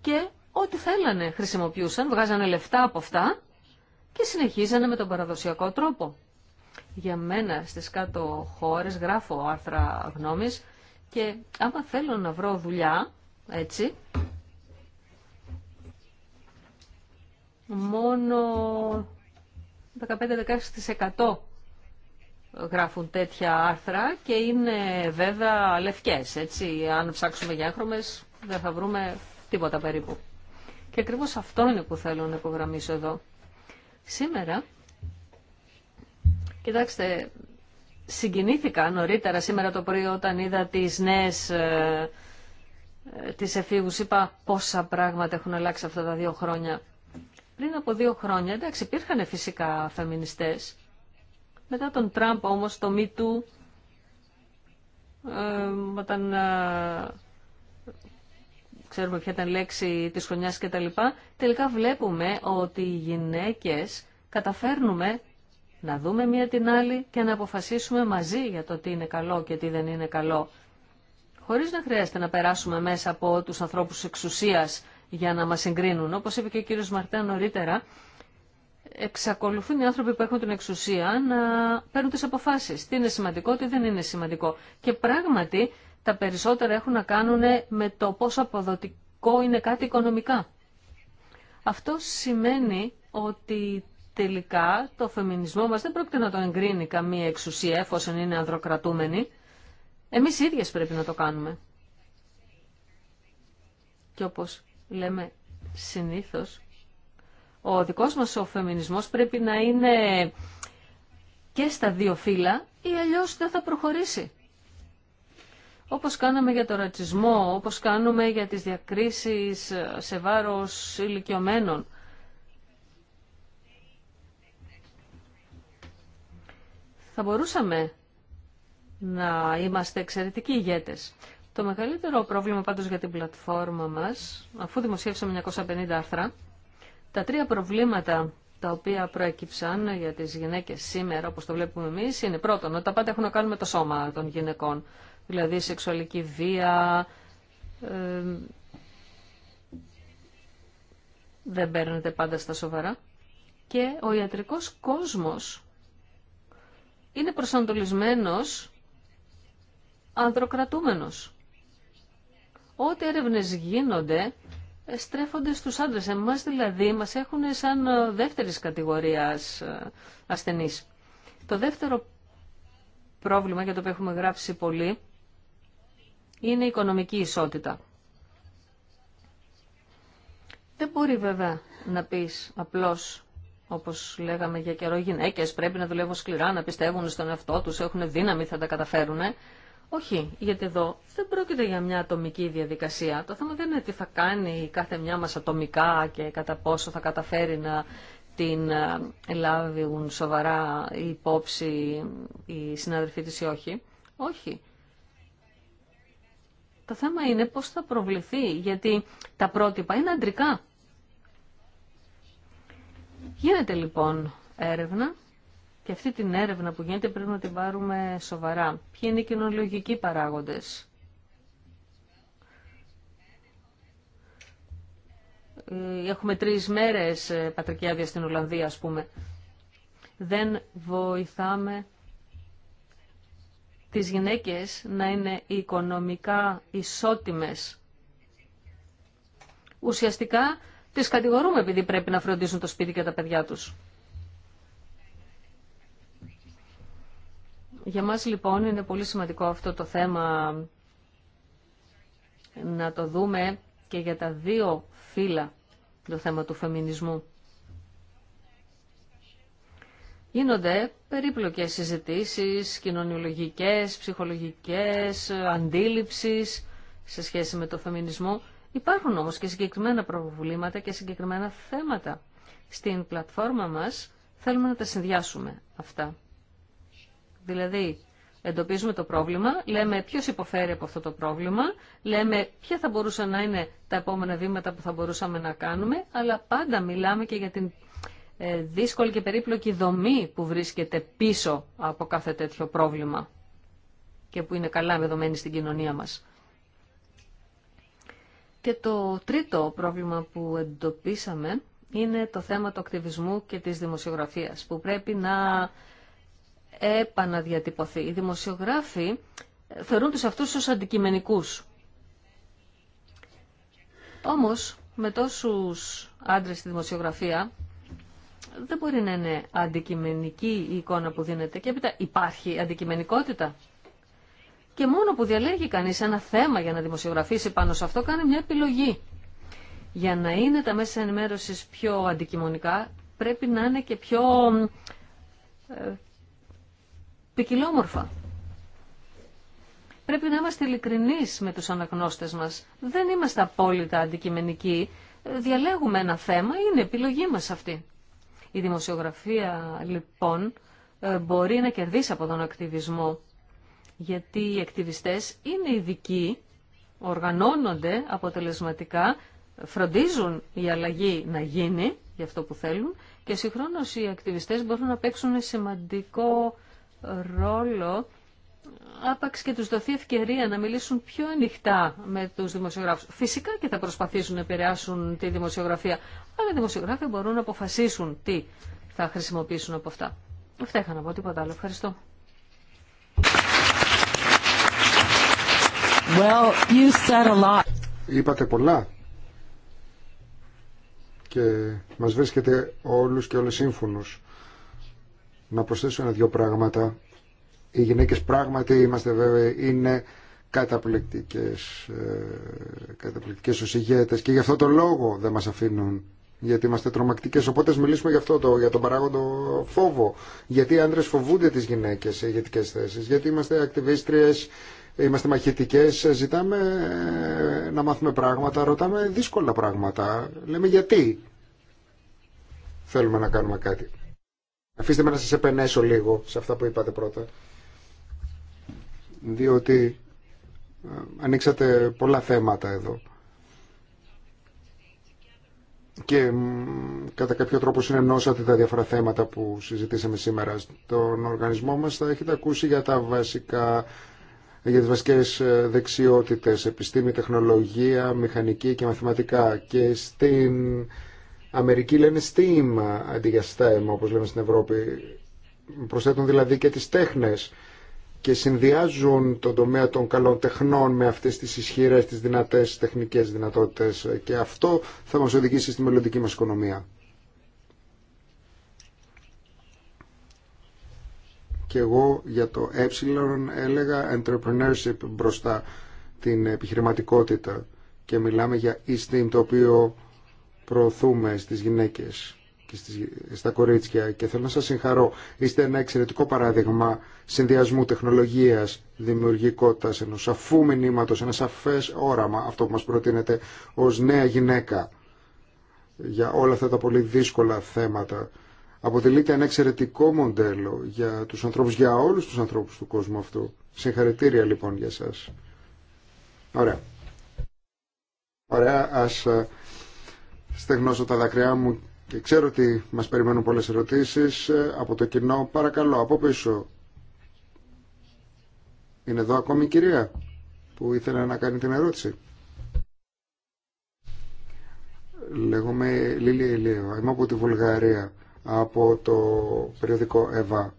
και ό,τι θέλανε χρησιμοποιούσαν, βγάζανε λεφτά από αυτά και συνεχίζανε με τον παραδοσιακό τρόπο για μένα στις κάτω χώρες, γράφω άρθρα γνώμης και άμα θέλω να βρω δουλειά, έτσι, μόνο 15-16% γράφουν τέτοια άρθρα και είναι βέβαια λευκές, έτσι. Αν ψάξουμε για έγχρωμες δεν θα βρούμε τίποτα περίπου. Και ακριβώς αυτό είναι που θέλω να υπογραμμίσω εδώ. Σήμερα Κοιτάξτε, συγκινήθηκα νωρίτερα σήμερα το πρωί όταν είδα τις νέες ε, ε τις Είπα πόσα πράγματα έχουν αλλάξει αυτά τα δύο χρόνια. Πριν από δύο χρόνια, εντάξει, υπήρχαν φυσικά φεμινιστές. Μετά τον Τραμπ όμως, το Me Too, ε, όταν ε, ξέρουμε ποια ήταν λέξη της χρονιάς και τα λοιπά, τελικά βλέπουμε ότι οι γυναίκες καταφέρνουμε να δούμε μία την άλλη και να αποφασίσουμε μαζί για το τι είναι καλό και τι δεν είναι καλό. Χωρίς να χρειάζεται να περάσουμε μέσα από τους ανθρώπους εξουσίας για να μας συγκρίνουν. Όπως είπε και ο κύριος Μαρτέα νωρίτερα, εξακολουθούν οι άνθρωποι που έχουν την εξουσία να παίρνουν τις αποφάσεις. Τι είναι σημαντικό, τι δεν είναι σημαντικό. Και πράγματι τα περισσότερα έχουν να κάνουν με το πόσο αποδοτικό είναι κάτι οικονομικά. Αυτό σημαίνει ότι τελικά το φεμινισμό μας δεν πρόκειται να το εγκρίνει καμία εξουσία εφόσον είναι ανδροκρατούμενη. Εμείς οι ίδιες πρέπει να το κάνουμε. Και όπως λέμε συνήθως, ο δικός μας ο φεμινισμός πρέπει να είναι και στα δύο φύλλα ή αλλιώς δεν θα προχωρήσει. Όπως κάναμε για το ρατσισμό, όπως κάνουμε για τις διακρίσεις σε βάρος ηλικιωμένων. Θα μπορούσαμε να είμαστε εξαιρετικοί ηγέτες. Το μεγαλύτερο πρόβλημα πάντως για την πλατφόρμα μας, αφού δημοσίευσαμε 950 άρθρα, τα τρία προβλήματα τα οποία προέκυψαν για τις γυναίκες σήμερα, όπως το βλέπουμε εμείς, είναι πρώτον ότι τα πάντα έχουν να κάνουν με το σώμα των γυναικών, δηλαδή σεξουαλική βία, δεν παίρνεται πάντα στα σοβαρά, και ο ιατρικός κόσμος είναι προσανατολισμένος ανδροκρατούμενος. Ό,τι έρευνες γίνονται ε, στρέφονται στους άντρες. Εμάς δηλαδή μας έχουν σαν ε, δεύτερης κατηγορίας ε, ασθενείς. Το δεύτερο πρόβλημα για το οποίο έχουμε γράψει πολύ είναι η οικονομική ισότητα. Δεν μπορεί βέβαια να πεις απλώς Όπω λέγαμε για καιρό, οι γυναίκε πρέπει να δουλεύουν σκληρά, να πιστεύουν στον εαυτό τους, έχουν δύναμη, θα τα καταφέρουν. Όχι, γιατί εδώ δεν πρόκειται για μια ατομική διαδικασία. Το θέμα δεν είναι τι θα κάνει κάθε μια μας ατομικά και κατά πόσο θα καταφέρει να την ε, λάβουν σοβαρά η υπόψη η συναδελφή της ή όχι. Όχι. Το θέμα είναι πώς θα προβληθεί, γιατί τα πρότυπα είναι αντρικά. Γίνεται λοιπόν έρευνα και αυτή την έρευνα που γίνεται πρέπει να την πάρουμε σοβαρά. Ποιοι είναι οι κοινολογικοί παράγοντες. Έχουμε τρεις μέρες ε, πατρική άδεια στην Ολλανδία, ας πούμε. Δεν βοηθάμε τις γυναίκες να είναι οικονομικά ισότιμες. Ουσιαστικά Τις κατηγορούμε επειδή πρέπει να φροντίζουν το σπίτι και τα παιδιά τους. Για μας λοιπόν είναι πολύ σημαντικό αυτό το θέμα να το δούμε και για τα δύο φύλλα το θέμα του φεμινισμού. Γίνονται περίπλοκες συζητήσεις, κοινωνιολογικές, ψυχολογικές, αντίληψεις σε σχέση με το φεμινισμό Υπάρχουν όμως και συγκεκριμένα προβλήματα και συγκεκριμένα θέματα. Στην πλατφόρμα μας θέλουμε να τα συνδυάσουμε αυτά. Δηλαδή, εντοπίζουμε το πρόβλημα, λέμε ποιος υποφέρει από αυτό το πρόβλημα, λέμε ποια θα μπορούσαν να είναι τα επόμενα βήματα που θα μπορούσαμε να κάνουμε, αλλά πάντα μιλάμε και για την ε, δύσκολη και περίπλοκη δομή που βρίσκεται πίσω από κάθε τέτοιο πρόβλημα και που είναι καλά δεδομένη στην κοινωνία μας. Και το τρίτο πρόβλημα που εντοπίσαμε είναι το θέμα του ακτιβισμού και της δημοσιογραφίας, που πρέπει να επαναδιατυπωθεί. Οι δημοσιογράφοι ε, θεωρούν τους αυτούς ως αντικειμενικούς. Όμως, με τόσους άντρες στη δημοσιογραφία, δεν μπορεί να είναι αντικειμενική η εικόνα που δίνεται. Και έπειτα υπάρχει αντικειμενικότητα. Και μόνο που διαλέγει κανείς ένα θέμα για να δημοσιογραφήσει πάνω σε αυτό, κάνει μια επιλογή. Για να είναι τα μέσα ενημέρωσης πιο αντικειμονικά, πρέπει να είναι και πιο ε, ποικιλόμορφα. Πρέπει να είμαστε ειλικρινεί με τους αναγνώστες μας. Δεν είμαστε απόλυτα αντικειμενικοί. Διαλέγουμε ένα θέμα, είναι επιλογή μας αυτή. Η δημοσιογραφία λοιπόν ε, μπορεί να κερδίσει από τον ακτιβισμό γιατί οι ακτιβιστές είναι ειδικοί, οργανώνονται αποτελεσματικά, φροντίζουν η αλλαγή να γίνει για αυτό που θέλουν και συγχρόνως οι ακτιβιστές μπορούν να παίξουν σημαντικό ρόλο άπαξ και τους δοθεί ευκαιρία να μιλήσουν πιο ανοιχτά με τους δημοσιογράφους. Φυσικά και θα προσπαθήσουν να επηρεάσουν τη δημοσιογραφία, αλλά οι δημοσιογράφοι μπορούν να αποφασίσουν τι θα χρησιμοποιήσουν από αυτά. Αυτά είχα να πω, τίποτα άλλο. Ευχαριστώ. Well, you said a lot. Είπατε πολλά και μας βρίσκεται όλους και όλες σύμφωνους. Να προσθέσω ένα-δυο πράγματα. Οι γυναίκες πράγματι, είμαστε βέβαια είναι καταπληκτικές, ε, καταπληκτικές ως ηγέτες και γι' αυτό το λόγο δεν μας αφήνουν γιατί είμαστε τρομακτικές. Οπότε μιλήσουμε γι' αυτό, το, για τον παράγοντο φόβο. Γιατί οι άντρες φοβούνται τις γυναίκες σε ηγετικές θέσεις. Γιατί είμαστε ακτιβίστριες είμαστε μαχητικέ ζητάμε να μάθουμε πράγματα, ρωτάμε δύσκολα πράγματα. Λέμε γιατί θέλουμε να κάνουμε κάτι. Αφήστε με να σας επενέσω λίγο σε αυτά που είπατε πρώτα. Διότι ε, ανοίξατε πολλά θέματα εδώ. Και κατά κάποιο τρόπο συνενώσατε τα διάφορα θέματα που συζητήσαμε σήμερα. Στον οργανισμό μας θα έχετε ακούσει για τα βασικά για τις βασικές ε, δεξιότητες, επιστήμη, τεχνολογία, μηχανική και μαθηματικά. Και στην Αμερική λένε STEAM αντί για STEM, όπως λέμε στην Ευρώπη. Προσθέτουν δηλαδή και τις τέχνες και συνδυάζουν τον τομέα των καλών τεχνών με αυτές τις ισχυρές, τις δυνατές τεχνικές δυνατότητες και αυτό θα μας οδηγήσει στη μελλοντική μας οικονομία. και εγώ για το ε έλεγα entrepreneurship μπροστά την επιχειρηματικότητα και μιλάμε για e-steam το οποίο προωθούμε στις γυναίκες και στα κορίτσια και θέλω να σας συγχαρώ. Είστε ένα εξαιρετικό παράδειγμα συνδυασμού τεχνολογίας, δημιουργικότητας, ενό σαφού μηνύματος, ένα σαφές όραμα αυτό που μας προτείνεται ως νέα γυναίκα για όλα αυτά τα πολύ δύσκολα θέματα αποτελείται ένα εξαιρετικό μοντέλο για τους ανθρώπους, για όλους τους ανθρώπους του κόσμου αυτού. Συγχαρητήρια λοιπόν για σας. Ωραία. Ωραία, ας ε, στεγνώσω τα δάκρυά μου και ξέρω ότι μας περιμένουν πολλές ερωτήσεις ε, από το κοινό. Παρακαλώ, από πίσω. Είναι εδώ ακόμη η κυρία που ήθελε να κάνει την ερώτηση. Λέγομαι Λίλια Ηλίου, είμαι από τη Βουλγαρία από το περιοδικό ΕΒΑ.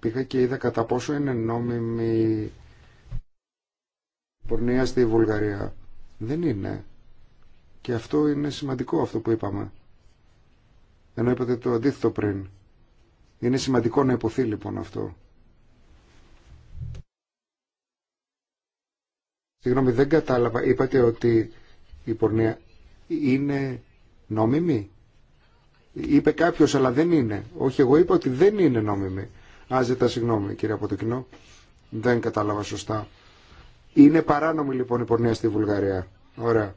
Πήγα και είδα κατά πόσο είναι νόμιμη πορνεία στη Βουλγαρία. Δεν είναι. Και αυτό είναι σημαντικό αυτό που είπαμε. Ενώ είπατε το αντίθετο πριν. Είναι σημαντικό να υποθεί λοιπόν αυτό. Συγγνώμη, δεν κατάλαβα. Είπατε ότι η πορνεία είναι νόμιμη. Είπε κάποιο, αλλά δεν είναι. Όχι εγώ είπα ότι δεν είναι νόμιμη. Α, ζητά συγγνώμη κύριε Αποτοκίνο, Δεν κατάλαβα σωστά. Είναι παράνομη λοιπόν η πορνεία στη Βουλγαρία. Ωραία.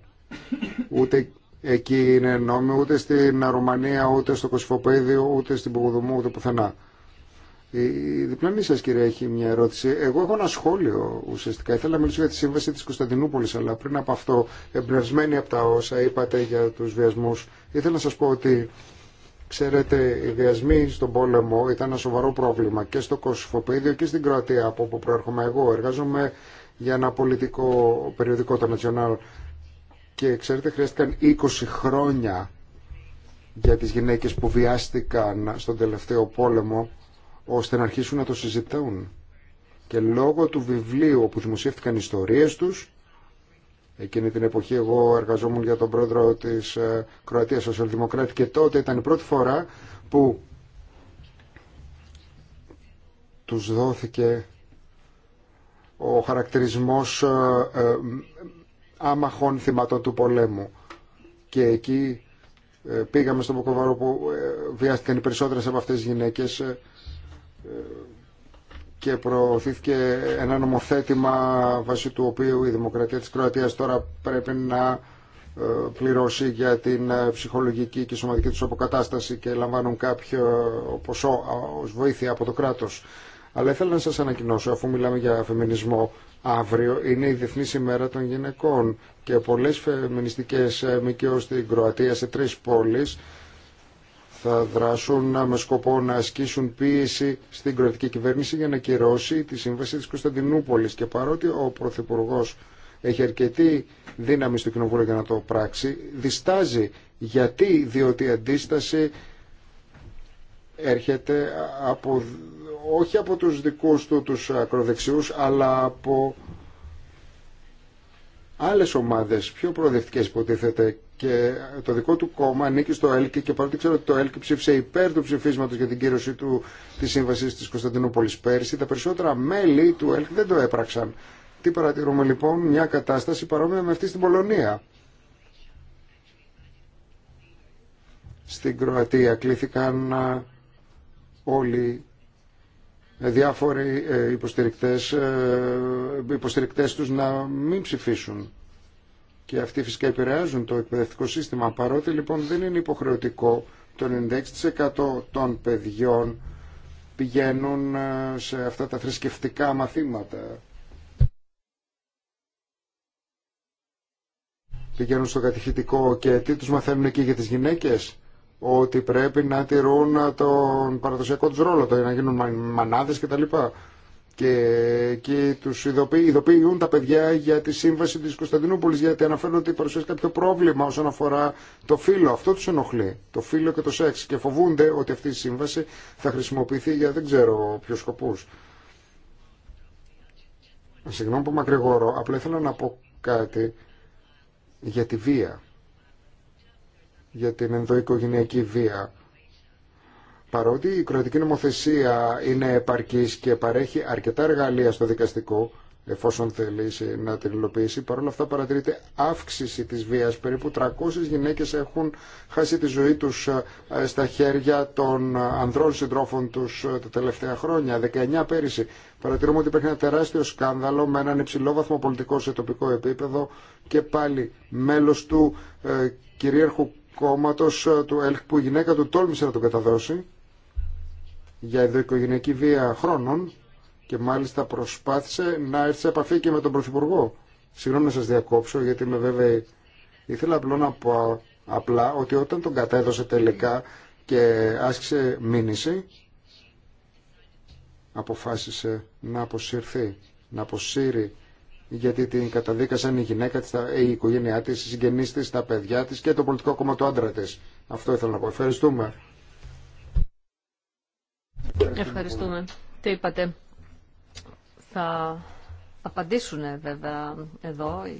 Ούτε εκεί είναι νόμιμη, ούτε στην Ρουμανία, ούτε στο Κοσφοπέδιο, ούτε στην Πογοδομού, ούτε πουθενά. Η διπλανή σα κυρία έχει μια ερώτηση. Εγώ έχω ένα σχόλιο ουσιαστικά. Ήθελα να μιλήσω για τη σύμβαση τη Κωνσταντινούπολη, αλλά πριν από αυτό, εμπνευσμένη από τα όσα είπατε για του βιασμού, ήθελα να σα πω ότι Ξέρετε, οι βιασμοί στον πόλεμο ήταν ένα σοβαρό πρόβλημα και στο Κωσυφοπαίδιο και στην Κροατία από όπου προέρχομαι εγώ. Εργάζομαι για ένα πολιτικό περιοδικό, το National. Και ξέρετε, χρειάστηκαν 20 χρόνια για τις γυναίκες που βιάστηκαν στον τελευταίο πόλεμο ώστε να αρχίσουν να το συζητούν. Και λόγω του βιβλίου όπου δημοσιεύτηκαν οι ιστορίες τους, εκείνη την εποχή εγώ εργαζόμουν για τον πρόεδρο της ε, Κροατίας Σοσιαλδημοκράτη και τότε ήταν η πρώτη φορά που τους δόθηκε ο χαρακτηρισμός ε, ε, άμαχων θυματών του πολέμου. Και εκεί πήγαμε στον Ποκοβαρό που βιάστηκαν οι περισσότερες από αυτές τις γυναίκες και προωθήθηκε ένα νομοθέτημα βάσει του οποίου η Δημοκρατία της Κροατίας τώρα πρέπει να ε, πληρώσει για την ε, ψυχολογική και σωματική τους αποκατάσταση και λαμβάνουν κάποιο ε, ποσό ως βοήθεια από το κράτος. Αλλά ήθελα να σας ανακοινώσω, αφού μιλάμε για φεμινισμό, αύριο είναι η Διεθνή ημέρα των γυναικών και πολλές φεμινιστικές μικιό στην Κροατία σε τρεις πόλεις θα δράσουν με σκοπό να ασκήσουν πίεση στην κρατική κυβέρνηση για να κυρώσει τη σύμβαση της Κωνσταντινούπολης και παρότι ο Πρωθυπουργό έχει αρκετή δύναμη στο Κοινοβούλιο για να το πράξει, διστάζει. Γιατί, διότι η αντίσταση έρχεται από, όχι από τους δικούς του τους ακροδεξιούς, αλλά από άλλες ομάδες πιο προοδευτικές υποτίθεται και το δικό του κόμμα ανήκει στο ΕΛΚ και παρότι ξέρω ότι το ΕΛΚ ψήφισε υπέρ του ψηφίσματο για την κύρωση του τη σύμβαση τη Κωνσταντινούπολη πέρσι, τα περισσότερα μέλη του ΕΛΚ δεν το έπραξαν. Τι παρατηρούμε λοιπόν, μια κατάσταση παρόμοια με αυτή στην Πολωνία. Στην Κροατία κλήθηκαν όλοι ε, διάφοροι ε, υποστηρικτές, ε, υποστηρικτές τους να μην ψηφίσουν και αυτοί φυσικά επηρεάζουν το εκπαιδευτικό σύστημα. Παρότι λοιπόν δεν είναι υποχρεωτικό, το 96% των παιδιών πηγαίνουν ε, σε αυτά τα θρησκευτικά μαθήματα. Πηγαίνουν στο κατηχητικό και τι τους μαθαίνουν εκεί για τις γυναίκες ότι πρέπει να τηρούν ε, τον παραδοσιακό τους ρόλο, το να γίνουν μανάδες κτλ και εκεί τους ειδοποιούν τα παιδιά για τη σύμβαση τη Κωνσταντινούπολη, γιατί αναφέρουν ότι παρουσιάζει κάποιο πρόβλημα όσον αφορά το φύλλο. Αυτό του ενοχλεί, το φύλλο και το σεξ και φοβούνται ότι αυτή η σύμβαση θα χρησιμοποιηθεί για δεν ξέρω ποιους σκοπού. Συγγνώμη που μακρηγορώ, απλά ήθελα να πω κάτι για τη βία, για την ενδοοικογενειακή βία Παρότι η κρατική νομοθεσία είναι επαρκής και παρέχει αρκετά εργαλεία στο δικαστικό, εφόσον θελήσει να την υλοποιήσει, παρόλα αυτά παρατηρείται αύξηση της βίας. Περίπου 300 γυναίκες έχουν χάσει τη ζωή τους ε, στα χέρια των ε, ανδρών συντρόφων τους ε, τα τελευταία χρόνια, 19 πέρυσι. Παρατηρούμε ότι υπάρχει ένα τεράστιο σκάνδαλο με έναν υψηλό βαθμό πολιτικό σε τοπικό επίπεδο και πάλι μέλος του κυρίαρχου κόμματος του ΕΛΚ που η γυναίκα του τόλμησε να τον καταδώσει για ενδοοικογενειακή βία χρόνων και μάλιστα προσπάθησε να έρθει σε επαφή και με τον Πρωθυπουργό. Συγγνώμη να σας διακόψω γιατί είμαι βέβαιη. Ήθελα απλό να πω απλά ότι όταν τον κατέδωσε τελικά και άσκησε μήνυση αποφάσισε να αποσυρθεί, να αποσύρει γιατί την καταδίκασαν η γυναίκα της, η οικογένειά της, οι συγγενείς της, τα παιδιά της και το πολιτικό κόμμα άντρα της. Αυτό ήθελα να πω. Ευχαριστούμε. Ευχαριστούμε. Τι είπατε. Θα απαντήσουν βέβαια εδώ οι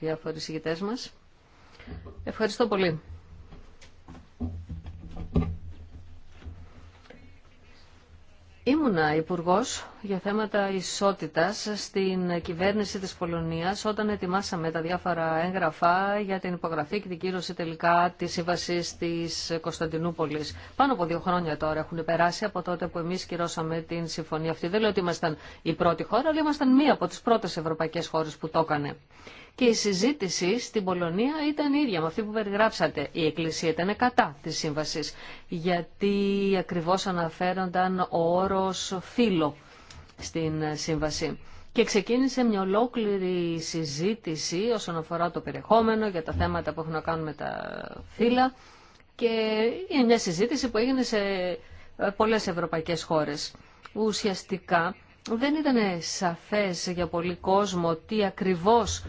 διάφοροι συγκητές μας. Ευχαριστώ πολύ. Ήμουνα υπουργό για θέματα ισότητας στην κυβέρνηση της Πολωνίας όταν ετοιμάσαμε τα διάφορα έγγραφα για την υπογραφή και την κύρωση τελικά τη σύμβαση της Κωνσταντινούπολη. Πάνω από δύο χρόνια τώρα έχουν περάσει από τότε που εμείς κυρώσαμε την συμφωνία αυτή. Δεν λέω ότι ήμασταν η πρώτη χώρα, αλλά ήμασταν μία από τι πρώτε ευρωπαϊκέ χώρε που το έκανε και η συζήτηση στην Πολωνία ήταν ίδια με αυτή που περιγράψατε. Η Εκκλησία ήταν κατά τη σύμβαση, γιατί ακριβώς αναφέρονταν ο όρος φίλο στην σύμβαση. Και ξεκίνησε μια ολόκληρη συζήτηση όσον αφορά το περιεχόμενο για τα θέματα που έχουν να κάνουν με τα φύλλα και είναι μια συζήτηση που έγινε σε ε, πολλές ευρωπαϊκές χώρες. Ουσιαστικά δεν ήταν σαφές για πολύ κόσμο τι ακριβώς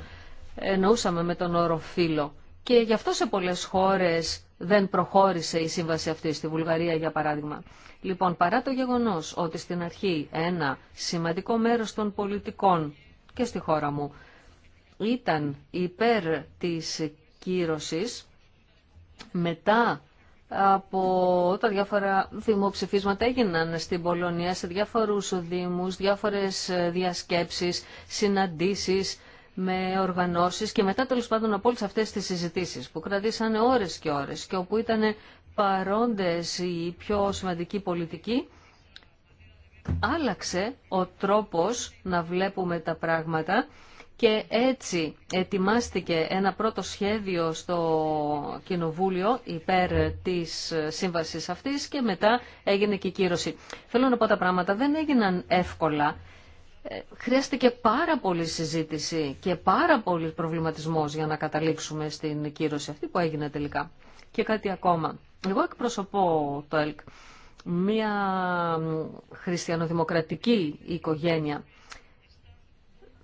εννοούσαμε με τον όρο φύλλο. Και γι' αυτό σε πολλές χώρες δεν προχώρησε η σύμβαση αυτή, στη Βουλγαρία για παράδειγμα. Λοιπόν, παρά το γεγονός ότι στην αρχή ένα σημαντικό μέρος των πολιτικών και στη χώρα μου ήταν υπέρ της κύρωσης, μετά από τα διάφορα δημοψηφίσματα έγιναν στην Πολωνία σε διάφορους δήμους, διάφορες διασκέψεις, συναντήσεις με οργανώσεις και μετά τέλο πάντων από όλες αυτές τις συζητήσεις που κρατήσανε ώρες και ώρες και όπου ήταν παρόντες οι πιο σημαντικοί πολιτικοί, άλλαξε ο τρόπος να βλέπουμε τα πράγματα και έτσι ετοιμάστηκε ένα πρώτο σχέδιο στο Κοινοβούλιο υπέρ της σύμβασης αυτής και μετά έγινε και η κύρωση. Θέλω να πω τα πράγματα δεν έγιναν εύκολα χρειάστηκε πάρα πολύ συζήτηση και πάρα πολύ προβληματισμό για να καταλήξουμε στην κύρωση αυτή που έγινε τελικά. Και κάτι ακόμα. Εγώ εκπροσωπώ το ΕΛΚ, μια χριστιανοδημοκρατική οικογένεια.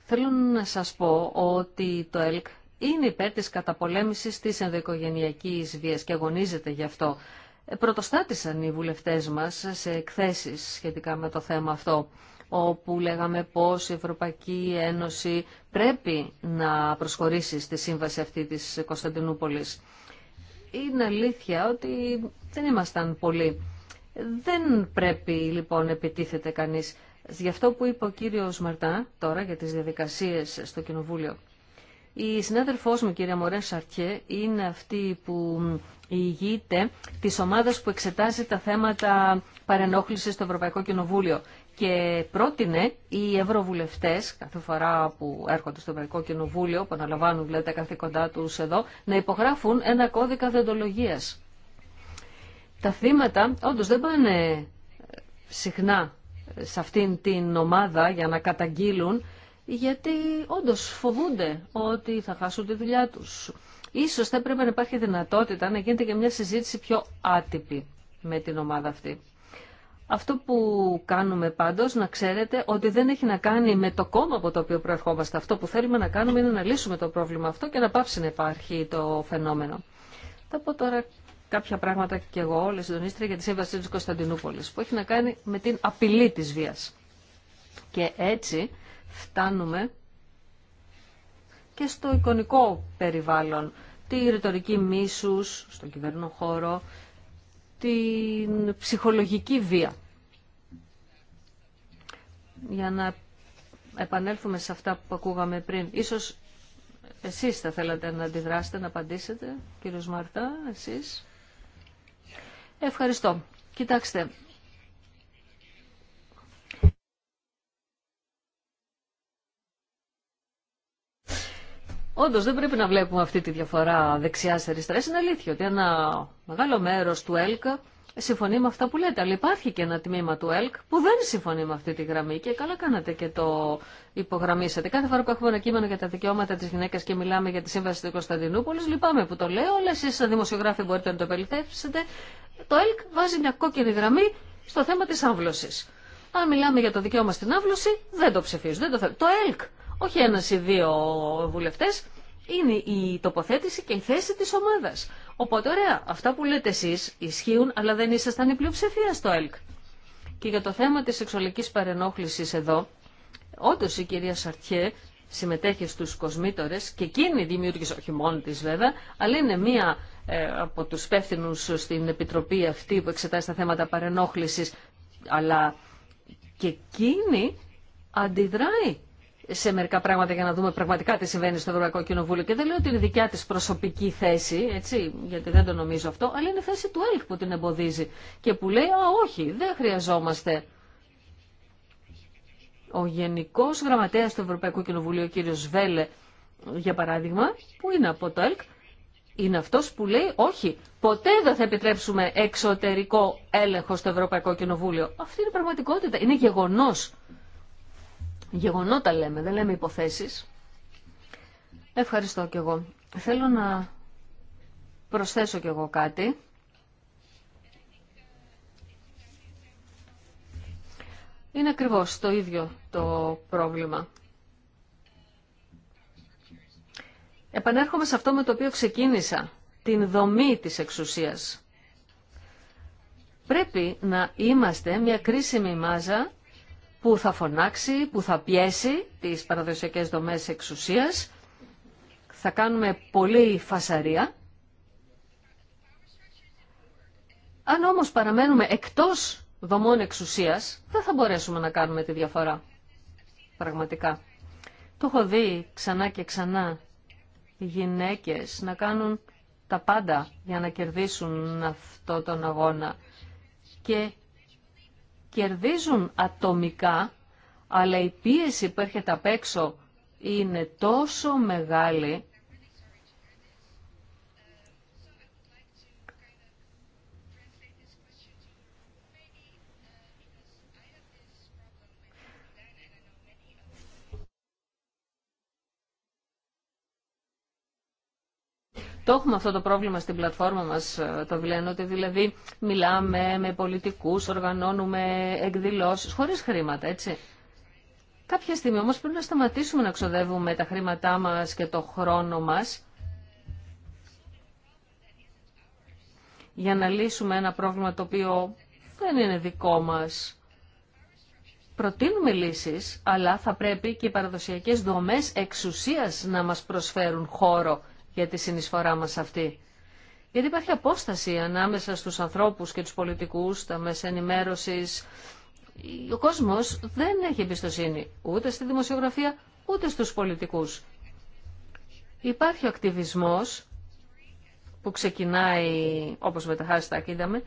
Θέλω να σας πω ότι το ΕΛΚ είναι υπέρ της καταπολέμησης της ενδοοικογενειακής βίας και αγωνίζεται γι' αυτό. Ε, πρωτοστάτησαν οι βουλευτές μας σε εκθέσεις σχετικά με το θέμα αυτό όπου λέγαμε πως η Ευρωπαϊκή Ένωση πρέπει να προσχωρήσει στη σύμβαση αυτή της Κωνσταντινούπολης. Είναι αλήθεια ότι δεν ήμασταν πολλοί. Δεν πρέπει λοιπόν να επιτίθεται κανείς. Γι' αυτό που είπε ο κύριος Μαρτά τώρα για τις διαδικασίες στο Κοινοβούλιο. Η συνάδελφός μου, κυρία Μωρέ Σαρτιέ, είναι αυτή που ηγείται της ομάδας που εξετάζει τα θέματα παρενόχλησης στο Ευρωπαϊκό Κοινοβούλιο και πρότεινε οι ευρωβουλευτές κάθε φορά που έρχονται στο Ευρωπαϊκό Κοινοβούλιο, που αναλαμβάνουν δηλαδή, τα καθήκοντά τους εδώ, να υπογράφουν ένα κώδικα δεντολογίας. Τα θύματα όντως δεν πάνε ε, συχνά ε, σε αυτήν την ομάδα για να καταγγείλουν, γιατί όντως φοβούνται ότι θα χάσουν τη δουλειά τους. Ίσως θα έπρεπε να υπάρχει δυνατότητα να γίνεται και μια συζήτηση πιο άτυπη με την ομάδα αυτή. Αυτό που κάνουμε πάντω να ξέρετε ότι δεν έχει να κάνει με το κόμμα από το οποίο προερχόμαστε. Αυτό που θέλουμε να κάνουμε είναι να λύσουμε το πρόβλημα αυτό και να πάψει να υπάρχει το φαινόμενο. Θα πω τώρα κάποια πράγματα και εγώ, όλες συντονίστρια, για τη σύμβαση τη Κωνσταντινούπολη που έχει να κάνει με την απειλή τη βία. Και έτσι φτάνουμε και στο εικονικό περιβάλλον, τη ρητορική μίσους, στον κυβερνό χώρο, την ψυχολογική βία. Για να επανέλθουμε σε αυτά που ακούγαμε πριν. Ίσως εσείς θα θέλατε να αντιδράσετε, να απαντήσετε, κύριος Μαρτά, εσείς. Ευχαριστώ. Κοιτάξτε, Όντω δεν πρέπει να βλέπουμε αυτή τη διαφορά δεξιά-αριστερά. Είναι αλήθεια ότι ένα μεγάλο μέρο του ΕΛΚ συμφωνεί με αυτά που λέτε. Αλλά υπάρχει και ένα τμήμα του ΕΛΚ που δεν συμφωνεί με αυτή τη γραμμή και καλά κάνατε και το υπογραμμίσατε. Κάθε φορά που έχουμε ένα κείμενο για τα δικαιώματα τη γυναίκα και μιλάμε για τη σύμβαση του Κωνσταντινούπολη, λυπάμαι που το λέω, αλλά εσεί σαν δημοσιογράφοι μπορείτε να το περιτέψετε. Το ΕΛΚ βάζει μια κόκκινη γραμμή στο θέμα τη άμβλωση. Αν μιλάμε για το δικαίωμα στην άμβλωση, δεν το ψηφίζω. το, το ΕΛΚ όχι ένας ή ένα η τοποθέτηση και η θέση τη ομάδα. Οπότε ωραία, αυτά που λέτε εσεί ισχύουν, αλλά δεν ήσασταν η πλειοψηφία στο ΕΛΚ. Και για το θέμα τη σεξουαλικής παρενόχληση εδώ, όντω η κυρία Σαρτιέ συμμετέχει στου κοσμήτορε και εκείνη δημιούργησε, όχι μόνη τη, βέβαια, αλλά είναι μία ε, από τους υπεύθυνου στην Επιτροπή αυτή που εξετάζει τα θέματα παρενόχληση, αλλά και εκείνη αντιδράει σε μερικά πράγματα για να δούμε πραγματικά τι συμβαίνει στο Ευρωπαϊκό Κοινοβούλιο. Και δεν λέω ότι είναι δικιά τη προσωπική θέση, έτσι, γιατί δεν το νομίζω αυτό, αλλά είναι θέση του ΕΛΚ που την εμποδίζει και που λέει, Α, όχι, δεν χρειαζόμαστε. Ο Γενικό Γραμματέα του Ευρωπαϊκού Κοινοβουλίου, ο κύριο Βέλε, για παράδειγμα, που είναι από το ΕΛΚ, είναι αυτό που λέει, Όχι, ποτέ δεν θα επιτρέψουμε εξωτερικό έλεγχο στο Ευρωπαϊκό Κοινοβούλιο. Αυτή είναι η πραγματικότητα. Είναι γεγονό. Γεγονότα λέμε, δεν λέμε υποθέσεις. Ευχαριστώ κι εγώ. Θέλω να προσθέσω κι εγώ κάτι. Είναι ακριβώς το ίδιο το πρόβλημα. Επανέρχομαι σε αυτό με το οποίο ξεκίνησα, την δομή της εξουσίας. Πρέπει να είμαστε μια κρίσιμη μάζα που θα φωνάξει, που θα πιέσει τις παραδοσιακές δομές εξουσίας. Θα κάνουμε πολλή φασαρία. Αν όμως παραμένουμε εκτός δομών εξουσίας, δεν θα μπορέσουμε να κάνουμε τη διαφορά. Πραγματικά. Το έχω δει ξανά και ξανά οι γυναίκες να κάνουν τα πάντα για να κερδίσουν αυτό τον αγώνα. Και κερδίζουν ατομικά, αλλά η πίεση που έρχεται απ' έξω είναι τόσο μεγάλη Το έχουμε αυτό το πρόβλημα στην πλατφόρμα μας, ε, το Βιλένο, ότι δηλαδή μιλάμε με πολιτικούς, οργανώνουμε εκδηλώσεις, χωρίς χρήματα, έτσι. Κάποια στιγμή όμως πρέπει να σταματήσουμε να ξοδεύουμε τα χρήματά μας και το χρόνο μας για να λύσουμε ένα πρόβλημα το οποίο δεν είναι δικό μας. Προτείνουμε λύσεις, αλλά θα πρέπει και οι παραδοσιακές δομές εξουσίας να μας προσφέρουν χώρο για τη συνεισφορά μας αυτή. Γιατί υπάρχει απόσταση ανάμεσα στους ανθρώπους και τους πολιτικούς, τα μέσα ενημέρωσης. Ο κόσμος δεν έχει εμπιστοσύνη ούτε στη δημοσιογραφία, ούτε στους πολιτικούς. Υπάρχει ο ακτιβισμός που ξεκινάει, όπως με τα hashtag είδαμε,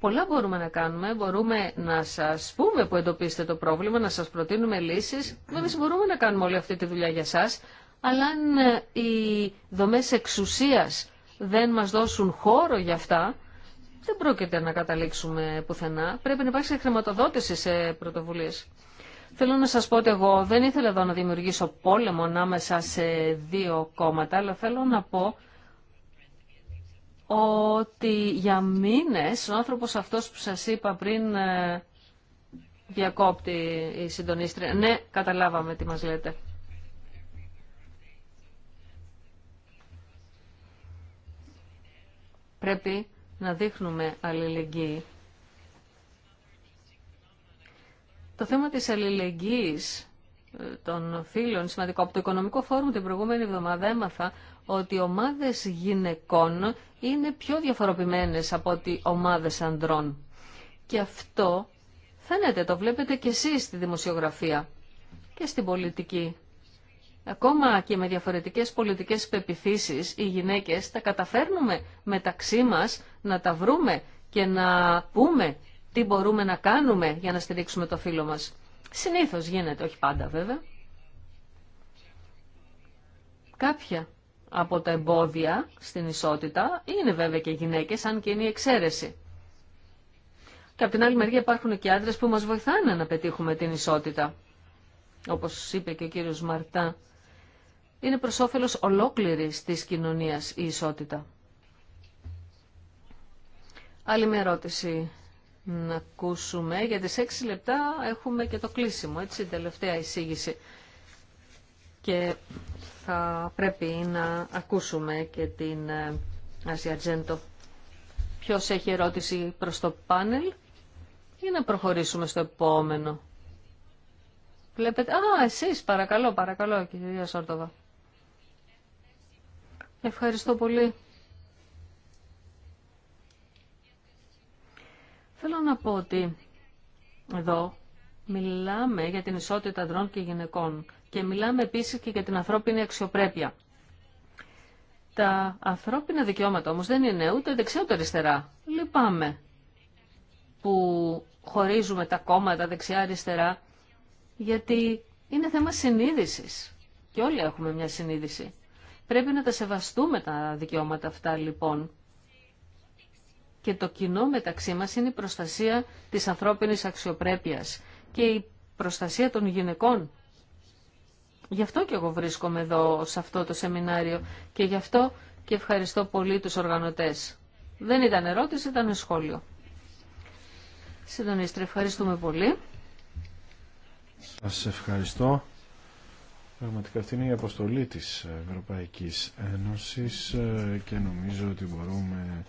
Πολλά μπορούμε να κάνουμε. Μπορούμε να σας πούμε που εντοπίσετε το πρόβλημα, να σα προτείνουμε λύσει Εμεί μπορούμε να κάνουμε όλη αυτή τη δουλειά για εσά αλλά αν ε, οι δομές εξουσίας δεν μας δώσουν χώρο για αυτά, δεν πρόκειται να καταλήξουμε πουθενά. Πρέπει να υπάρξει χρηματοδότηση σε πρωτοβουλίες. Θέλω να σας πω ότι εγώ δεν ήθελα εδώ να δημιουργήσω πόλεμο ανάμεσα σε δύο κόμματα, αλλά θέλω να πω ότι για μήνες ο άνθρωπος αυτός που σας είπα πριν ε, διακόπτει η συντονίστρια. Ναι, καταλάβαμε τι μας λέτε. Πρέπει να δείχνουμε αλληλεγγύη. Το θέμα της αλληλεγγύης ε, των φίλων, σημαντικό, από το Οικονομικό Φόρουμ την προηγούμενη εβδομάδα έμαθα ότι οι ομάδες γυναικών είναι πιο διαφοροποιημένες από ότι ομάδες ανδρών. Και αυτό φαίνεται, το βλέπετε και εσείς στη δημοσιογραφία και στην πολιτική. Ακόμα και με διαφορετικές πολιτικές πεπιθήσεις οι γυναίκες τα καταφέρνουμε μεταξύ μας να τα βρούμε και να πούμε τι μπορούμε να κάνουμε για να στηρίξουμε το φίλο μας. Συνήθως γίνεται, όχι πάντα βέβαια. Κάποια από τα εμπόδια στην ισότητα είναι βέβαια και γυναίκες, αν και είναι η εξαίρεση. Και από την άλλη μεριά υπάρχουν και άντρες που μας βοηθάνε να πετύχουμε την ισότητα. Όπως είπε και ο κύριος Μαρτά, είναι προς όφελος ολόκληρης της κοινωνίας η ισότητα. Άλλη μια ερώτηση να ακούσουμε. Για τις 6 λεπτά έχουμε και το κλείσιμο, έτσι, η τελευταία εισήγηση. Και θα πρέπει να ακούσουμε και την ε, Ασιατζέντο. Ποιος έχει ερώτηση προς το πάνελ ή να προχωρήσουμε στο επόμενο. Βλέπετε, α, εσείς παρακαλώ, παρακαλώ κυρία Σόρτοβα. Ευχαριστώ πολύ. Θέλω να πω ότι εδώ μιλάμε για την ισότητα ανδρών και γυναικών και μιλάμε επίσης και για την ανθρώπινη αξιοπρέπεια. Τα ανθρώπινα δικαιώματα όμως δεν είναι ούτε δεξιά ούτε αριστερά. Λυπάμαι που χωρίζουμε τα κόμματα δεξιά-αριστερά γιατί είναι θέμα συνείδησης και όλοι έχουμε μια συνείδηση. Πρέπει να τα σεβαστούμε τα δικαιώματα αυτά λοιπόν. Και το κοινό μεταξύ μας είναι η προστασία της ανθρώπινης αξιοπρέπειας και η προστασία των γυναικών. Γι' αυτό και εγώ βρίσκομαι εδώ σε αυτό το σεμινάριο και γι' αυτό και ευχαριστώ πολύ τους οργανωτές. Δεν ήταν ερώτηση, ήταν σχόλιο. Συντονίστρια, ευχαριστούμε πολύ. Σας ευχαριστώ. Πραγματικά αυτή είναι η αποστολή της Ευρωπαϊκής Ένωσης ε, και νομίζω ότι μπορούμε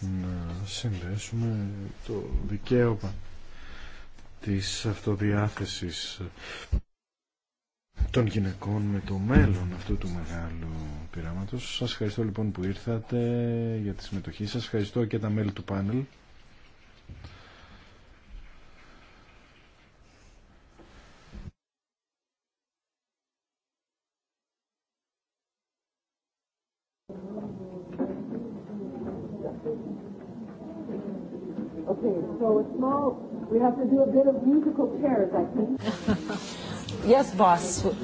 να συνδέσουμε το δικαίωμα της αυτοδιάθεσης των γυναικών με το μέλλον αυτού του μεγάλου πειράματος. Σας ευχαριστώ λοιπόν που ήρθατε για τη συμμετοχή σας. Ευχαριστώ και τα μέλη του πάνελ. Okay, so a small, we have to do a bit of musical chairs, I think. yes, boss. you.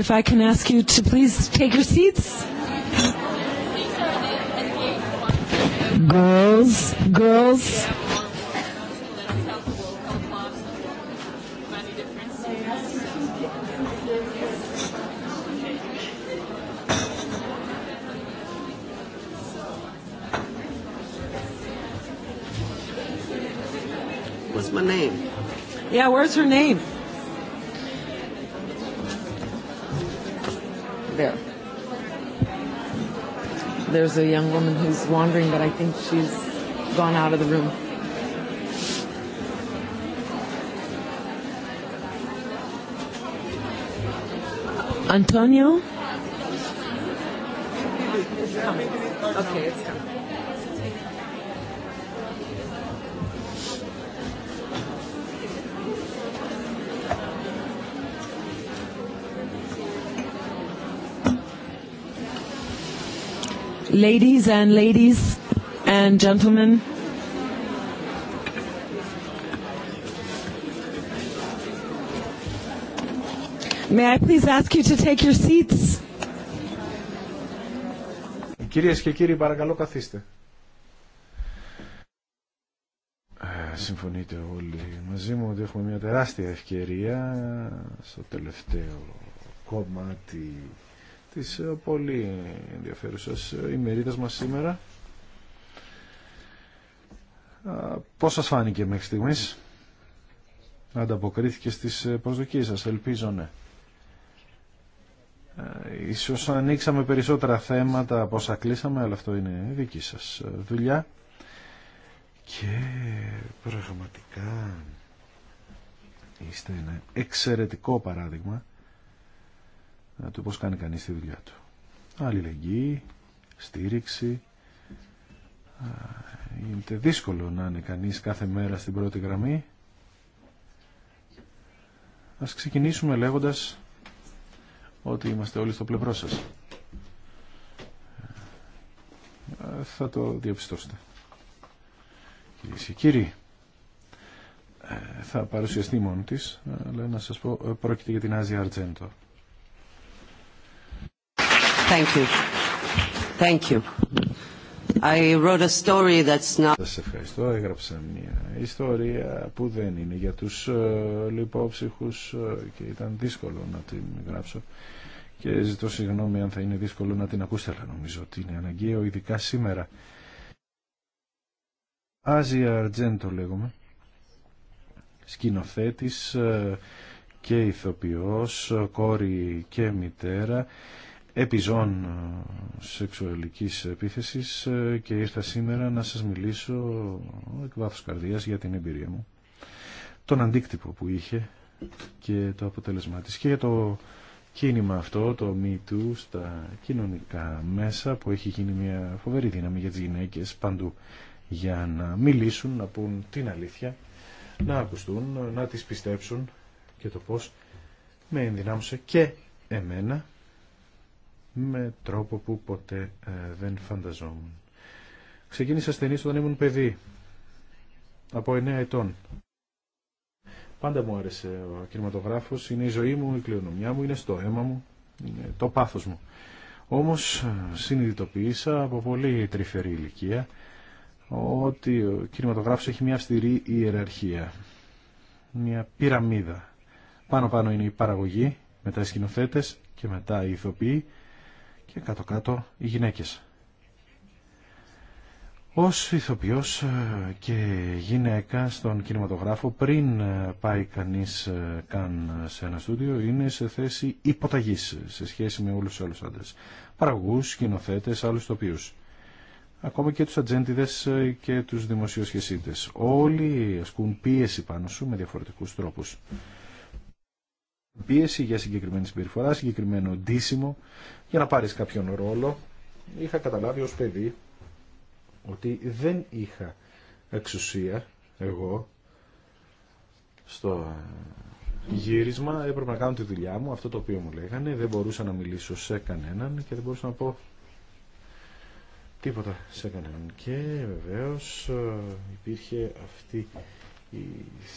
if I can ask you to please take your seats. Girls, girls. What's my name? Yeah, where's her name? there's a young woman who's wandering, but I think she's gone out of the room. Antonio? Okay, it's ladies and ladies and gentlemen. May I please ask you to take your seats? Κυρίες και κύριοι, παρακαλώ καθίστε. Ε, συμφωνείτε όλοι μαζί μου ότι έχουμε μια τεράστια ευκαιρία στο τελευταίο κομμάτι της ε, πολύ ενδιαφέρουσας ε, ημερίδας μας σήμερα. Πώς σας φάνηκε μέχρι στιγμής? Ανταποκρίθηκε στις ε, προσδοκίες σας, ελπίζω ναι. Ίσως ανοίξαμε περισσότερα θέματα από όσα κλείσαμε, αλλά αυτό είναι δική σας δουλειά. Και πραγματικά είστε ένα εξαιρετικό παράδειγμα του πώς κάνει κανείς τη δουλειά του. Αλληλεγγύη, στήριξη. Είναι δύσκολο να είναι κανείς κάθε μέρα στην πρώτη γραμμή. Ας ξεκινήσουμε λέγοντας ότι είμαστε όλοι στο πλευρό σας. Ε, θα το διαπιστώσετε. Κυρίες και κύριοι, ε, θα παρουσιαστεί μόνη της, αλλά ε, να σας πω, πρόκειται για την Άζια Αρτζέντο. Thank you. Thank you. I wrote a story that's not... ευχαριστώ. Έγραψα μια ιστορία που δεν είναι για τους ε, λιπόψυχους ε, και ήταν δύσκολο να την γράψω. Και ζητώ συγγνώμη αν θα είναι δύσκολο να την ακούσετε, αλλά νομίζω ότι είναι αναγκαίο, ειδικά σήμερα. Άζια Αρτζέντο λέγομαι, σκηνοθέτης ε, και ηθοποιός, κόρη και μητέρα επιζών ε, σεξουαλικής επίθεσης ε, και ήρθα σήμερα να σας μιλήσω εκ βάθους καρδίας για την εμπειρία μου τον αντίκτυπο που είχε και το αποτέλεσμά της και για το κίνημα αυτό, το Me Too, στα κοινωνικά μέσα που έχει γίνει μια φοβερή δύναμη για τις γυναίκες παντού για να μιλήσουν, να πούν την αλήθεια, να ακουστούν, να τις πιστέψουν και το πώς με ενδυνάμωσε και εμένα με τρόπο που ποτέ ε, δεν φανταζόμουν. Ξεκίνησα ασθενή όταν ήμουν παιδί, από 9 ετών. Πάντα μου άρεσε ο κινηματογράφος, είναι η ζωή μου, η κληρονομιά μου, είναι στο αίμα μου, το πάθος μου. Όμως ε, συνειδητοποίησα από πολύ τρυφερή ηλικία ότι ο κινηματογράφος έχει μια αυστηρή ιεραρχία, μια πυραμίδα. Πάνω πάνω είναι η παραγωγή, μετά οι σκηνοθέτες και μετά οι ηθοποιοί και κάτω-κάτω οι γυναίκες. Ως ηθοποιός ε, και γυναίκα στον κινηματογράφο πριν ε, πάει κανείς ε, καν σε ένα στούντιο είναι σε θέση υποταγής σε σχέση με όλους τους άλλους άντρες. Παραγούς, σκηνοθέτες, άλλους τοπίους. Ακόμα και τους ατζέντιδες και τους δημοσιοσχεσίτες. Όλοι ασκούν πίεση πάνω σου με διαφορετικούς τρόπους πίεση για συγκεκριμένη συμπεριφορά, συγκεκριμένο ντύσιμο, για να πάρεις κάποιον ρόλο. Είχα καταλάβει ως παιδί ότι δεν είχα εξουσία εγώ στο γύρισμα, έπρεπε να κάνω τη δουλειά μου, αυτό το οποίο μου λέγανε, δεν μπορούσα να μιλήσω σε κανέναν και δεν μπορούσα να πω τίποτα σε κανέναν. Και βεβαίως ε, υπήρχε αυτή η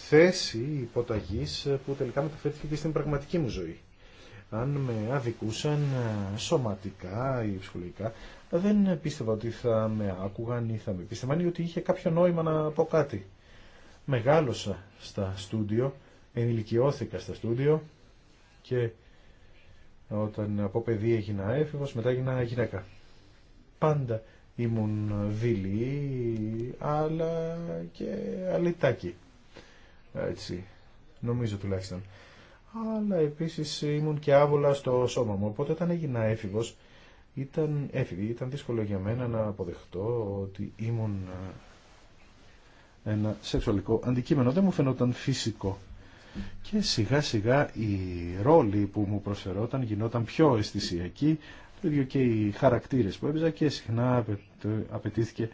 θέση υποταγής που τελικά μεταφέρθηκε και στην πραγματική μου ζωή. Αν με αδικούσαν ε, σωματικά ή ψυχολογικά, δεν πίστευα ότι θα με άκουγαν ή θα με πίστευαν ή ότι είχε κάποιο νόημα να πω κάτι. Μεγάλωσα στα στούντιο, ενηλικιώθηκα στα στούντιο και όταν από παιδί έγινα έφηβος, μετά έγινα γυναίκα. Πάντα ήμουν δειλή, αλλά και αλητάκι. Έτσι, νομίζω τουλάχιστον. Αλλά επίσης ήμουν και άβολα στο σώμα μου, οπότε όταν έγινα έφηβος, ήταν ήταν δύσκολο για μένα να αποδεχτώ ότι ήμουν ε, ένα σεξουαλικό αντικείμενο. Δεν μου φαινόταν φυσικό. Και σιγά σιγά η ρόλη που μου προσφερόταν γινόταν πιο αισθησιακή, το ίδιο και οι χαρακτήρες που έπαιζα και συχνά απαιτήθηκε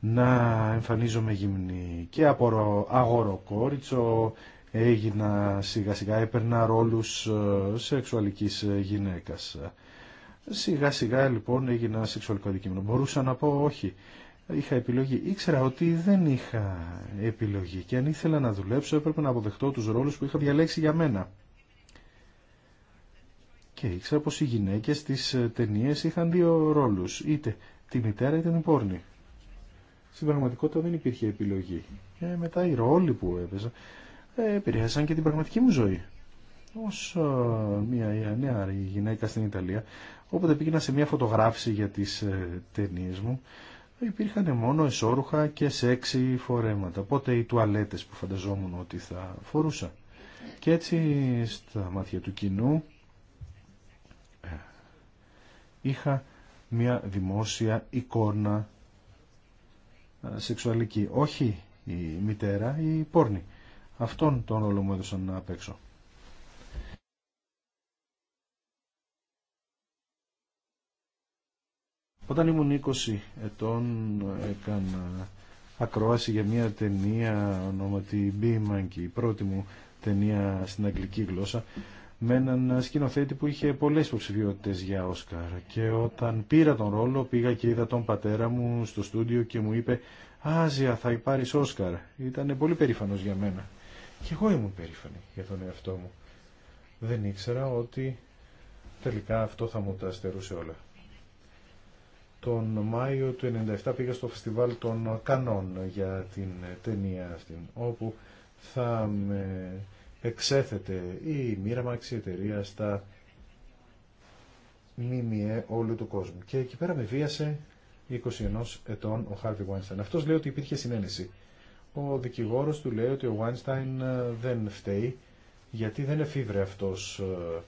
να εμφανίζομαι γυμνή. Και από αγοροκόριτσο έγινα σιγά σιγά, έπαιρνα ρόλους ε, σεξουαλικής ε, γυναίκας. Σιγά σιγά λοιπόν έγινα σεξουαλικό αντικείμενο. Μπορούσα να πω όχι. Είχα επιλογή. Ήξερα ότι δεν είχα επιλογή και αν ήθελα να δουλέψω έπρεπε να αποδεχτώ τους ρόλους που είχα διαλέξει για μένα. Και ήξερα πως οι γυναίκες στις ε, ταινίες είχαν δύο ρόλους. Είτε τη μητέρα είτε την πόρνη στην πραγματικότητα δεν υπήρχε επιλογή. Και ε, μετά οι ρόλοι που έπαιζα ε, επηρέασαν και την πραγματική μου ζωή. Ως μια νέα γυναίκα στην Ιταλία, όποτε πήγαινα σε μια φωτογράφηση για τις ε, ταινίε μου, υπήρχαν μόνο εσόρουχα και σεξι φορέματα. Πότε οι τουαλέτες που φανταζόμουν ότι θα φορούσα. Και έτσι στα μάτια του κοινού είχα μια δημόσια εικόνα ε, σεξουαλική. Όχι η μητέρα, η πόρνη. Αυτόν τον ρόλο μου έδωσαν να παίξω. Όταν ήμουν 20 ετών έκανα ακρόαση για μια ταινία ονόματι Be Monkey, η πρώτη μου ταινία στην αγγλική γλώσσα με έναν σκηνοθέτη που είχε πολλές υποψηφιότητε για Όσκαρ και όταν πήρα τον ρόλο πήγα και είδα τον πατέρα μου στο στούντιο και μου είπε «Άζια θα πάρεις Όσκαρ». Ήταν πολύ περήφανος για μένα. Και εγώ ήμουν περήφανη για τον εαυτό μου. Δεν ήξερα ότι τελικά αυτό θα μου τα στερούσε όλα. Τον Μάιο του 1997 πήγα στο φεστιβάλ των Κανών για την ταινία αυτή, όπου θα με εξέθεται η μοίραμαξη εταιρεία στα ΜΜΕ όλου του κόσμου. Και εκεί πέρα με βίασε 21 ετών ο Χάρβι Βάινσταϊν. Αυτός λέει ότι υπήρχε συνένεση. Ο δικηγόρος του λέει ότι ο Βάινσταϊν ε, δεν φταίει γιατί δεν εφήβρε αυτός ε,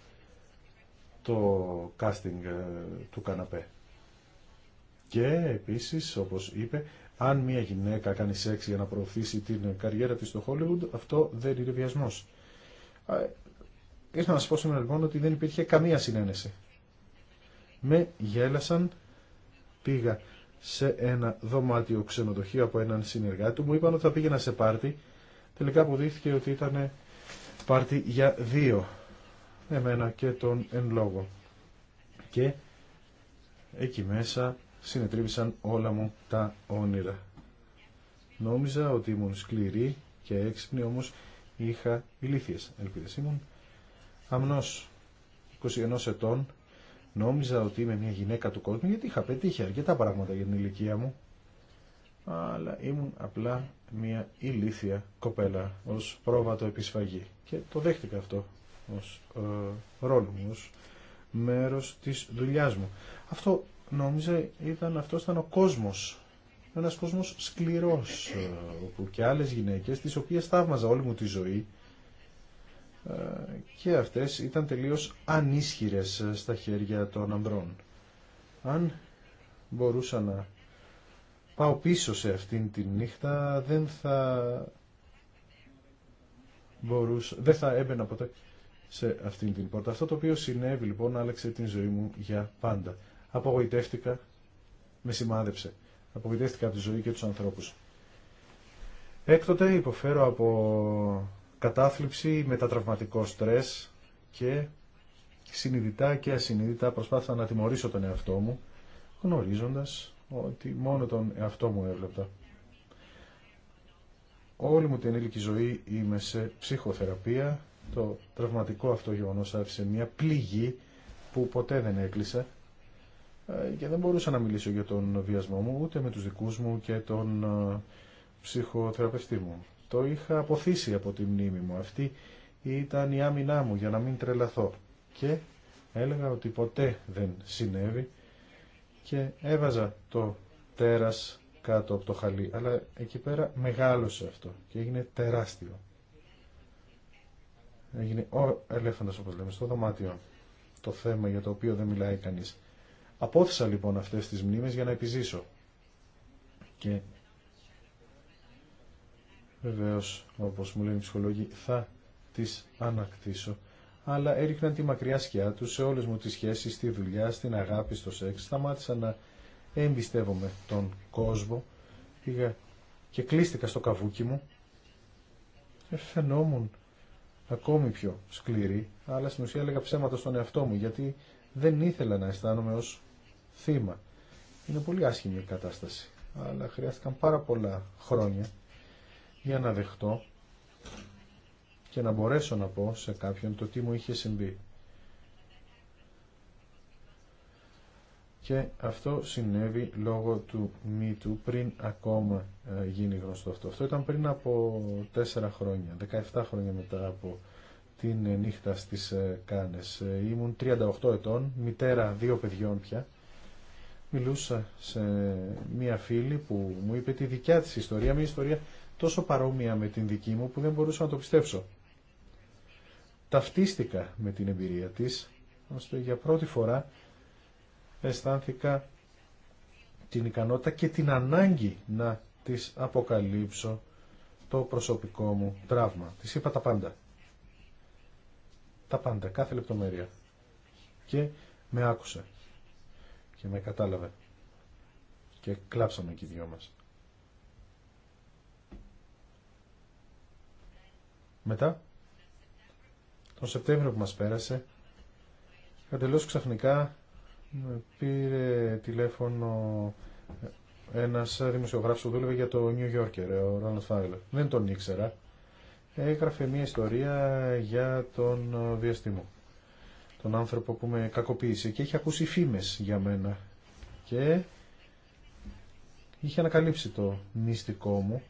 το casting ε, του καναπέ. Και επίσης, όπως είπε, αν μια γυναίκα κάνει σεξ για να προωθήσει την καριέρα της στο Hollywood, αυτό δεν είναι βιασμός. Ήρθα να σας πω σήμερα λοιπόν ότι δεν υπήρχε καμία συνένεση. Με γέλασαν, πήγα σε ένα δωμάτιο ξενοδοχείο από έναν συνεργάτη του, μου είπαν ότι θα πήγαινα σε πάρτι, τελικά αποδείχθηκε ότι ήταν πάρτι για δύο, εμένα και τον εν λόγω. Και εκεί μέσα συνετρίβησαν όλα μου τα όνειρα. Νόμιζα ότι ήμουν σκληρή και έξυπνη, όμως είχα ηλίθιες ελπίδες. Ήμουν αμνός 21 ετών, νόμιζα ότι είμαι μια γυναίκα του κόσμου γιατί είχα πετύχει αρκετά πράγματα για την ηλικία μου, αλλά ήμουν απλά μια ηλίθια κοπέλα ως πρόβατο επισφαγή και το δέχτηκα αυτό ως ε, ρόλο μου, ως μέρος της δουλειάς μου. Αυτό νόμιζα ήταν, αυτό ήταν ο κόσμος ένας κόσμος σκληρός, ε, όπου και άλλες γυναίκες, τις οποίες θαύμαζα όλη μου τη ζωή, ε, και αυτές ήταν τελείως ανίσχυρες ε, στα χέρια των ανδρών. Αν μπορούσα να πάω πίσω σε αυτήν την νύχτα, δεν θα μπορούσα, δεν θα έμπαινα ποτέ σε αυτήν την πόρτα. Αυτό το οποίο συνέβη λοιπόν άλλαξε την ζωή μου για πάντα. Απογοητεύτηκα, με σημάδεψε απογοητεύτηκα από τη ζωή και τους ανθρώπους. Έκτοτε υποφέρω από κατάθλιψη, μετατραυματικό στρες και συνειδητά και ασυνειδητά προσπάθησα να τιμωρήσω τον εαυτό μου, γνωρίζοντας ότι μόνο τον εαυτό μου έβλεπα. Όλη μου την ενήλικη ζωή είμαι σε ψυχοθεραπεία. Το τραυματικό αυτό γεγονός άφησε μια πληγή που ποτέ δεν έκλεισε ε, και δεν μπορούσα να μιλήσω για τον βιασμό μου ούτε με τους δικούς μου και τον ε, ψυχοθεραπευτή μου. Το είχα αποθήσει από τη μνήμη μου. Αυτή ήταν η άμυνά μου για να μην τρελαθώ. Και έλεγα ότι ποτέ δεν συνέβη και έβαζα το τέρας κάτω από το χαλί. Αλλά εκεί πέρα μεγάλωσε αυτό και έγινε τεράστιο. Έγινε ο ελέφαντας όπως λέμε στο δωμάτιο. Το θέμα για το οποίο δεν μιλάει κανείς. Απόθεσα λοιπόν αυτές τις μνήμες για να επιζήσω. Και βεβαίως, όπως μου λένε οι ψυχολόγοι, θα τις ανακτήσω. Αλλά έριχναν τη μακριά σκιά τους σε όλες μου τις σχέσεις, στη δουλειά, στην αγάπη, στο σεξ. Σταμάτησα να εμπιστεύομαι τον κόσμο. Πήγα και κλείστηκα στο καβούκι μου. Ε, φαινόμουν ακόμη πιο σκληρή, αλλά στην ουσία έλεγα ψέματα στον εαυτό μου, γιατί δεν ήθελα να αισθάνομαι ως θύμα. Είναι πολύ άσχημη η κατάσταση, αλλά χρειάστηκαν πάρα πολλά χρόνια για να δεχτώ και να μπορέσω να πω σε κάποιον το τι μου είχε συμβεί. Και αυτό συνέβη λόγω του μύτου πριν ακόμα ε, γίνει γνωστό αυτό. Αυτό ήταν πριν από τέσσερα χρόνια, 17 χρόνια μετά από την νύχτα στις ε, Κάνες. Ε, ήμουν 38 ετών, μητέρα δύο παιδιών πια μιλούσα σε μία φίλη που μου είπε τη δικιά της ιστορία, μια ιστορία τόσο παρόμοια με την δική μου που δεν μπορούσα να το πιστέψω. Ταυτίστηκα με την εμπειρία της, ώστε για πρώτη φορά αισθάνθηκα την ικανότητα και την ανάγκη να της αποκαλύψω το προσωπικό μου τραύμα. Της είπα τα πάντα. Τα πάντα, κάθε λεπτομέρεια. Και με άκουσε και με κατάλαβε. Και κλάψαμε και οι δυο μας. Μετά, τον Σεπτέμβριο που μας πέρασε, εντελώς ξαφνικά πήρε τηλέφωνο ένας δημοσιογράφος που δούλευε για το New Yorker, ο Ρόναλτ Φάιλερ. Δεν τον ήξερα. Έγραφε μια ιστορία για τον διαστημό τον άνθρωπο που με κακοποίησε και είχε ακούσει φήμες για μένα και είχε ανακαλύψει το μυστικό μου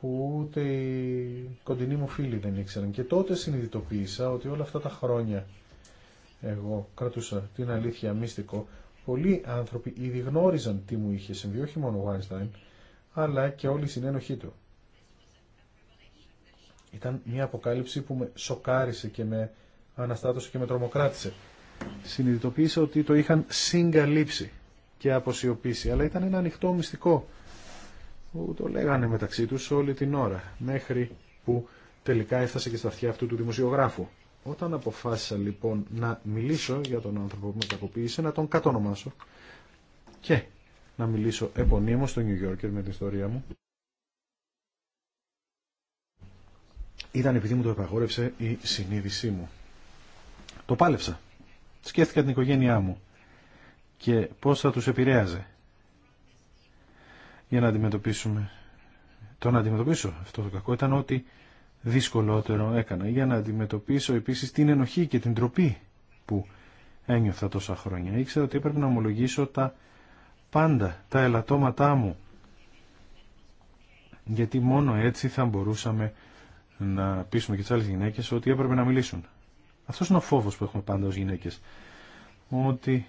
που ούτε οι κοντινοί μου φίλοι δεν ήξεραν και τότε συνειδητοποίησα ότι όλα αυτά τα χρόνια εγώ κρατούσα την αλήθεια μυστικό πολλοί άνθρωποι ήδη γνώριζαν τι μου είχε συμβεί όχι μόνο ο αλλά και όλη η συνένοχή του ήταν μια αποκάλυψη που με σοκάρισε και με αναστάτωσε και με τρομοκράτησε. Συνειδητοποίησε ότι το είχαν συγκαλύψει και αποσιωπήσει, αλλά ήταν ένα ανοιχτό μυστικό που το λέγανε μεταξύ τους όλη την ώρα, μέχρι που τελικά έφτασε και στα αυτιά αυτού του δημοσιογράφου. Όταν αποφάσισα λοιπόν να μιλήσω για τον άνθρωπο που με κακοποίησε, να τον κατονομάσω και να μιλήσω επωνύμως στο New Yorker με την ιστορία μου, ήταν επειδή μου το επαγόρευσε η συνείδησή μου. Το πάλεψα. Σκέφτηκα την οικογένειά μου και πώς θα τους επηρέαζε για να αντιμετωπίσουμε. Το να αντιμετωπίσω αυτό το κακό ήταν ότι δυσκολότερο έκανα για να αντιμετωπίσω επίσης την ενοχή και την τροπή που ένιωθα τόσα χρόνια. Ήξερα ότι έπρεπε να ομολογήσω τα πάντα, τα ελαττώματά μου. Γιατί μόνο έτσι θα μπορούσαμε να πείσουμε και τις άλλες γυναίκες ότι έπρεπε να μιλήσουν. Αυτός είναι ο φόβος που έχουμε πάντα ως γυναίκες. Ότι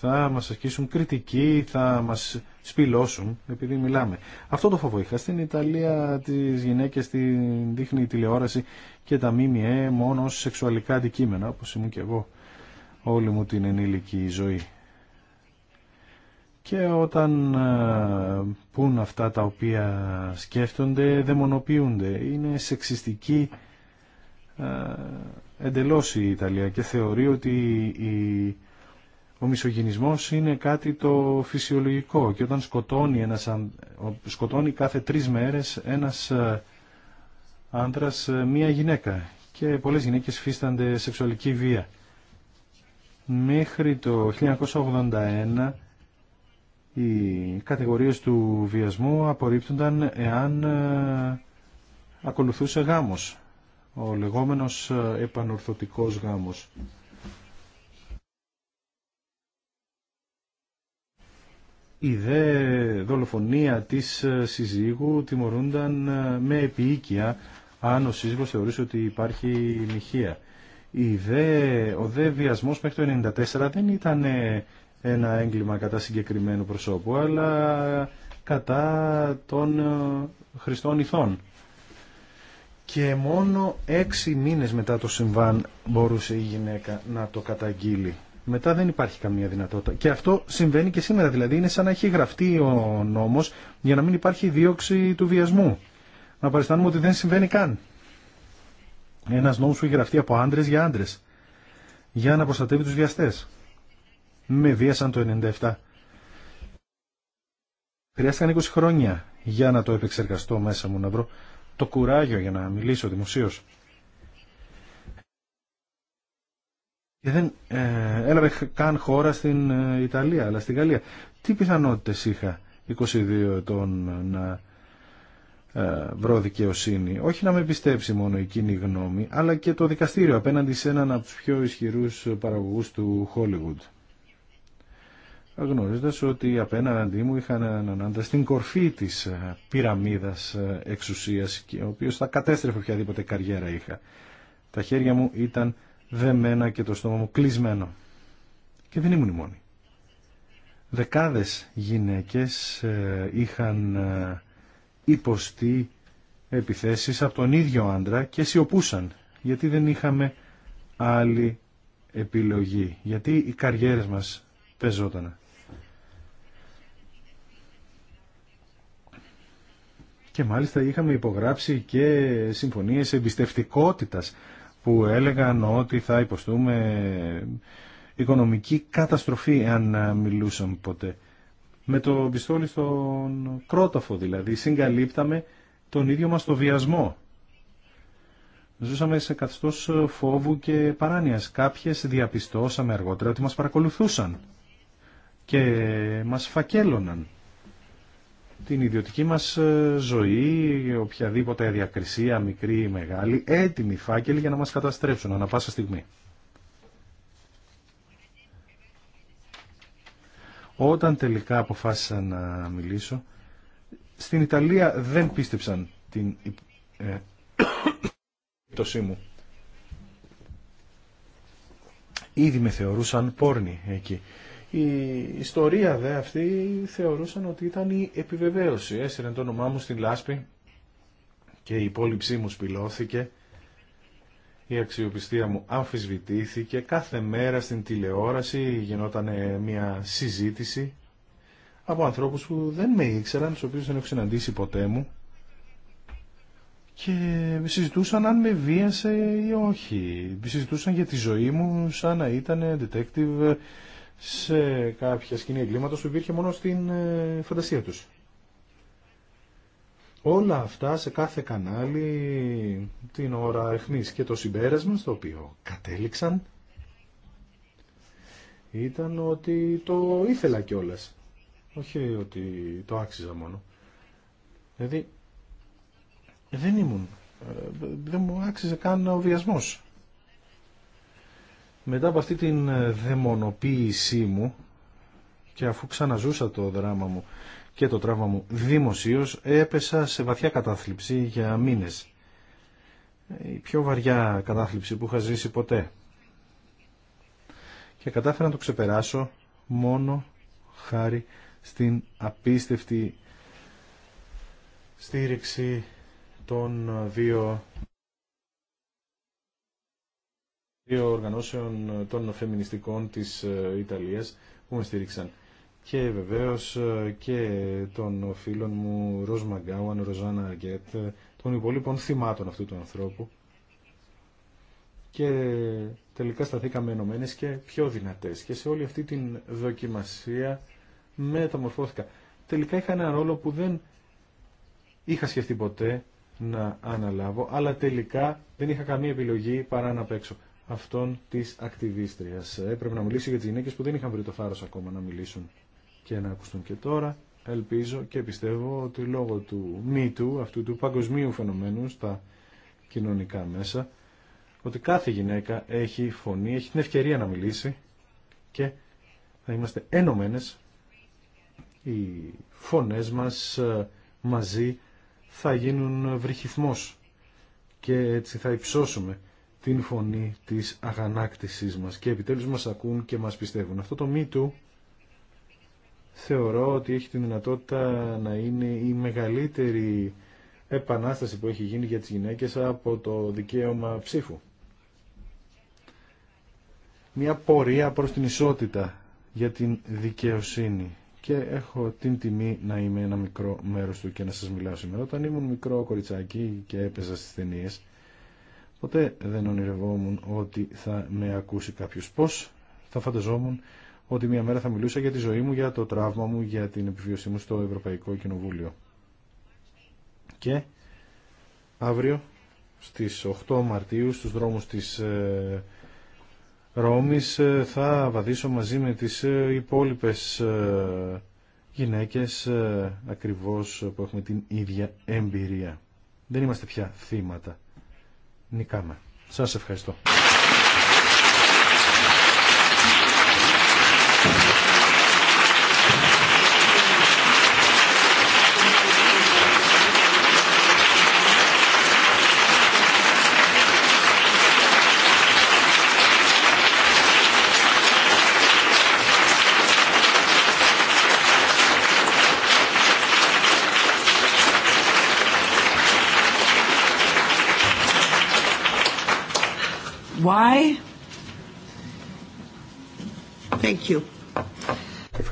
θα μας ασκήσουν κριτική, θα μας σπηλώσουν επειδή μιλάμε. Αυτό το φόβο είχα. Στην Ιταλία τις γυναίκες την δείχνει η τηλεόραση και τα ΜΜΕ μόνο ως σεξουαλικά αντικείμενα, όπως ήμουν και εγώ όλη μου την ενήλικη ζωή. Και όταν πουν αυτά τα οποία σκέφτονται, δαιμονοποιούνται. Είναι σεξιστική εντελώς η Ιταλία και θεωρεί ότι ο μισογυνισμός είναι κάτι το φυσιολογικό και όταν σκοτώνει, ένας, σκοτώνει κάθε τρεις μέρες ένας ε, άντρας ε, μία γυναίκα και πολλές γυναίκες φύστανται σεξουαλική βία. Μέχρι το 1981 οι κατηγορίες του βιασμού απορρίπτονταν εάν ε, ακολουθούσε γάμος ο λεγόμενος ε, επανορθωτικός γάμος. Η δε δολοφονία της ε, συζύγου τιμωρούνταν ε, με επίοικια αν ο σύζυγος θεωρούσε ότι υπάρχει μοιχεία. Η δε, ο δε βιασμός μέχρι το 1994 δεν ήταν ένα έγκλημα κατά συγκεκριμένου προσώπου, αλλά κατά των χριστών ηθών και μόνο έξι μήνες μετά το συμβάν μπορούσε η γυναίκα να το καταγγείλει. Μετά δεν υπάρχει καμία δυνατότητα. Και αυτό συμβαίνει και σήμερα. Δηλαδή είναι σαν να έχει γραφτεί ο νόμος για να μην υπάρχει δίωξη του βιασμού. Να παριστάνουμε ότι δεν συμβαίνει καν. Ένας νόμος που έχει γραφτεί από άντρε για άντρε. Για να προστατεύει τους βιαστές. Με βίασαν το 97. Χρειάστηκαν 20 χρόνια για να το επεξεργαστώ μέσα μου να βρω το κουράγιο για να μιλήσω δημοσίως. Και δεν ε, έλαβε καν χώρα στην ε, Ιταλία, αλλά στην Γαλλία. Τι πιθανότητες είχα 22 ετών να ε, βρω δικαιοσύνη. Όχι να με πιστέψει μόνο η κοινή γνώμη, αλλά και το δικαστήριο απέναντι σε έναν από τους πιο ισχυρούς παραγωγούς του Hollywood. Γνωρίζοντα ότι απέναντί μου είχαν έναν άντρα στην κορφή της πυραμίδας εξουσίας ο οποίος θα κατέστρεφε οποιαδήποτε καριέρα είχα. Τα χέρια μου ήταν δεμένα και το στόμα μου κλεισμένο. Και δεν ήμουν η μόνη. Δεκάδες γυναίκες ε, είχαν ε, υποστεί επιθέσεις από τον ίδιο άντρα και σιωπούσαν γιατί δεν είχαμε άλλη επιλογή. Γιατί οι καριέρες μας πεζότανα. και μάλιστα είχαμε υπογράψει και συμφωνίες εμπιστευτικότητας που έλεγαν ότι θα υποστούμε οικονομική καταστροφή αν μιλούσαμε ποτέ. Με το πιστόλι στον κρόταφο δηλαδή συγκαλύπταμε τον ίδιο μας το βιασμό. Ζούσαμε σε καθεστώς φόβου και παράνοιας. Κάποιες διαπιστώσαμε αργότερα ότι μας παρακολουθούσαν και μας φακέλωναν την ιδιωτική μας ε, ζωή, οποιαδήποτε διακρισία μικρή ή μεγάλη, έτοιμη φάκελοι για να μας καταστρέψουν ανα πάσα στιγμή. Όταν τελικά αποφάσισα να μιλήσω, στην Ιταλία δεν πίστεψαν την ε, πτωσή μου. Ήδη με θεωρούσαν πόρνη εκεί. Η ιστορία δε αυτή θεωρούσαν ότι ήταν η επιβεβαίωση. Έσυρε το όνομά μου στην λάσπη και η υπόλοιψή μου σπηλώθηκε. Η αξιοπιστία μου αμφισβητήθηκε. Κάθε μέρα στην τηλεόραση γινόταν μια συζήτηση από ανθρώπους που δεν με ήξεραν, τους οποίους δεν έχω συναντήσει ποτέ μου και συζητούσαν αν με βίασε ή όχι. Συζητούσαν για τη ζωή μου σαν να ήταν detective σε κάποια σκηνή εγκλήματος που υπήρχε μόνο στην ε, φαντασία τους. Όλα αυτά σε κάθε κανάλι την ώρα εχνής και το συμπέρασμα στο οποίο κατέληξαν ήταν ότι το ήθελα κιόλας. Όχι ότι το άξιζα μόνο. Δηλαδή δεν ήμουν, ε, δεν μου άξιζε καν ο βιασμός. Μετά από αυτή την ε, δαιμονοποίησή μου και αφού ξαναζούσα το δράμα μου και το τραύμα μου δημοσίως έπεσα σε βαθιά κατάθλιψη για μήνες. Η πιο βαριά κατάθλιψη που είχα ζήσει ποτέ. Και κατάφερα να το ξεπεράσω μόνο χάρη στην απίστευτη στήριξη των δύο δύο οργανώσεων των φεμινιστικών της ε, Ιταλίας που με στήριξαν. Και βεβαίως ε, και των φίλων μου Ροζ Μαγκάουαν, Ροζάνα Αργέτ, ε, των υπολείπων θυμάτων αυτού του ανθρώπου. Και τελικά σταθήκαμε ενωμένε και πιο δυνατές. Και σε όλη αυτή την δοκιμασία μεταμορφώθηκα. Τελικά είχα ένα ρόλο που δεν είχα σκεφτεί ποτέ να αναλάβω, αλλά τελικά δεν είχα καμία επιλογή παρά να παίξω αυτών τη ακτιβίστριας. Ε, Έπρεπε να μιλήσει για τι γυναίκε που δεν είχαν βρει το φάρος ακόμα να μιλήσουν και να ακουστούν και τώρα. Ελπίζω και πιστεύω ότι λόγω του μύτου, αυτού του παγκοσμίου φαινομένου στα κοινωνικά μέσα, ότι κάθε γυναίκα έχει φωνή, έχει την ευκαιρία να μιλήσει και θα είμαστε ενωμένε. Οι φωνές μας ε, μαζί θα γίνουν βρυχυθμός και έτσι θα υψώσουμε την φωνή της αγανάκτησής μας και επιτέλους μας ακούν και μας πιστεύουν. Αυτό το μη θεωρώ ότι έχει τη δυνατότητα να είναι η μεγαλύτερη επανάσταση που έχει γίνει για τις γυναίκες από το δικαίωμα ψήφου. Μια πορεία προς την ισότητα για την δικαιοσύνη και έχω την τιμή να είμαι ένα μικρό μέρος του και να σας μιλάω σήμερα. Όταν ήμουν μικρό κοριτσάκι και έπαιζα στις ταινίες, Ποτέ δεν ονειρευόμουν ότι θα με ακούσει κάποιος. Πώς θα φανταζόμουν ότι μια μέρα θα μιλούσα για τη ζωή μου, για το τραύμα μου, για την επιβίωσή μου στο Ευρωπαϊκό Κοινοβούλιο. Και αύριο στις 8 Μαρτίου στους δρόμους της ε, Ρώμης ε, θα βαδίσω μαζί με τις ε, υπόλοιπες γυναίκες ακριβώς που έχουμε την ίδια εμπειρία. Δεν είμαστε πια θύματα νικάμε. Σας ευχαριστώ.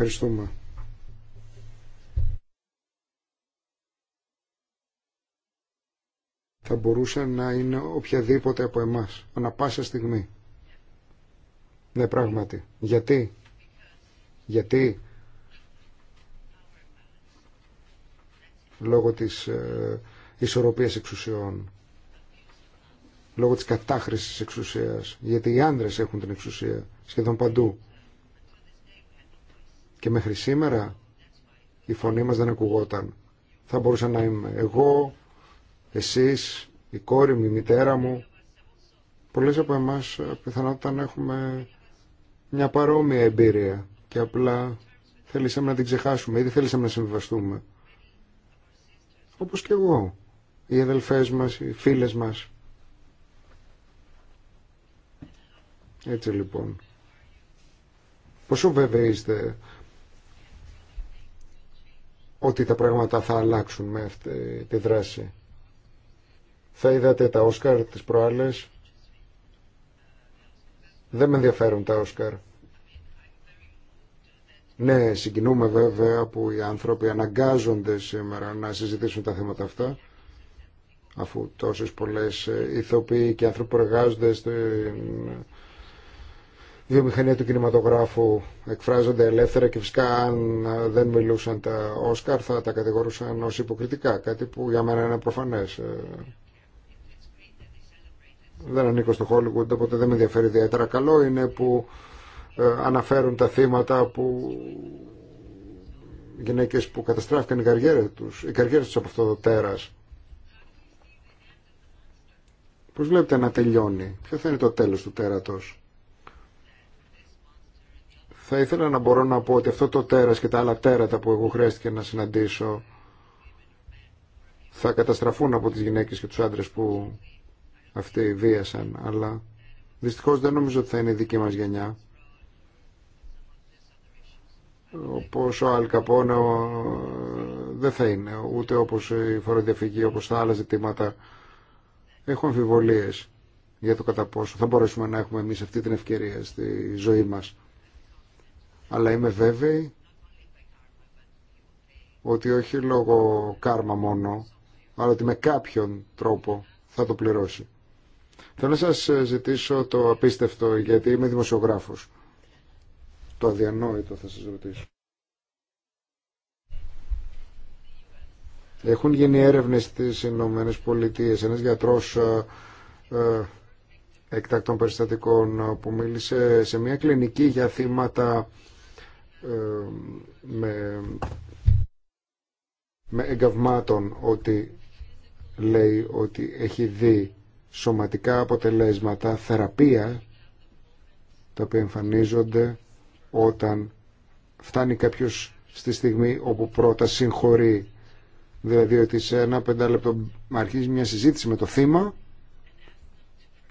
Ευχαριστούμε. Θα μπορούσε να είναι οποιαδήποτε από εμάς, ανά πάσα στιγμή. Ναι, πράγματι. Γιατί? Γιατί λόγω της ε, ισορροπίας εξουσιών, λόγω της κατάχρησης εξουσίας, γιατί οι άνδρες έχουν την εξουσία σχεδόν παντού. Και μέχρι σήμερα η φωνή μας δεν ακουγόταν. Θα μπορούσα να είμαι εγώ, εσείς, η κόρη μου, η μητέρα μου. Πολλές από εμάς ε, πιθανότητα να έχουμε μια παρόμοια εμπειρία και απλά θέλησαμε να την ξεχάσουμε ή δεν θέλησαμε να συμβιβαστούμε. Όπως και εγώ, οι αδελφές μας, οι φίλες μας. Έτσι λοιπόν. Πόσο βέβαια είστε ότι τα πράγματα θα αλλάξουν με αυτή τη δράση. Θα είδατε τα Όσκαρ της προάλλες. Δεν με ενδιαφέρουν τα Όσκαρ. Ναι, συγκινούμε βέβαια που οι άνθρωποι αναγκάζονται σήμερα να συζητήσουν τα θέματα αυτά αφού τόσες πολλές ηθοποιοί και άνθρωποι που εργάζονται βιομηχανία του κινηματογράφου εκφράζονται ελεύθερα και φυσικά αν δεν μιλούσαν τα Όσκαρ θα τα κατηγορούσαν ως υποκριτικά, κάτι που για μένα είναι προφανές. Ε, δεν ανήκω στο Hollywood, οπότε δεν με ενδιαφέρει ιδιαίτερα. Καλό είναι που ε, αναφέρουν τα θύματα που γυναίκες που καταστράφηκαν οι καριέρα τους, η καριέρα τους από αυτό το τέρας. Πώς βλέπετε να τελειώνει, ποιο θα είναι το τέλος του τέρατος. Θα ήθελα να μπορώ να πω ότι αυτό το τέρας και τα άλλα τέρατα που εγώ χρειάστηκε να συναντήσω θα καταστραφούν από τις γυναίκες και τους άντρες που αυτοί βίασαν, αλλά δυστυχώς δεν νομίζω ότι θα είναι η δική μας γενιά. Όπως ο Αλκαπόνο δεν θα είναι, ούτε όπως η φοροδιαφυγή, όπως τα άλλα ζητήματα. Έχω αμφιβολίες για το κατά πόσο θα μπορέσουμε να έχουμε εμείς αυτή την ευκαιρία στη ζωή μας αλλά είμαι βέβαιη ότι όχι λόγω κάρμα μόνο, αλλά ότι με κάποιον τρόπο θα το πληρώσει. Θέλω να σας ζητήσω το απίστευτο, γιατί είμαι δημοσιογράφος. Το αδιανόητο θα σας ρωτήσω. Έχουν γίνει έρευνες στις Ηνωμένε Πολιτείες. Ένας γιατρός ε, εκτακτών περιστατικών που μίλησε σε μια κλινική για θύματα ε, με, με εγκαυμάτων ότι λέει ότι έχει δει σωματικά αποτελέσματα, θεραπεία τα οποία εμφανίζονται όταν φτάνει κάποιος στη στιγμή όπου πρώτα συγχωρεί δηλαδή ότι σε ένα πεντάλεπτο αρχίζει μια συζήτηση με το θύμα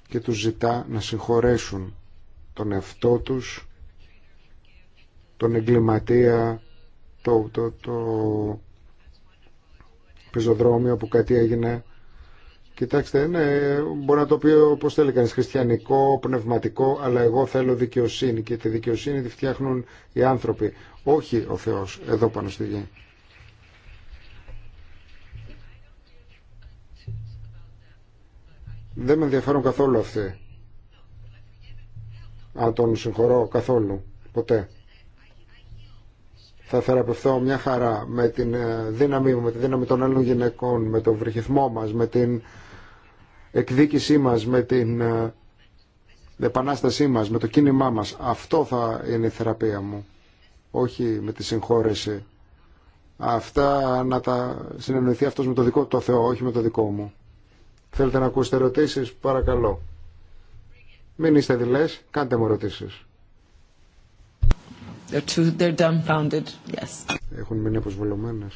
και τους ζητά να συγχωρέσουν τον εαυτό τους τον εγκληματία, το, το, το πεζοδρόμιο που κάτι έγινε. Κοιτάξτε, ναι, μπορεί να το πει όπως θέλει κανείς, χριστιανικό, πνευματικό, αλλά εγώ θέλω δικαιοσύνη και τη δικαιοσύνη τη φτιάχνουν οι άνθρωποι, όχι ο Θεός εδώ πάνω στη γη. Δεν με ενδιαφέρουν καθόλου αυτοί. Αν τον συγχωρώ καθόλου, ποτέ θα θεραπευθώ μια χαρά με την ε, δύναμή μου, με τη δύναμη των άλλων γυναικών, με τον βρυχηθμό μας, με την εκδίκησή μας, με την ε, επανάστασή μας, με το κίνημά μας. Αυτό θα είναι η θεραπεία μου, όχι με τη συγχώρεση. Αυτά να τα συνεννοηθεί αυτός με το δικό του Θεό, όχι με το δικό μου. Θέλετε να ακούσετε ερωτήσεις, παρακαλώ. Μην είστε δειλές, κάντε μου ερωτήσεις. Έχουν μείνει αποσβολωμένε.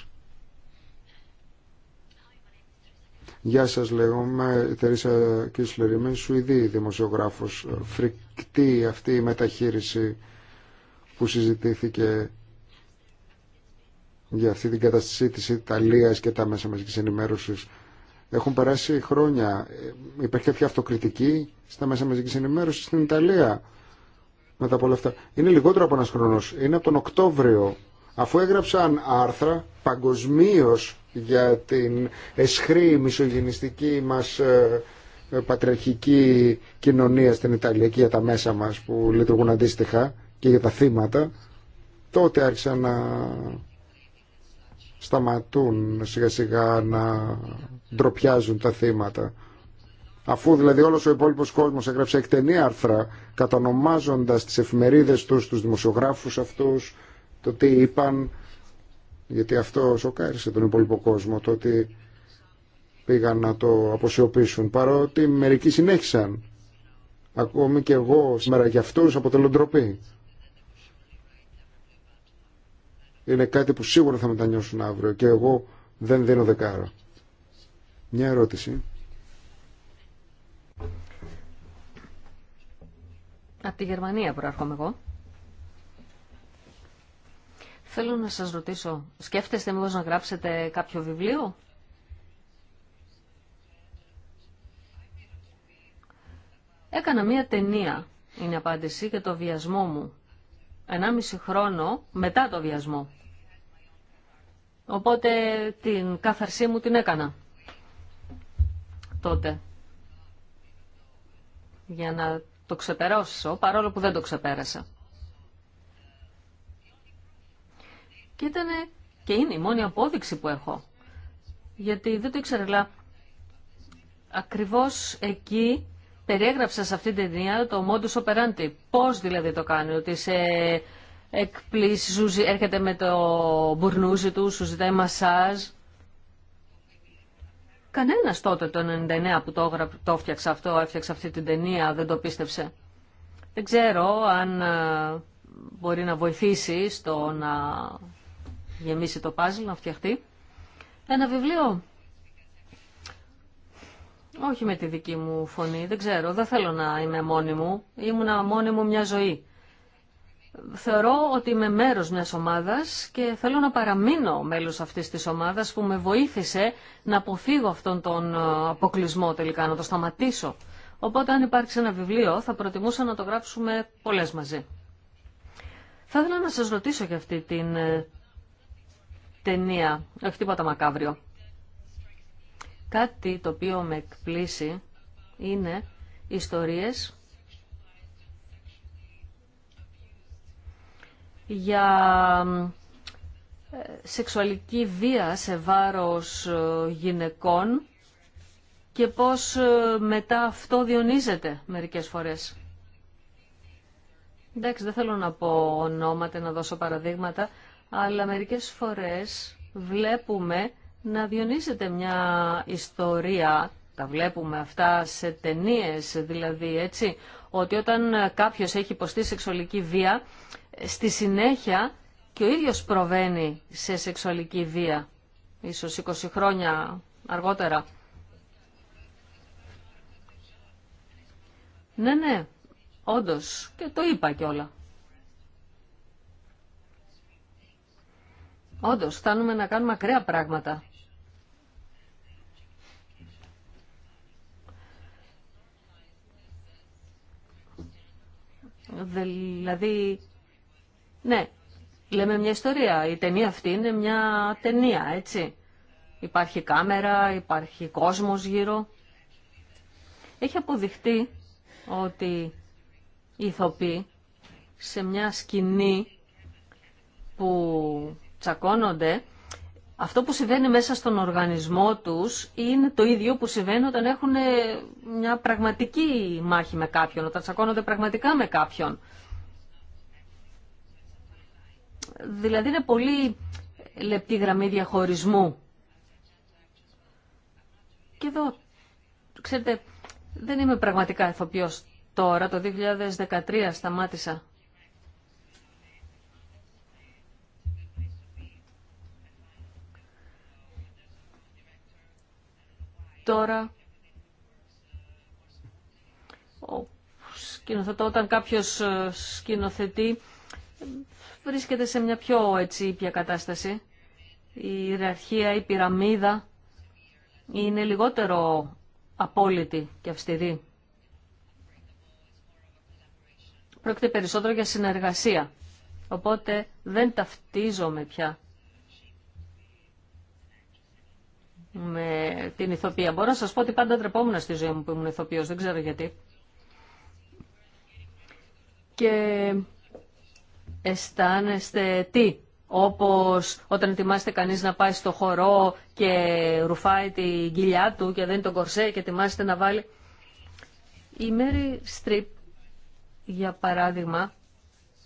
Γεια σας, λέγομαι Θερίσα Κίσλερ, είμαι Σουηδή δημοσιογράφος. Φρικτή αυτή η μεταχείριση που συζητήθηκε για αυτή την κατάσταση της Ιταλίας και τα μέσα μαζικής ενημέρωσης. Έχουν περάσει χρόνια. Υπάρχει κάποια αυτοκριτική στα μέσα μαζικής ενημέρωσης στην Ιταλία μετά από όλα αυτά. Είναι λιγότερο από ένα χρόνο. Είναι από τον Οκτώβριο. Αφού έγραψαν άρθρα παγκοσμίω για την εσχρή μισογενιστική μας ε, ε, πατριαρχική κοινωνία στην Ιταλία και για τα μέσα μας που λειτουργούν αντίστοιχα και για τα θύματα, τότε άρχισαν να σταματούν σιγά σιγά να ντροπιάζουν τα θύματα. Αφού δηλαδή όλος ο υπόλοιπος κόσμος έγραψε εκτενή άρθρα κατανομάζοντας τις εφημερίδες τους, τους δημοσιογράφους αυτούς, το τι είπαν, γιατί αυτό σοκάρισε τον υπόλοιπο κόσμο, το ότι πήγαν να το αποσιωπήσουν, παρότι μερικοί συνέχισαν. Ακόμη και εγώ σήμερα για αυτούς αποτελούν ντροπή. Είναι κάτι που σίγουρα θα μετανιώσουν αύριο και εγώ δεν δίνω δεκάρο. Μια ερώτηση. Από τη Γερμανία προέρχομαι εγώ. Θέλω να σας ρωτήσω, σκέφτεστε μήπως να γράψετε κάποιο βιβλίο? Έκανα μία ταινία, είναι απάντηση, για το βιασμό μου. Ενάμιση χρόνο μετά το βιασμό. Οπότε την κάθαρσή μου την έκανα τότε. Για να το ξεπεράσω, παρόλο που δεν το ξεπέρασα. Και ήταν και είναι η μόνη απόδειξη που έχω. Γιατί δεν το ήξερα, αλλά ακριβώς εκεί περιέγραψα σε αυτή την ταινία το modus operandi. Πώς δηλαδή το κάνει, ότι σε εκπλήσει, έρχεται με το μπουρνούζι του, σου ζητάει μασάζ, Κανένα τότε το 99 που το, το έφτιαξε αυτό, έφτιαξε αυτή την ταινία, δεν το πίστευσε. Δεν ξέρω αν ε, μπορεί να βοηθήσει στο να γεμίσει το πάζλ, να φτιαχτεί. Ένα βιβλίο. Όχι με τη δική μου φωνή, δεν ξέρω, δεν θέλω να είμαι μόνη μου. Ήμουνα μόνη μου μια ζωή. Θεωρώ ότι είμαι μέρος μιας ομάδας και θέλω να παραμείνω μέλος αυτής της ομάδας που με βοήθησε να αποφύγω αυτόν τον ε, αποκλεισμό τελικά, να το σταματήσω. Οπότε αν υπάρξει ένα βιβλίο θα προτιμούσα να το γράψουμε πολλές μαζί. Θα ήθελα να σας ρωτήσω για αυτή την ε, ταινία, όχι «Ε, τίποτα μακάβριο. Κάτι το οποίο με εκπλήσει είναι ιστορίες για ε, σεξουαλική βία σε βάρος ε, γυναικών και πώς ε, μετά αυτό διονύζεται μερικές φορές. Εντάξει, δεν θέλω να πω ονόματα, να δώσω παραδείγματα, αλλά μερικές φορές βλέπουμε να διονύζεται μια ιστορία, τα βλέπουμε αυτά σε ταινίες δηλαδή, έτσι, ότι όταν κάποιος έχει υποστεί σεξουαλική βία, στη συνέχεια και ο ίδιος προβαίνει σε σεξουαλική βία, ίσως 20 χρόνια αργότερα. Ναι, ναι, όντως, και το είπα κιόλα. Όντως, φτάνουμε να κάνουμε ακραία πράγματα. Δηλαδή, ναι, λέμε μια ιστορία. Η ταινία αυτή είναι μια ταινία, έτσι. Υπάρχει κάμερα, υπάρχει κόσμος γύρω. Έχει αποδειχτεί ότι οι ηθοποιοί σε μια σκηνή που τσακώνονται, αυτό που συμβαίνει μέσα στον οργανισμό τους είναι το ίδιο που συμβαίνει όταν έχουν μια πραγματική μάχη με κάποιον, όταν τσακώνονται πραγματικά με κάποιον. Δηλαδή είναι πολύ λεπτή γραμμή διαχωρισμού. Και εδώ, ξέρετε, δεν είμαι πραγματικά εθοποιος τώρα, το 2013 σταμάτησα. Τώρα, σκηνοθετώ, όταν κάποιος ε, σκηνοθετεί, βρίσκεται σε μια πιο έτσι ήπια κατάσταση. Η ιεραρχία, η πυραμίδα είναι λιγότερο απόλυτη και αυστηρή. Πρόκειται περισσότερο για συνεργασία. Οπότε δεν ταυτίζομαι πια με την ηθοποία. Μπορώ να σας πω ότι πάντα ντρεπόμουν στη ζωή μου που ήμουν ηθοποιός, δεν ξέρω γιατί. Και αισθάνεστε τι, όπως όταν ετοιμάζεται κανείς να πάει στο χορό και ρουφάει την κοιλιά του και δεν τον κορσέ και ετοιμάζεται να βάλει. Η Μέρη Στριπ, για παράδειγμα,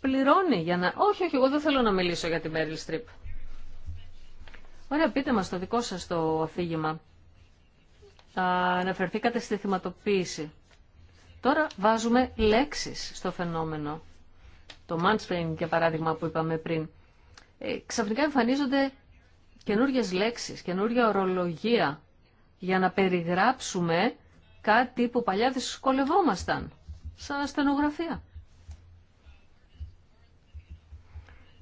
πληρώνει για να... Όχι, όχι, εγώ δεν θέλω να μιλήσω για τη Μέρι Στριπ. Ωραία, πείτε μας το δικό σας το αφήγημα. Αναφερθήκατε στη θυματοποίηση. Τώρα βάζουμε λέξεις στο φαινόμενο το Mansplain για παράδειγμα που είπαμε πριν, ε, ξαφνικά εμφανίζονται καινούργιες λέξεις, καινούργια ορολογία για να περιγράψουμε κάτι που παλιά δυσκολευόμασταν, σαν ασθενογραφία.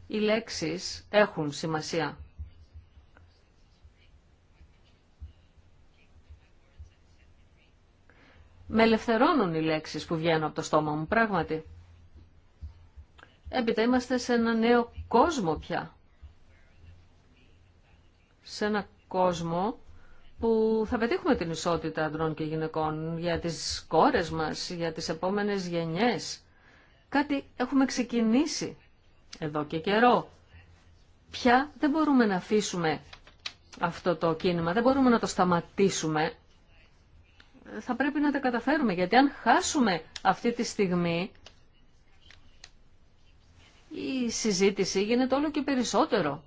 Οι λέξεις έχουν σημασία. Με ελευθερώνουν οι λέξεις που βγαίνουν από το στόμα μου, πράγματι. Έπειτα είμαστε σε ένα νέο κόσμο πια. Σε ένα κόσμο που θα πετύχουμε την ισότητα αντρών και γυναικών για τις κόρες μας, για τις επόμενες γενιές. Κάτι έχουμε ξεκινήσει εδώ και καιρό. Πια δεν μπορούμε να αφήσουμε αυτό το κίνημα, δεν μπορούμε να το σταματήσουμε. Θα πρέπει να τα καταφέρουμε, γιατί αν χάσουμε αυτή τη στιγμή, η συζήτηση γίνεται όλο και περισσότερο.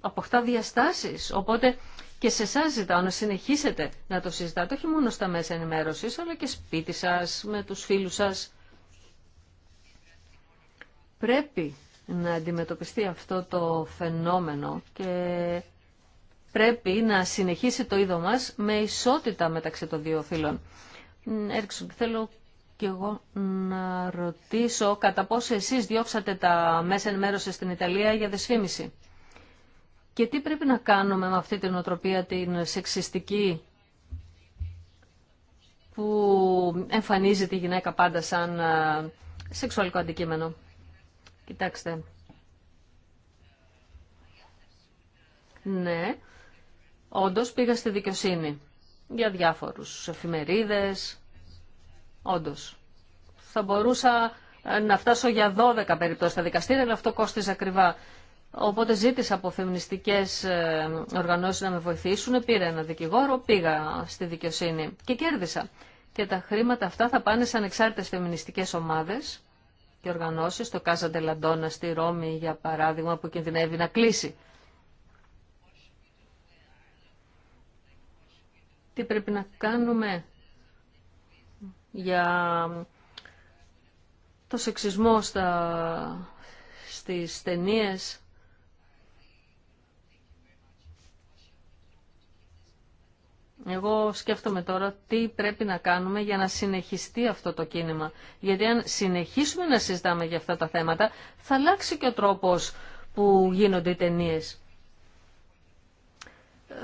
Αποκτά διαστάσεις. Οπότε και σε εσά ζητάω να συνεχίσετε να το συζητάτε, όχι μόνο στα μέσα ενημέρωσης, αλλά και σπίτι σας, με τους φίλους σας. Πρέπει να αντιμετωπιστεί αυτό το φαινόμενο και πρέπει να συνεχίσει το είδο μας με ισότητα μεταξύ των δύο φίλων και εγώ να ρωτήσω κατά πόσο εσείς διώξατε τα μέσα ενημέρωση στην Ιταλία για δεσφήμιση. Και τι πρέπει να κάνουμε με αυτή την οτροπία την σεξιστική που εμφανίζει τη γυναίκα πάντα σαν ε, σεξουαλικό αντικείμενο. Κοιτάξτε. Ναι, όντως πήγα στη δικαιοσύνη για διάφορους εφημερίδες, Όντω. Θα μπορούσα ε, να φτάσω για 12 περιπτώσει στα δικαστήρια, αλλά αυτό κόστιζε ακριβά. Οπότε ζήτησα από φεμινιστικέ ε, οργανώσεις να με βοηθήσουν, πήρα ένα δικηγόρο, πήγα στη δικαιοσύνη και κέρδισα. Και τα χρήματα αυτά θα πάνε σε ανεξάρτητε φεμινιστικέ ομάδες και οργανώσεις, το Κάζα Ντελαντόνα στη Ρώμη για παράδειγμα που κινδυνεύει να κλείσει. Τι πρέπει να κάνουμε για το σεξισμό στα, στις ταινίε. Εγώ σκέφτομαι τώρα τι πρέπει να κάνουμε για να συνεχιστεί αυτό το κίνημα. Γιατί αν συνεχίσουμε να συζητάμε για αυτά τα θέματα, θα αλλάξει και ο τρόπος που γίνονται οι ταινίες